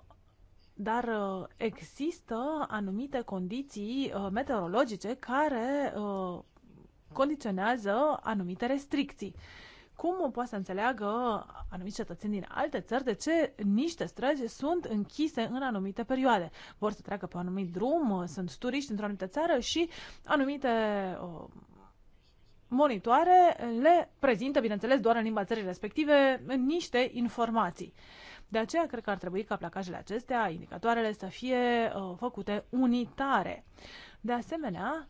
dar uh, există anumite condiții uh, meteorologice care condiționează anumite restricții. Cum poate să înțeleagă anumiți cetățeni din alte țări de ce niște străzi sunt închise în anumite perioade? Vor să treacă pe un anumit drum, sunt turiști într-o anumită țară și anumite monitoare le prezintă, bineînțeles, doar în limba țării respective, niște informații. De aceea, cred că ar trebui ca placajele acestea, indicatoarele, să fie uh, făcute unitare. De asemenea,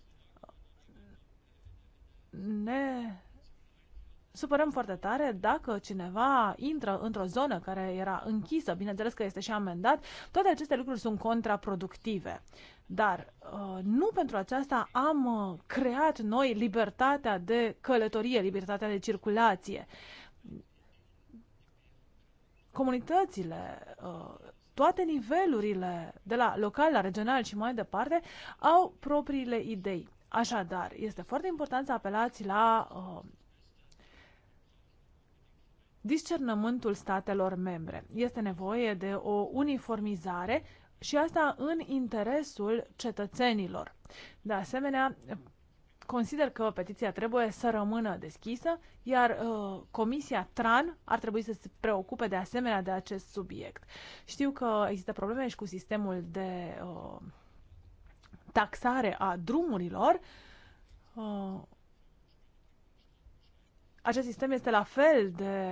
ne supărăm foarte tare dacă cineva intră într-o zonă care era închisă, bineînțeles că este și amendat, toate aceste lucruri sunt contraproductive. Dar uh, nu pentru aceasta am uh, creat noi libertatea de călătorie, libertatea de circulație. Comunitățile uh, toate nivelurile, de la local la regional și mai departe, au propriile idei. Așadar, este foarte important să apelați la uh, discernământul statelor membre. Este nevoie de o uniformizare și asta în interesul cetățenilor. De asemenea, consider că petiția trebuie să rămână deschisă, iar uh, Comisia TRAN ar trebui să se preocupe de asemenea de acest subiect. Știu că există probleme și cu sistemul de uh, taxare a drumurilor. Uh, acest sistem este la fel de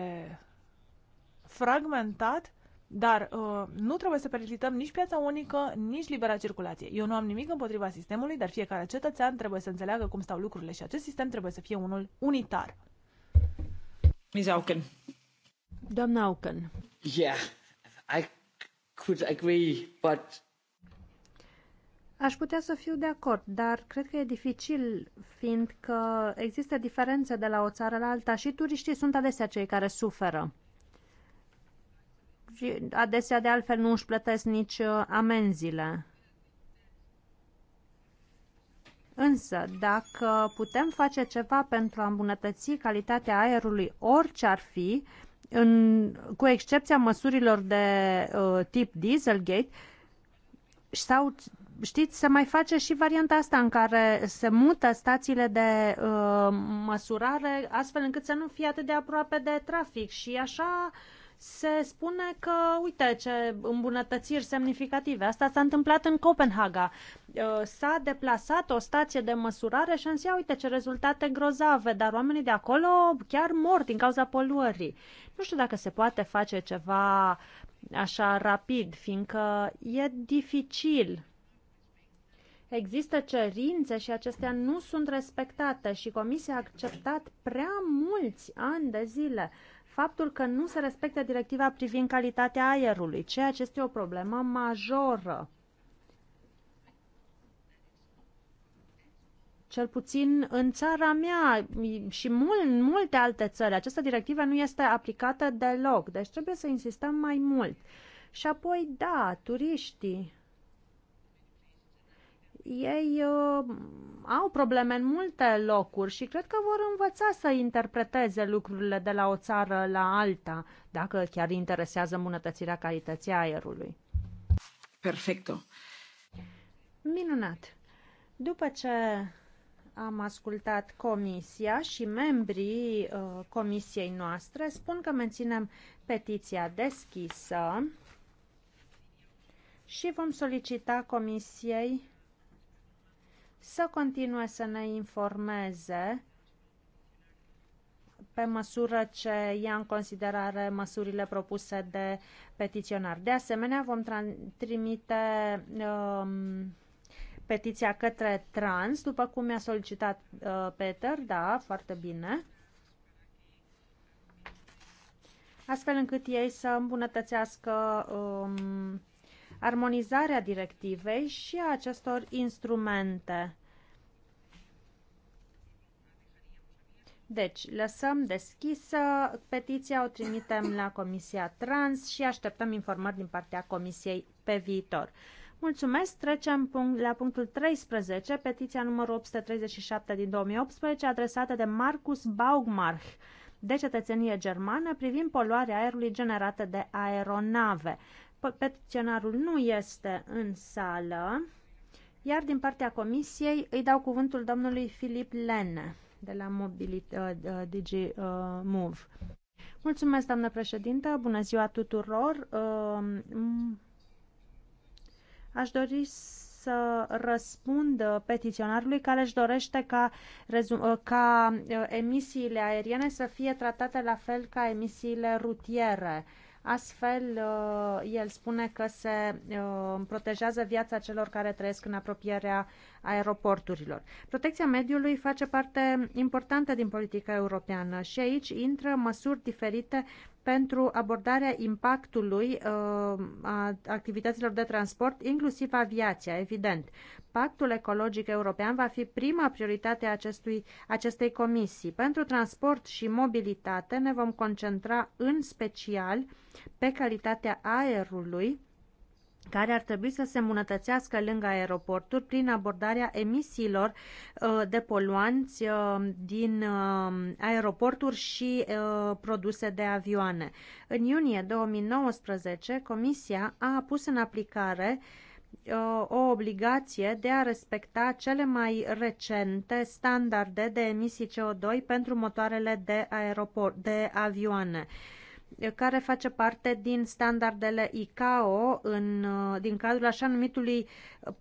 fragmentat dar uh, nu trebuie să periclităm nici piața unică, nici libera circulație. Eu nu am nimic împotriva sistemului, dar fiecare cetățean trebuie să înțeleagă cum stau lucrurile și acest sistem trebuie să fie unul unitar. Ms. Auken. Doamna Auken. Yeah, I could agree, but... Aș putea să fiu de acord, dar cred că e dificil, fiindcă există diferențe de la o țară la alta și turiștii sunt adesea cei care suferă și adesea de altfel nu își plătesc nici uh, amenziile. Însă, dacă putem face ceva pentru a îmbunătăți calitatea aerului, orice ar fi, în, cu excepția măsurilor de uh, tip Dieselgate, sau știți, se mai face și varianta asta în care se mută stațiile de uh, măsurare astfel încât să nu fie atât de aproape de trafic și așa uh, se spune că, uite, ce îmbunătățiri semnificative. Asta s-a întâmplat în Copenhaga. Uh, s-a deplasat o stație de măsurare și am zis, uite, ce rezultate grozave, dar oamenii de acolo chiar mor din cauza poluării. Nu știu dacă se poate face ceva așa rapid, fiindcă e dificil Există cerințe și acestea nu sunt respectate și Comisia a acceptat prea mulți ani de zile faptul că nu se respectă directiva privind calitatea aerului, ceea ce este o problemă majoră. Cel puțin în țara mea și mult, în multe alte țări, această directivă nu este aplicată deloc, deci trebuie să insistăm mai mult. Și apoi, da, turiștii ei uh, au probleme în multe locuri și cred că vor învăța să interpreteze lucrurile de la o țară la alta, dacă chiar interesează îmbunătățirea calității aerului. Perfecto. Minunat. După ce am ascultat comisia și membrii uh, comisiei noastre spun că menținem petiția deschisă și vom solicita comisiei să continue să ne informeze pe măsură ce ia în considerare măsurile propuse de petiționar. De asemenea, vom trimite um, petiția către trans, după cum mi-a solicitat uh, Peter, da, foarte bine, astfel încât ei să îmbunătățească um, armonizarea directivei și a acestor instrumente. Deci, lăsăm deschisă petiția, o trimitem la Comisia Trans și așteptăm informări din partea Comisiei pe viitor. Mulțumesc, trecem punct, la punctul 13, petiția numărul 837 din 2018, adresată de Marcus Baugmarch de cetățenie germană privind poluarea aerului generată de aeronave. Petiționarul nu este în sală, iar din partea comisiei îi dau cuvântul domnului Filip Lene de la Mobilit, uh, uh DG uh, Move. Mulțumesc, doamnă președintă, bună ziua tuturor. Uh, aș dori să răspund petiționarului care își dorește ca, uh, ca uh, emisiile aeriene să fie tratate la fel ca emisiile rutiere. Uh, Astfel, uh, el spune că se uh, protejează viața celor care trăiesc în apropierea aeroporturilor. Protecția mediului face parte importantă din politica europeană și aici intră măsuri diferite pentru abordarea impactului uh, a activităților de transport, inclusiv aviația, evident. Pactul ecologic european va fi prima prioritate a acestui, acestei comisii. Pentru transport și mobilitate ne vom concentra în special pe calitatea aerului, care ar trebui să se îmbunătățească lângă aeroporturi prin abordarea emisiilor uh, de poluanți uh, din uh, aeroporturi și produse de avioane. În iunie 2019, Comisia a pus în aplicare o obligație de a respecta cele mai recente standarde de emisii CO2 pentru motoarele de, aeroport, de avioane care face parte din standardele ICAO în, uh, din cadrul așa numitului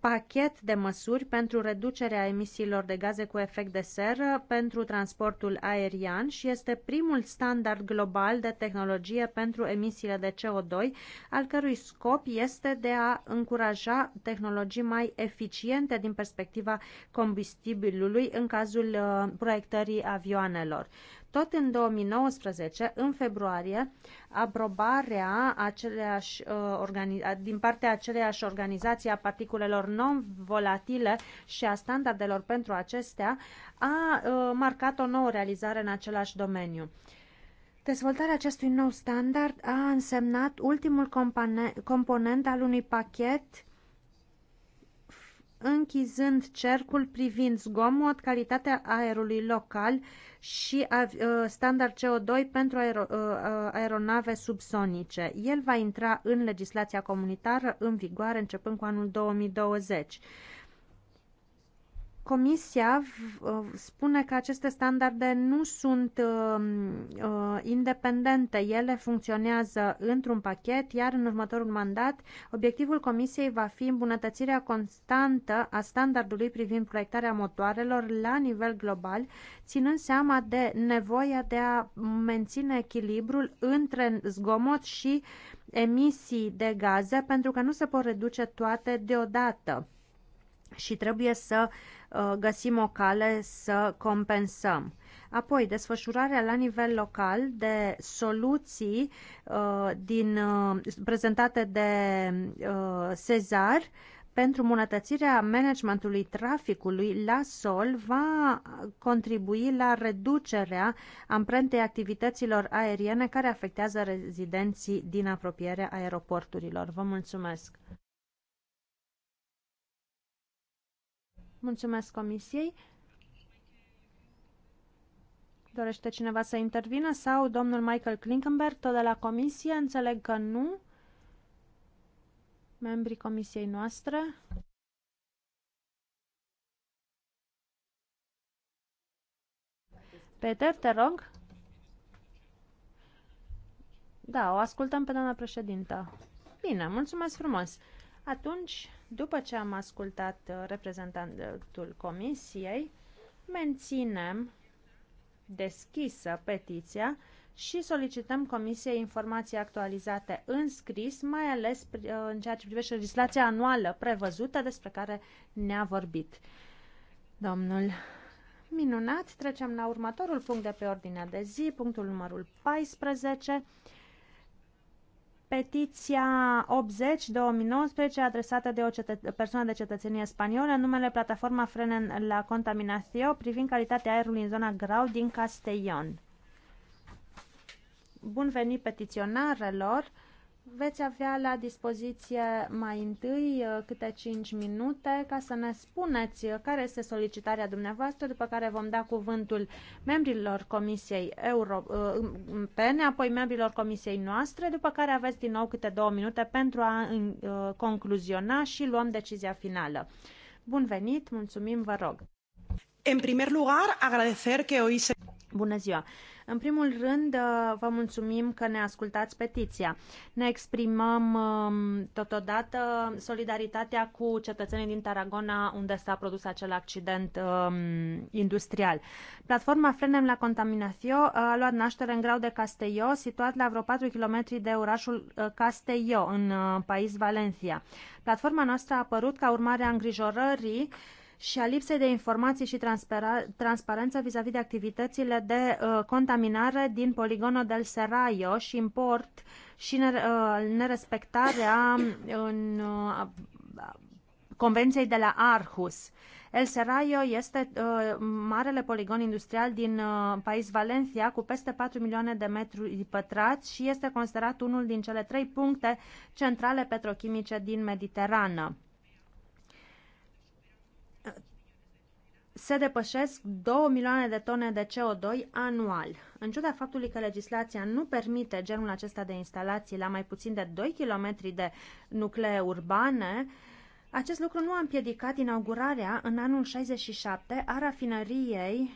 pachet de măsuri pentru reducerea emisiilor de gaze cu efect de seră pentru transportul aerian și este primul standard global de tehnologie pentru emisiile de CO2, al cărui scop este de a încuraja tehnologii mai eficiente din perspectiva combustibilului în cazul uh, proiectării avioanelor. Tot în 2019, în februarie, aprobarea aceleași, uh, din partea aceleiași organizații a particulelor non-volatile și a standardelor pentru acestea a uh, marcat o nouă realizare în același domeniu. Dezvoltarea acestui nou standard a însemnat ultimul component al unui pachet închizând cercul privind zgomot, calitatea aerului local și uh, standard CO2 pentru uh, uh, aeronave subsonice. El va intra în legislația comunitară în vigoare începând cu anul 2020. Comisia uh, spune că aceste standarde nu sunt uh, uh, independente, ele funcționează într-un pachet, iar în următorul mandat obiectivul Comisiei va fi îmbunătățirea constantă a standardului privind proiectarea motoarelor la nivel global, ținând seama de nevoia de a menține echilibrul între zgomot și emisii de gaze, pentru că nu se pot reduce toate deodată și trebuie să uh, găsim o cale să compensăm. Apoi, desfășurarea la nivel local de soluții uh, din, uh, prezentate de Cezar pentru îmbunătățirea managementului traficului la sol va contribui la reducerea amprentei activităților aeriene care afectează rezidenții din apropierea aeroporturilor. Vă mulțumesc! Mulțumesc Comisiei. Dorește cineva să intervină sau domnul Michael Klinkenberg, tot de la Comisie? Înțeleg că nu. Membrii Comisiei noastre. Peter, te rog. Da, o ascultăm pe doamna președintă. Bine, mulțumesc frumos. Atunci, după ce am ascultat uh, reprezentantul Comisiei, menținem deschisă petiția și solicităm Comisiei informații actualizate în scris, mai ales uh, în ceea ce privește legislația anuală prevăzută despre care ne-a vorbit domnul. Minunat, trecem la următorul punct de pe ordinea de zi, punctul numărul 14, Petiția 80-2019 adresată de o cetă- persoană de cetățenie spaniolă în numele Plataforma Frenen la Contaminație privind calitatea aerului în zona Grau din Castellon. Bun venit petiționarelor! Veți avea la dispoziție mai întâi uh, câte 5 minute ca să ne spuneți uh, care este solicitarea dumneavoastră, după care vom da cuvântul membrilor Comisiei uh, Europene, apoi membrilor Comisiei noastre, după care aveți din nou câte 2 minute pentru a concluziona și luăm decizia finală. Bun venit, mulțumim, vă rog. În primer lugar, agradecer că hoy se... Bună ziua! În primul rând, uh, vă mulțumim că ne ascultați petiția. Ne exprimăm um, totodată solidaritatea cu cetățenii din Tarragona, unde s-a produs acel accident um, industrial. Platforma Frenem la Contaminatio uh, a luat naștere în grau de Castelló, situat la vreo 4 km de orașul uh, Castelló, în País Valencia. Platforma noastră a apărut ca urmare a îngrijorării și a lipsei de informații și transparență vis-a-vis -vis de activitățile de uh, contaminare din poligonul del Seraio și import și uh, nerespectarea în uh, Convenției de la Arhus. El Seraio este uh, marele poligon industrial din uh, País Valencia cu peste 4 milioane de metri pătrați și este considerat unul din cele trei puncte centrale petrochimice din Mediterană. se depășesc 2 milioane de tone de CO2 anual. În ciuda faptului că legislația nu permite genul acesta de instalații la mai puțin de 2 km de nuclee urbane, acest lucru nu a împiedicat inaugurarea în anul 67 a rafinăriei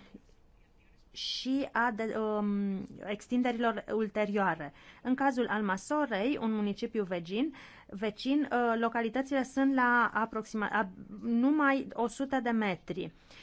și a de, um, extinderilor ulterioare. În cazul Almasorei, un municipiu vecin, vecin uh, localitățile sunt la aproxima, a, numai 100 de metri. Uh,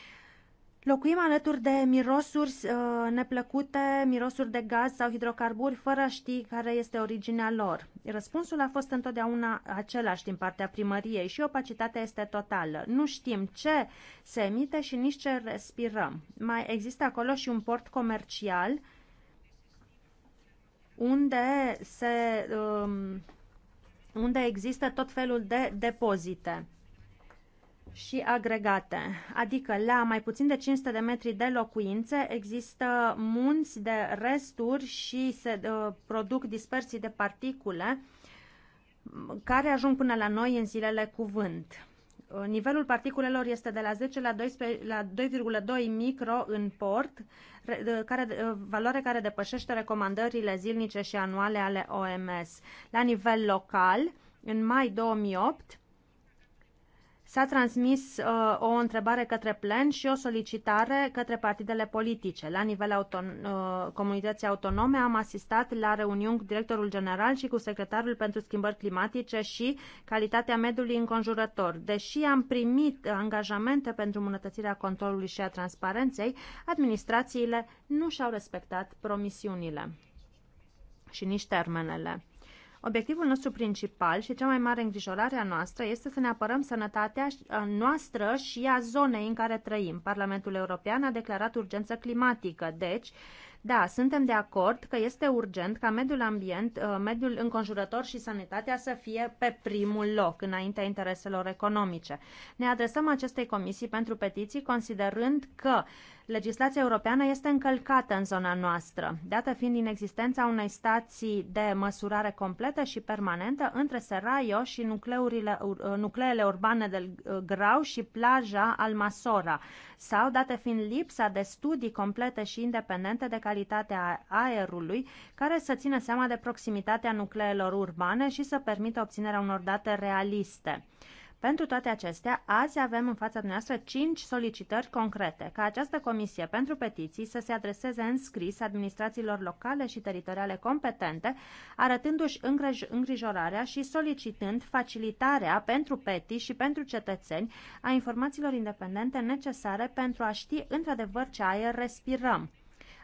Locuim alături de mirosuri uh, neplăcute, mirosuri de gaz sau hidrocarburi, fără a ști care este originea lor. Răspunsul a fost întotdeauna același din partea primăriei și opacitatea este totală. Nu știm ce se emite și nici ce respirăm. Mai există acolo și un port comercial unde se... Um, unde există tot felul de depozite și agregate, adică la mai puțin de 500 de metri de locuințe există munți de resturi și se uh, produc dispersii de particule care ajung până la noi în zilele cu vânt. Uh, nivelul particulelor este de la 10 la, 2,2 la 2,2 micro în port, care, uh, valoare care depășește recomandările zilnice și anuale ale OMS. La nivel local, în mai 2008, S-a transmis uh, o întrebare către plen și o solicitare către partidele politice. La nivel auton- uh, comunității autonome am asistat la reuniuni cu directorul general și cu secretarul pentru schimbări climatice și calitatea mediului înconjurător. Deși am primit angajamente pentru îmbunătățirea controlului și a transparenței, administrațiile nu și-au respectat promisiunile și nici termenele. Obiectivul nostru principal și cea mai mare îngrijorare a noastră este să ne apărăm sănătatea uh, noastră și a zonei în care trăim. Parlamentul European a declarat urgență climatică, deci da, suntem de acord că este urgent ca mediul ambient, uh, mediul înconjurător și sanitatea să fie pe primul loc înaintea intereselor economice. Ne adresăm acestei comisii pentru petiții considerând că Legislația europeană este încălcată în zona noastră, dată fiind inexistența unei stații de măsurare completă și permanentă între Seraio și nucleurile, uh, nucleele urbane de uh, Grau și plaja Almasora, sau dată fiind lipsa de studii complete și independente de calitatea aerului, care să țină seama de proximitatea nucleelor urbane și să permită obținerea unor date realiste. Pentru toate acestea, azi avem în fața dumneavoastră cinci solicitări concrete ca această comisie pentru petiții să se adreseze în scris administrațiilor locale și teritoriale competente, arătându-și îngrijorarea și solicitând facilitarea pentru peti și pentru cetățeni a informațiilor independente necesare pentru a ști într-adevăr ce aer respirăm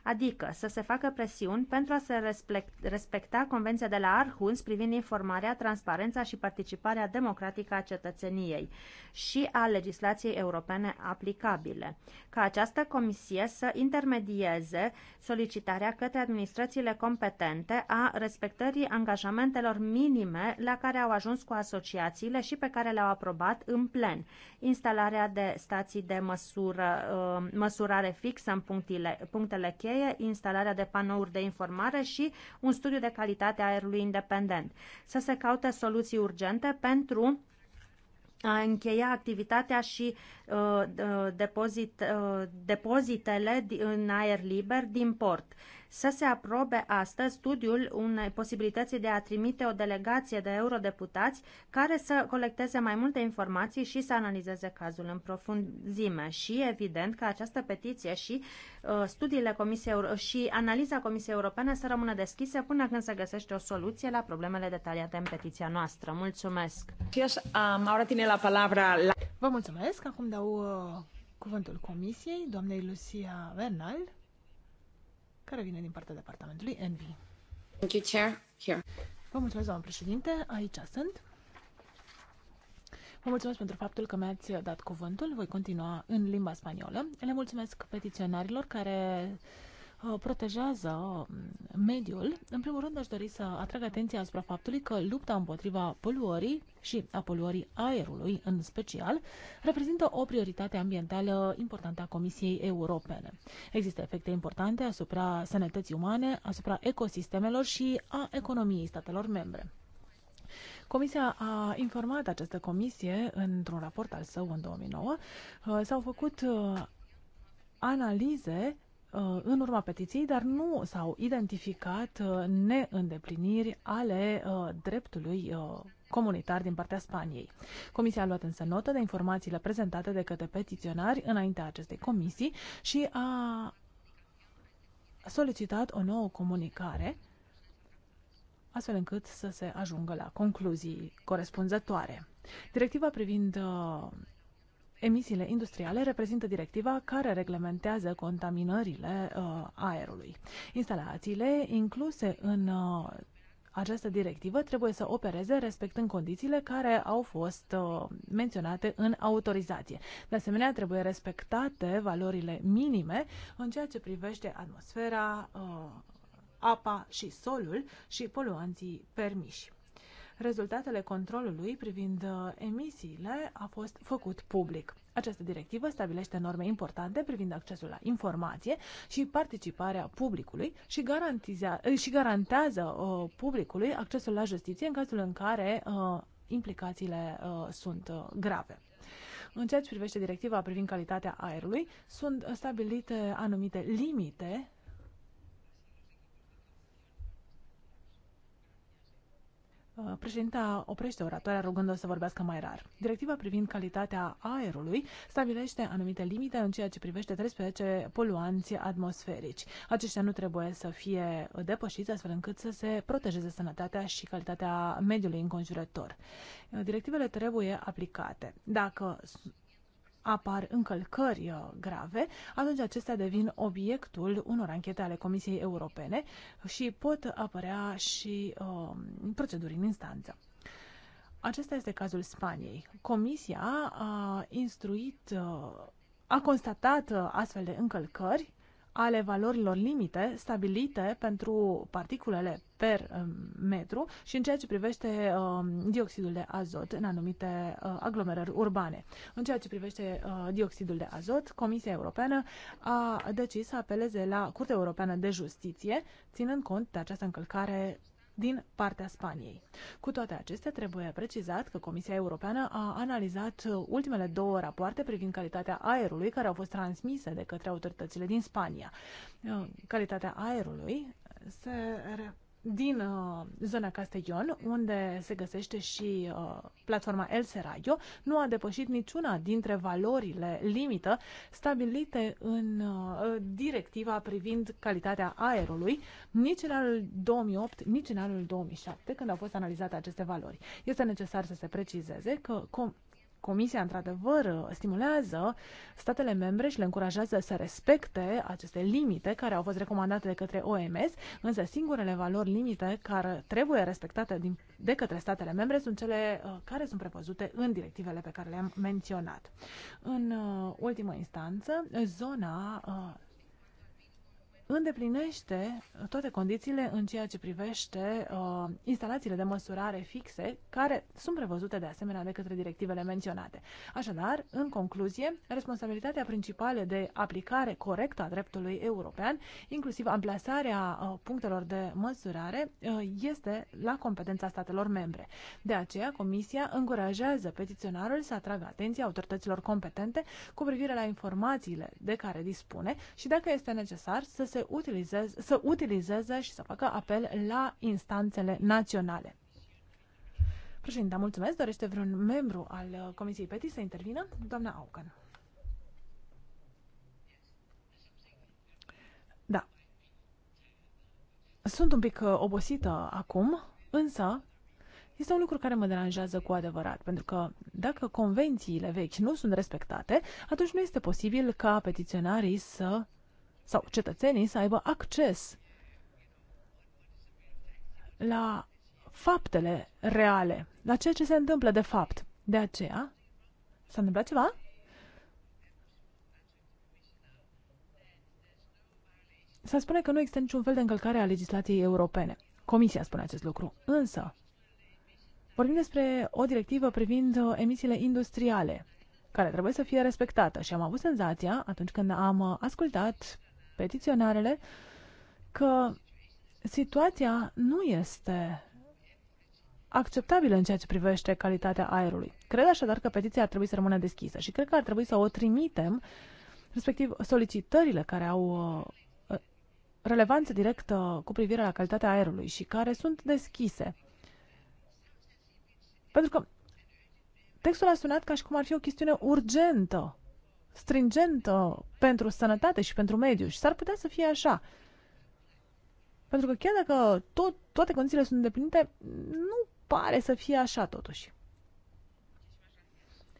adică să se facă presiuni pentru a se respecta Convenția de la Arhuns privind informarea, transparența și participarea democratică a cetățeniei și a legislației europene aplicabile, ca această comisie să intermedieze solicitarea către administrațiile competente a respectării angajamentelor minime la care au ajuns cu asociațiile și pe care le-au aprobat în plen, instalarea de stații de măsură, uh, măsurare fixă în punctele cheie, cheie, instalarea de panouri de informare și un studiu de calitate a aerului independent. Să se caute soluții urgente pentru a încheia activitatea și uh, uh depozit, uh, depozitele în aer liber din port să se aprobe astăzi studiul unei posibilității de a trimite o delegație de eurodeputați care să colecteze mai multe informații și să analizeze cazul în profunzime. Și evident că această petiție și uh, studiile Comisiei Euro- și analiza Comisiei Europene să rămână deschise până când se găsește o soluție la problemele detaliate în petiția noastră. Mulțumesc! Um, Vă mulțumesc! Acum dau uh, cuvântul Comisiei, doamnei Lucia Vernal care vine din partea departamentului Envy. Thank you, Chair. Here. Vă mulțumesc, doamnă președinte. Aici sunt. Vă mulțumesc pentru faptul că mi-ați dat cuvântul. Voi continua în limba spaniolă. Le mulțumesc petiționarilor care Uh, protejează um, mediul, în primul rând aș dori să atrag atenția asupra faptului că lupta împotriva poluării și a poluării aerului în special reprezintă o prioritate ambientală importantă a Comisiei Europene. Există efecte importante asupra sănătății umane, asupra ecosistemelor și a economiei statelor membre. Comisia a informat această comisie într-un raport al său în 2009. Uh, s-au făcut uh, analize Uh, în urma petiției, dar nu s-au identificat uh, neîndepliniri ale uh, dreptului comunitar din partea Spaniei. Comisia a luat însă notă de informațiile prezentate de către petiționari înaintea acestei comisii și a solicitat o nouă comunicare astfel încât să se ajungă la concluzii corespunzătoare. Directiva privind emisiile industriale reprezintă directiva care reglementează contaminările uh, aerului. Instalațiile incluse în uh, această directivă trebuie să opereze respectând condițiile care au fost uh, menționate în autorizație. De asemenea, trebuie respectate valorile minime în ceea ce privește atmosfera, uh, apa și solul și poluanții permiși rezultatele controlului privind uh, emisiile a fost făcut public. Această directivă stabilește norme importante privind accesul la informație și participarea publicului și, uh, și garantează uh, publicului accesul la justiție în cazul în care uh, implicațiile uh, sunt uh, grave. În ceea ce privește directiva privind calitatea aerului, sunt stabilite anumite limite Uh, președinta oprește oratoarea rugându-o să vorbească mai rar. Directiva privind calitatea aerului stabilește anumite limite în ceea ce privește 13 poluanți atmosferici. Aceștia nu trebuie să fie depășiți astfel încât să se protejeze sănătatea și calitatea mediului înconjurător. Uh, directivele trebuie aplicate. Dacă apar încălcări uh, grave, atunci acestea devin obiectul unor anchete ale Comisiei Europene și pot apărea și uh, proceduri în instanță. Acesta este cazul Spaniei. Comisia a instruit, uh, a constatat uh, astfel de încălcări ale valorilor limite stabilite pentru particulele per uh, metru și în ceea ce privește uh, dioxidul de azot în anumite uh, aglomerări urbane. În ceea ce privește dioxidul de azot, Comisia Europeană a decis să apeleze la Curtea Europeană de Justiție, ținând cont de această încălcare din partea Spaniei. Cu toate acestea, trebuie precizat că Comisia Europeană a analizat ultimele două rapoarte privind calitatea aerului care au fost transmise de către autoritățile din Spania. Calitatea aerului se din uh, zona Castellon, unde se găsește și uh, platforma El Seraglio, nu a depășit niciuna dintre valorile limită stabilite în uh, directiva privind calitatea aerului, nici în anul 2008, nici în anul 2007, când au fost analizate aceste valori. Este necesar să se precizeze că com- Comisia, într-adevăr, stimulează statele membre și le încurajează să respecte aceste limite care au fost recomandate de către OMS, însă singurele valori limite care trebuie respectate din, de către statele membre sunt cele uh, care sunt prevăzute în directivele pe care le-am menționat. În uh, ultimă instanță, zona uh, îndeplinește toate condițiile în ceea ce privește uh, instalațiile de măsurare fixe care sunt prevăzute de asemenea de către directivele menționate. Așadar, în concluzie, responsabilitatea principală de aplicare corectă a dreptului european, inclusiv amplasarea uh, punctelor de măsurare, uh, este la competența statelor membre. De aceea, Comisia încurajează petiționarul să atragă atenția autorităților competente cu privire la informațiile de care dispune și, dacă este necesar, să se utilizeze, să utilizeze și să facă apel la instanțele naționale. Președinte, mulțumesc. Dorește vreun membru al uh, Comisiei PETI să intervină? Doamna Aucan. Da. Sunt un pic uh, obosită acum, însă este un lucru care mă deranjează cu adevărat, pentru că dacă convențiile vechi nu sunt respectate, atunci nu este posibil ca petiționarii să sau cetățenii să aibă acces la faptele reale, la ceea ce se întâmplă de fapt. De aceea, s-a întâmplat ceva? S-a spune că nu există niciun fel de încălcare a legislației europene. Comisia spune acest lucru. Însă, vorbim despre o directivă privind uh, emisiile industriale, care trebuie să fie respectată și am avut senzația, atunci când am uh, ascultat petiționarele că situația nu este acceptabilă în ceea ce privește calitatea aerului. Cred așadar că petiția ar trebui să rămână deschisă și cred că ar trebui să o trimitem, respectiv solicitările care au uh, relevanță directă cu privire la calitatea aerului și care sunt deschise. Pentru că textul a sunat ca și cum ar fi o chestiune urgentă stringentă pentru sănătate și pentru mediu și s-ar putea să fie așa. Pentru că chiar dacă tot, toate condițiile sunt îndeplinite, nu pare să fie așa totuși.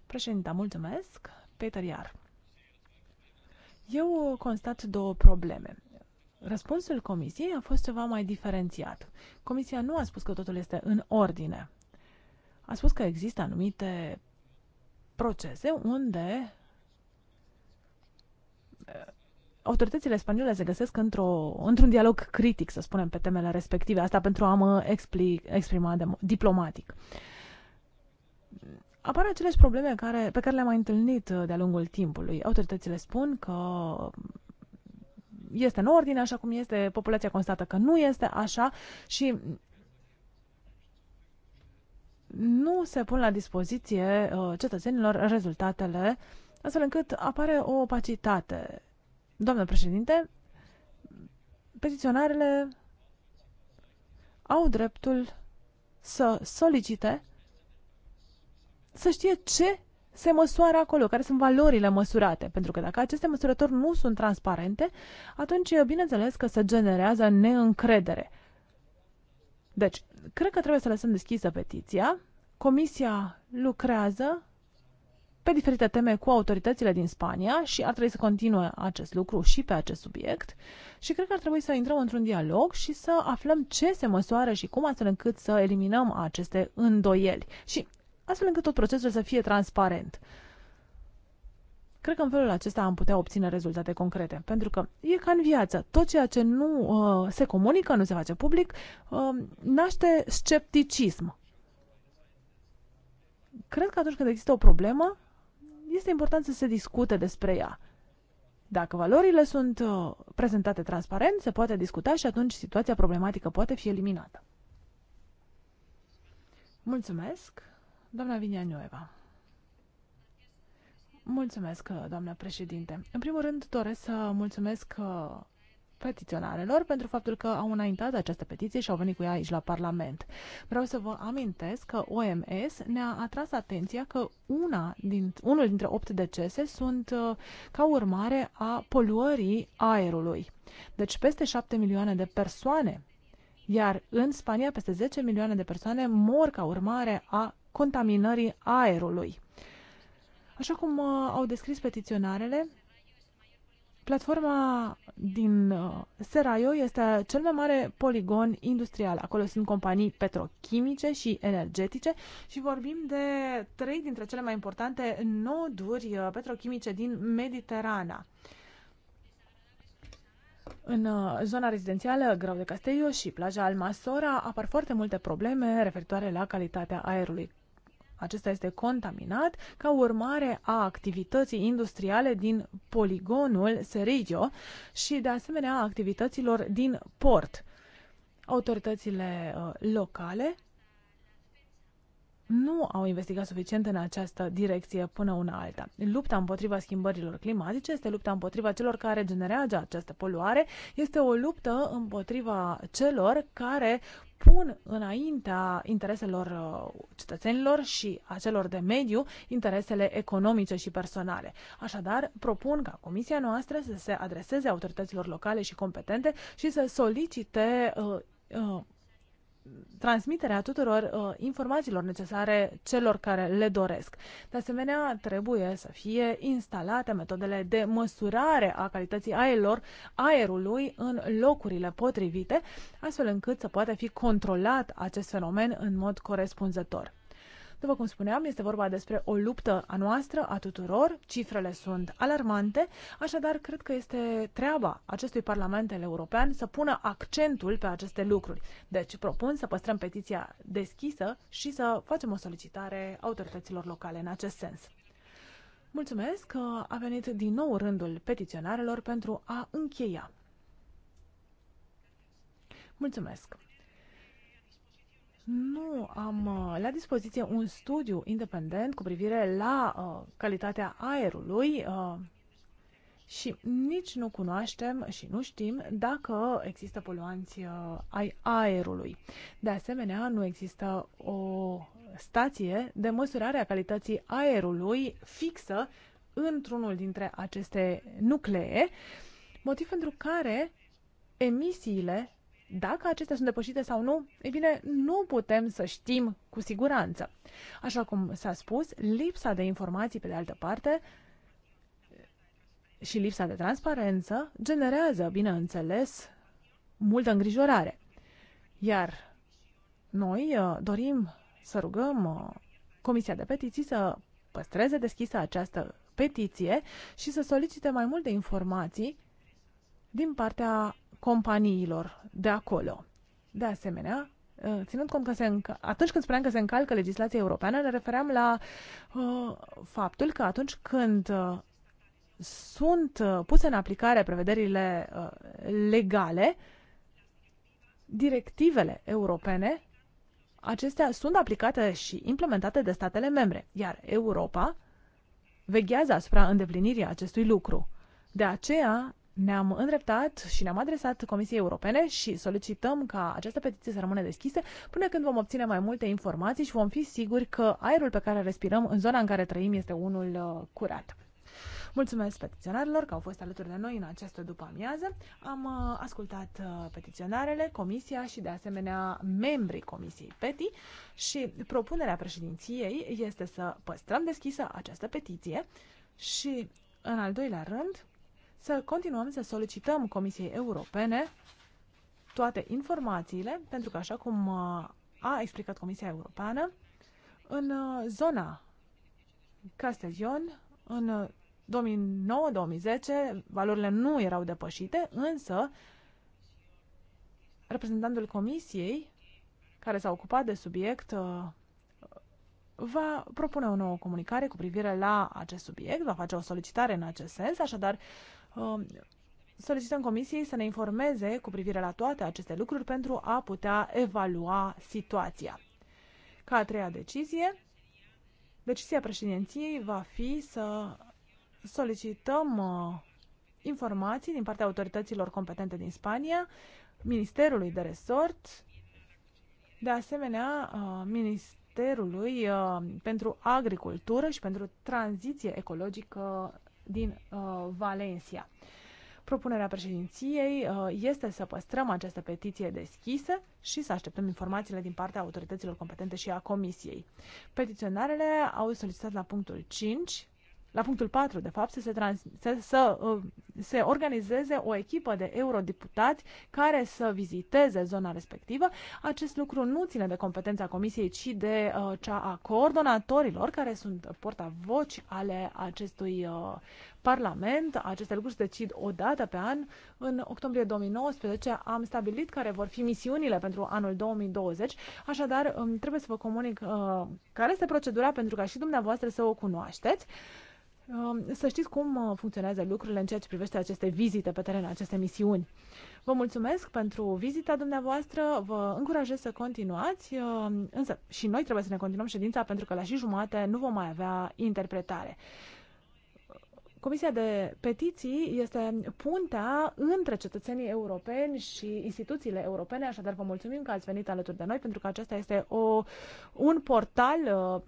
Președinta, mulțumesc. Peter Iar. Eu constat două probleme. Răspunsul comisiei a fost ceva mai diferențiat. Comisia nu a spus că totul este în ordine. A spus că există anumite procese unde Uh, autoritățile spaniole se găsesc într-o, într-un dialog critic, să spunem, pe temele respective. Asta pentru a mă expli, exprima de, diplomatic. Apar aceleși probleme care, pe care le-am mai întâlnit uh, de-a lungul timpului. Autoritățile spun că este în ordine așa cum este, populația constată că nu este așa și nu se pun la dispoziție uh, cetățenilor rezultatele uh, astfel încât apare o opacitate. Doamnă președinte, petiționarele au dreptul să solicite să știe ce se măsoară acolo, care sunt valorile măsurate. Pentru că dacă aceste măsurători nu sunt transparente, atunci bineînțeles că se generează neîncredere. Deci, cred că trebuie să lăsăm deschisă petiția. Comisia lucrează pe diferite teme cu autoritățile din Spania și ar trebui să continue acest lucru și pe acest subiect și cred că ar trebui să intrăm într-un dialog și să aflăm ce se măsoară și cum astfel încât să eliminăm aceste îndoieli și astfel încât tot procesul să fie transparent. Cred că în felul acesta am putea obține rezultate concrete, pentru că e ca în viață, tot ceea ce nu uh, se comunică, nu se face public, uh, naște scepticism. Cred că atunci când există o problemă, este important să se discute despre ea. Dacă valorile sunt uh, prezentate transparent, se poate discuta și atunci situația problematică poate fi eliminată. Mulțumesc, doamna Vinia Nueva. Mulțumesc, uh, doamna președinte. În primul rând, doresc să mulțumesc uh, Petiționarelor pentru faptul că au înaintat această petiție și au venit cu ea aici la Parlament. Vreau să vă amintesc că OMS ne-a atras atenția că una din, unul dintre opt decese sunt uh, ca urmare a poluării aerului. Deci peste 7 milioane de persoane iar în Spania peste 10 milioane de persoane mor ca urmare a contaminării aerului. Așa cum uh, au descris petiționarele, Platforma din uh, Seraio este cel mai mare poligon industrial. Acolo sunt companii petrochimice și energetice și vorbim de trei dintre cele mai importante noduri uh, petrochimice din Mediterana. În uh, zona rezidențială Grau de Castello și plaja Almasora apar foarte multe probleme referitoare la calitatea aerului acesta este contaminat ca urmare a activității industriale din poligonul Serigio și de asemenea a activităților din port. Autoritățile uh, locale nu au investigat suficient în această direcție până una alta. Lupta împotriva schimbărilor climatice este lupta împotriva celor care generează această poluare, este o luptă împotriva celor care pun înaintea intereselor uh, cetățenilor și a celor de mediu interesele economice și personale. Așadar, propun ca comisia noastră să se adreseze autorităților locale și competente și să solicite uh, uh, transmiterea tuturor uh, informațiilor necesare celor care le doresc. De asemenea, trebuie să fie instalate metodele de măsurare a calității aerilor, aerului în locurile potrivite, astfel încât să poată fi controlat acest fenomen în mod corespunzător. După cum spuneam, este vorba despre o luptă a noastră, a tuturor. Cifrele sunt alarmante, așadar cred că este treaba acestui Parlament European să pună accentul pe aceste lucruri. Deci propun să păstrăm petiția deschisă și să facem o solicitare autorităților locale în acest sens. Mulțumesc că a venit din nou rândul petiționarelor pentru a încheia. Mulțumesc! Nu am uh, la dispoziție un studiu independent cu privire la uh, calitatea aerului uh, și nici nu cunoaștem și nu știm dacă există poluanți uh, ai aerului. De asemenea, nu există o stație de măsurare a calității aerului fixă într-unul dintre aceste nuclee, motiv pentru care emisiile dacă acestea sunt depășite sau nu, e bine, nu putem să știm cu siguranță. Așa cum s-a spus, lipsa de informații, pe de altă parte, și lipsa de transparență generează, bineînțeles, multă îngrijorare. Iar noi uh, dorim să rugăm uh, Comisia de Petiții să păstreze deschisă această petiție și să solicite mai multe informații din partea companiilor de acolo. De asemenea, ă, ținând cont că se înca- atunci când spuneam că se încalcă legislația europeană, ne refeream la uh, faptul că atunci când uh, sunt uh, puse în aplicare prevederile uh, legale, directivele europene, acestea sunt aplicate și implementate de statele membre, iar Europa veghează asupra îndeplinirii acestui lucru. De aceea, ne-am îndreptat și ne-am adresat Comisiei Europene și solicităm ca această petiție să rămână deschisă până când vom obține mai multe informații și vom fi siguri că aerul pe care respirăm în zona în care trăim este unul uh, curat. Mulțumesc petiționarilor că au fost alături de noi în această după-amiază. Am uh, ascultat uh, petiționarele, comisia și de asemenea membrii comisiei PETI și propunerea președinției este să păstrăm deschisă această petiție și în al doilea rând, să continuăm să solicităm Comisiei Europene toate informațiile, pentru că așa cum uh, a explicat Comisia Europeană, în uh, zona Castellion, în 2009-2010, uh, valorile nu erau depășite, însă reprezentantul Comisiei, care s-a ocupat de subiect, va propune o nouă comunicare cu privire la acest subiect, va face o solicitare în acest sens, așadar Um, solicităm comisiei să ne informeze cu privire la toate aceste lucruri pentru a putea evalua situația. Ca a treia decizie, decizia președinției va fi să solicităm uh, informații din partea autorităților competente din Spania, Ministerului de Resort, de asemenea uh, Ministerului uh, pentru Agricultură și pentru Tranziție Ecologică din uh, Valencia. Propunerea președinției uh, este să păstrăm această petiție deschisă și să așteptăm informațiile din partea autorităților competente și a Comisiei. Petiționarele au solicitat la punctul 5 la punctul 4, de fapt, să se, trans- să, să uh, se organizeze o echipă de eurodiputați care să viziteze zona respectivă. Acest lucru nu ține de competența Comisiei, ci de uh, cea a coordonatorilor, care sunt portavoci ale acestui uh, Parlament. Aceste lucruri se decid o dată pe an. În octombrie 2019 am stabilit care vor fi misiunile pentru anul 2020, așadar trebuie să vă comunic uh, care este procedura pentru ca și dumneavoastră să o cunoașteți. Um, să știți cum uh, funcționează lucrurile în ceea ce privește aceste vizite pe teren, aceste misiuni. Vă mulțumesc pentru vizita dumneavoastră, vă încurajez să continuați, um, însă și noi trebuie să ne continuăm ședința pentru că la și jumate nu vom mai avea interpretare. Comisia de petiții este puntea între cetățenii europeni și instituțiile europene, așadar vă mulțumim că ați venit alături de noi pentru că acesta este o, un portal uh,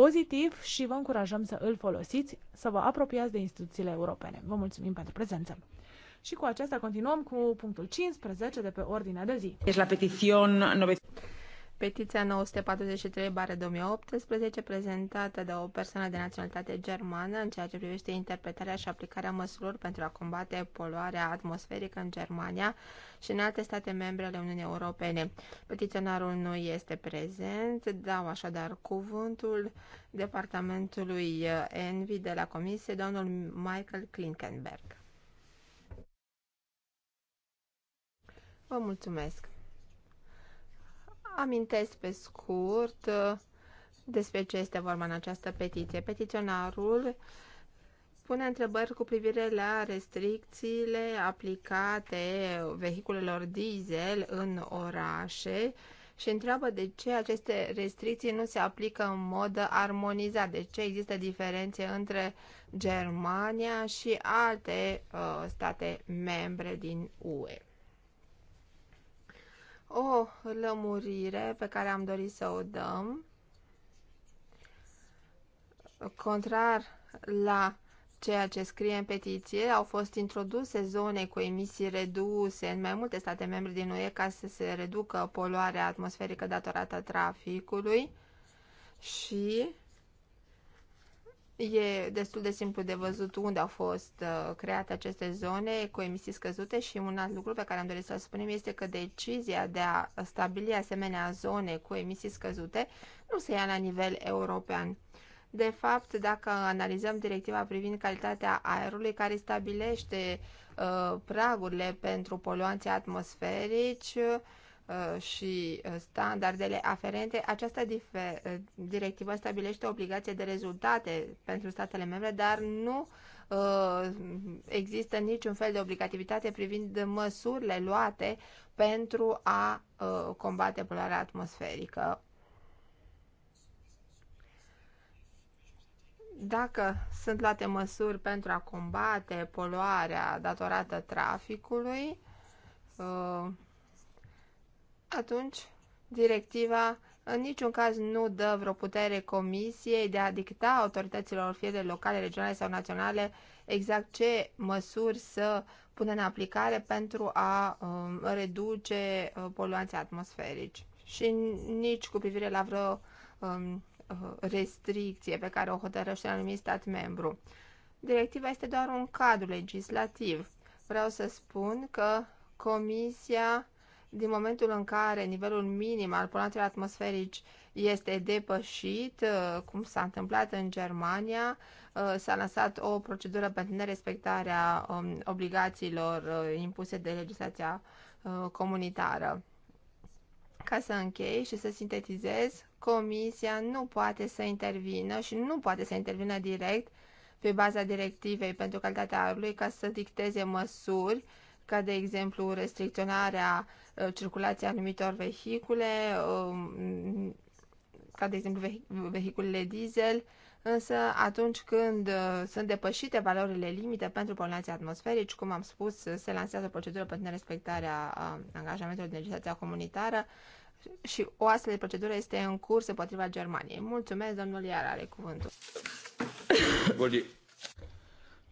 pozitiv și vă încurajăm să îl folosiți, să vă apropiați de instituțiile europene. Vă mulțumim pentru prezență. Și cu aceasta continuăm cu punctul 15 de pe ordinea de zi. Es la petición 9. Petiția 943-2018, prezentată de o persoană de naționalitate germană în ceea ce privește interpretarea și aplicarea măsurilor pentru a combate poluarea atmosferică în Germania și în alte state membre ale Uniunii Europene. Petiționarul nu este prezent, dau așadar cuvântul Departamentului Envi de la Comisie, domnul Michael Klinkenberg. Vă mulțumesc! amintesc pe scurt uh, despre ce este vorba în această petiție. Petiționarul pune întrebări cu privire la restricțiile aplicate vehiculelor diesel în orașe și întreabă de ce aceste restricții nu se aplică în mod armonizat, de ce există diferențe între Germania și alte uh, state membre din UE o lămurire pe care am dorit să o dăm, contrar la ceea ce scrie în petiție, au fost introduse zone cu emisii reduse în mai multe state membre din UE ca să se reducă poluarea atmosferică datorată traficului și E destul de simplu de văzut unde au fost uh, create aceste zone cu emisii scăzute și un alt lucru pe care am dorit să-l spunem este că decizia de a stabili asemenea zone cu emisii scăzute nu se ia la nivel european. De fapt, dacă analizăm directiva privind calitatea aerului care stabilește uh, pragurile pentru poluanții atmosferici, uh, Uh, și uh, standardele aferente, această uh, directivă stabilește obligație de rezultate pentru statele membre, dar nu există niciun fel de obligativitate privind măsurile luate pentru a combate poluarea atmosferică. Dacă sunt luate măsuri pentru a combate poluarea datorată traficului, uh, atunci directiva în niciun caz nu dă vreo putere comisiei de a dicta autorităților, fie de locale, regionale sau naționale, exact ce măsuri să pună în aplicare pentru a um, reduce uh, poluanții atmosferici și nici cu privire la vreo um, restricție pe care o hotărăște un anumit stat membru. Directiva este doar un cadru legislativ. Vreau să spun că Comisia din momentul în care nivelul minim al poluanților atmosferici este depășit, uh, cum s-a întâmplat în Germania, uh, s-a lansat o procedură pentru nerespectarea um, obligațiilor uh, impuse de legislația comunitară. Ca să închei și să sintetizez, Comisia nu poate să intervină și nu poate să intervină direct pe baza directivei pentru calitatea aerului ca să dicteze măsuri ca de exemplu restricționarea uh, circulației anumitor vehicule, um, ca de exemplu vehiculele diesel, însă atunci când uh, sunt depășite valorile limite pentru poluanții atmosferici, cum am spus, uh, se lansează o procedură pentru respectarea angajamentelor de legislația comunitară și o astfel de procedură este în curs împotriva Germaniei. Mulțumesc, domnul Iar are cuvântul.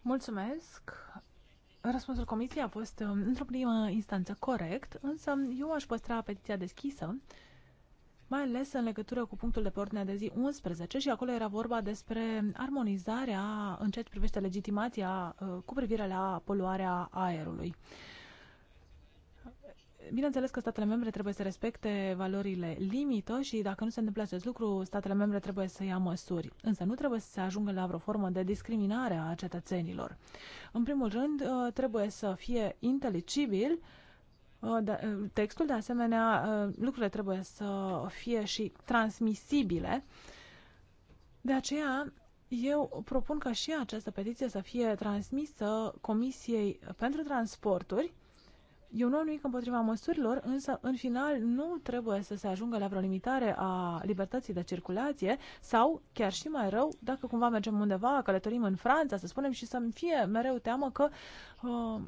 Mulțumesc. Răspunsul comisiei a fost um, într-o primă instanță corect, însă eu aș păstra petiția deschisă, mai ales în legătură cu punctul de pe ordinea de zi 11 și acolo era vorba despre armonizarea în ceea ce privește legitimația uh, cu privire la poluarea aerului. Bineînțeles că statele membre trebuie să respecte valorile limită și dacă nu se întâmplă acest lucru, statele membre trebuie să ia măsuri. Însă nu trebuie să se ajungă la vreo formă de discriminare a cetățenilor. În primul rând, uh, trebuie să fie inteligibil uh, uh, textul, de asemenea, lucrurile trebuie să fie și transmisibile. De aceea, eu propun ca și această petiție să fie transmisă Comisiei pentru Transporturi, eu nu am nimic împotriva măsurilor, însă în final nu trebuie să se ajungă la vreo limitare a libertății de circulație sau, chiar și mai rău, dacă cumva mergem undeva, călătorim în Franța, să spunem, și să-mi fie mereu teamă că uh,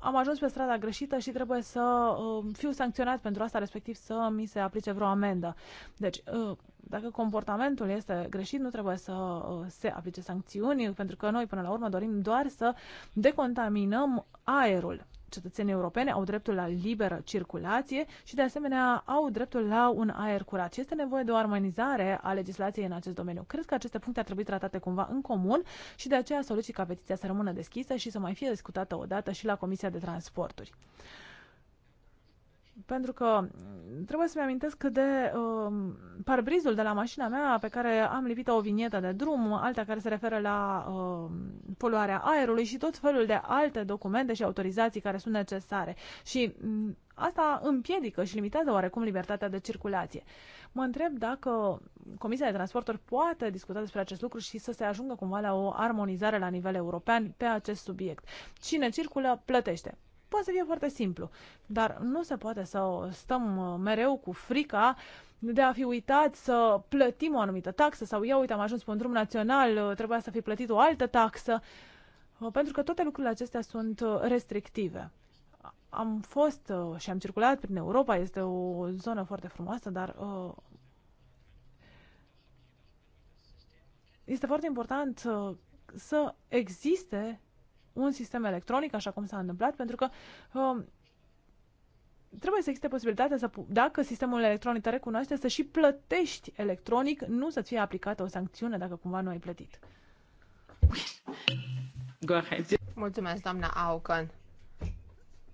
am ajuns pe strada greșită și trebuie să uh, fiu sancționat pentru asta, respectiv să mi se aplice vreo amendă. Deci, uh, dacă comportamentul este greșit, nu trebuie să uh, se aplice sancțiuni, pentru că noi, până la urmă, dorim doar să decontaminăm aerul cetățenii europene au dreptul la liberă circulație și de asemenea au dreptul la un aer curat. este nevoie de o armonizare a legislației în acest domeniu. Cred că aceste puncte ar trebui tratate cumva în comun și de aceea solicit ca petiția să rămână deschisă și să mai fie discutată odată și la Comisia de Transporturi pentru că trebuie să-mi amintesc că de uh, parbrizul de la mașina mea pe care am lipit o vinietă de drum, alta care se referă la uh, poluarea aerului și tot felul de alte documente și autorizații care sunt necesare. Și uh, asta împiedică și limitează oarecum libertatea de circulație. Mă întreb dacă Comisia de Transporturi poate discuta despre acest lucru și să se ajungă cumva la o armonizare la nivel european pe acest subiect. Cine circulă, plătește poate să fie foarte simplu. Dar nu se poate să stăm uh, mereu cu frica de a fi uitat să plătim o anumită taxă sau ia uite am ajuns pe un drum național, uh, trebuia să fi plătit o altă taxă, uh, pentru că toate lucrurile acestea sunt restrictive. Am fost și am circulat prin Europa, este o zonă foarte frumoasă, dar este foarte important să existe un sistem electronic, așa cum s-a întâmplat, pentru că uh, trebuie să existe posibilitatea să, dacă sistemul electronic te recunoaște, să și plătești electronic, nu să-ți fie aplicată o sancțiune dacă cumva nu ai plătit. Mulțumesc, doamna Aucan.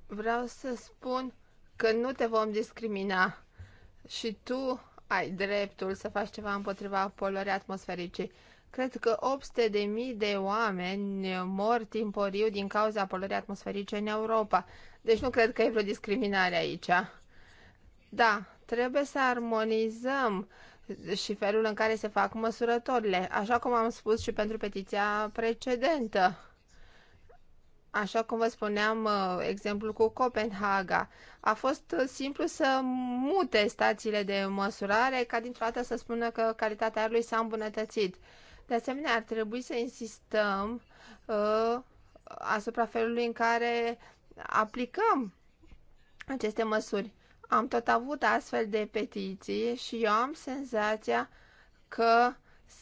Vreau să spun că nu te vom discrimina și tu ai dreptul să faci ceva împotriva poluării atmosfericii. Cred că 800 de mii de oameni mor timporiu din cauza poluării atmosferice în Europa. Deci nu cred că e vreo discriminare aici. Da, trebuie să armonizăm și felul în care se fac măsurătorile, așa cum am spus și pentru petiția precedentă. Așa cum vă spuneam, uh, exemplul cu Copenhaga. A fost simplu să mute stațiile de măsurare ca dintr-o dată să spună că calitatea aerului s-a îmbunătățit. De asemenea, ar trebui să insistăm uh, asupra felului în care aplicăm aceste măsuri. Am tot avut astfel de petiții și eu am senzația că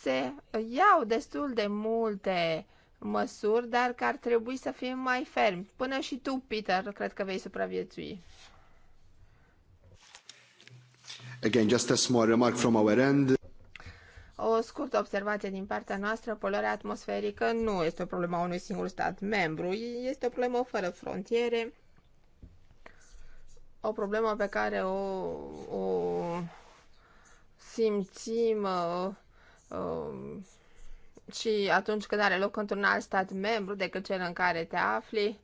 se iau destul de multe măsuri, dar că ar trebui să fim mai fermi. Până și tu, Peter, cred că vei supraviețui. Again, just a small remark from our end. O scurtă observație din partea noastră, poluarea atmosferică nu este o problemă a unui singur stat membru, este o problemă fără frontiere, o problemă pe care o, o simțim uh, uh, și atunci când are loc într-un alt stat membru decât cel în care te afli,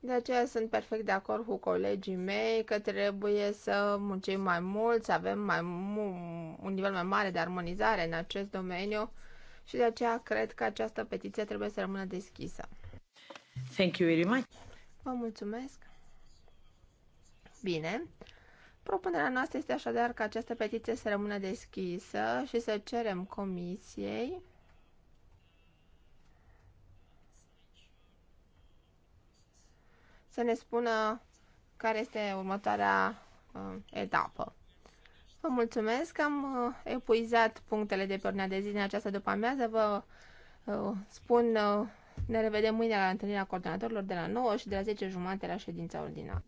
de aceea sunt perfect de acord cu colegii mei că trebuie să muncim mai mult, să avem mai mu- un nivel mai mare de armonizare în acest domeniu și de aceea cred că această petiție trebuie să rămână deschisă. Thank you very much. Vă mulțumesc. Bine. Propunerea noastră este așadar ca această petiție să rămână deschisă și să cerem comisiei să ne spună care este următoarea uh, etapă. Vă mulțumesc, am uh, epuizat punctele de pe de zi în această după-amiază. Vă uh, spun, uh, ne revedem mâine la întâlnirea coordonatorilor de la 9 și de la 10 jumate la ședința ordinară.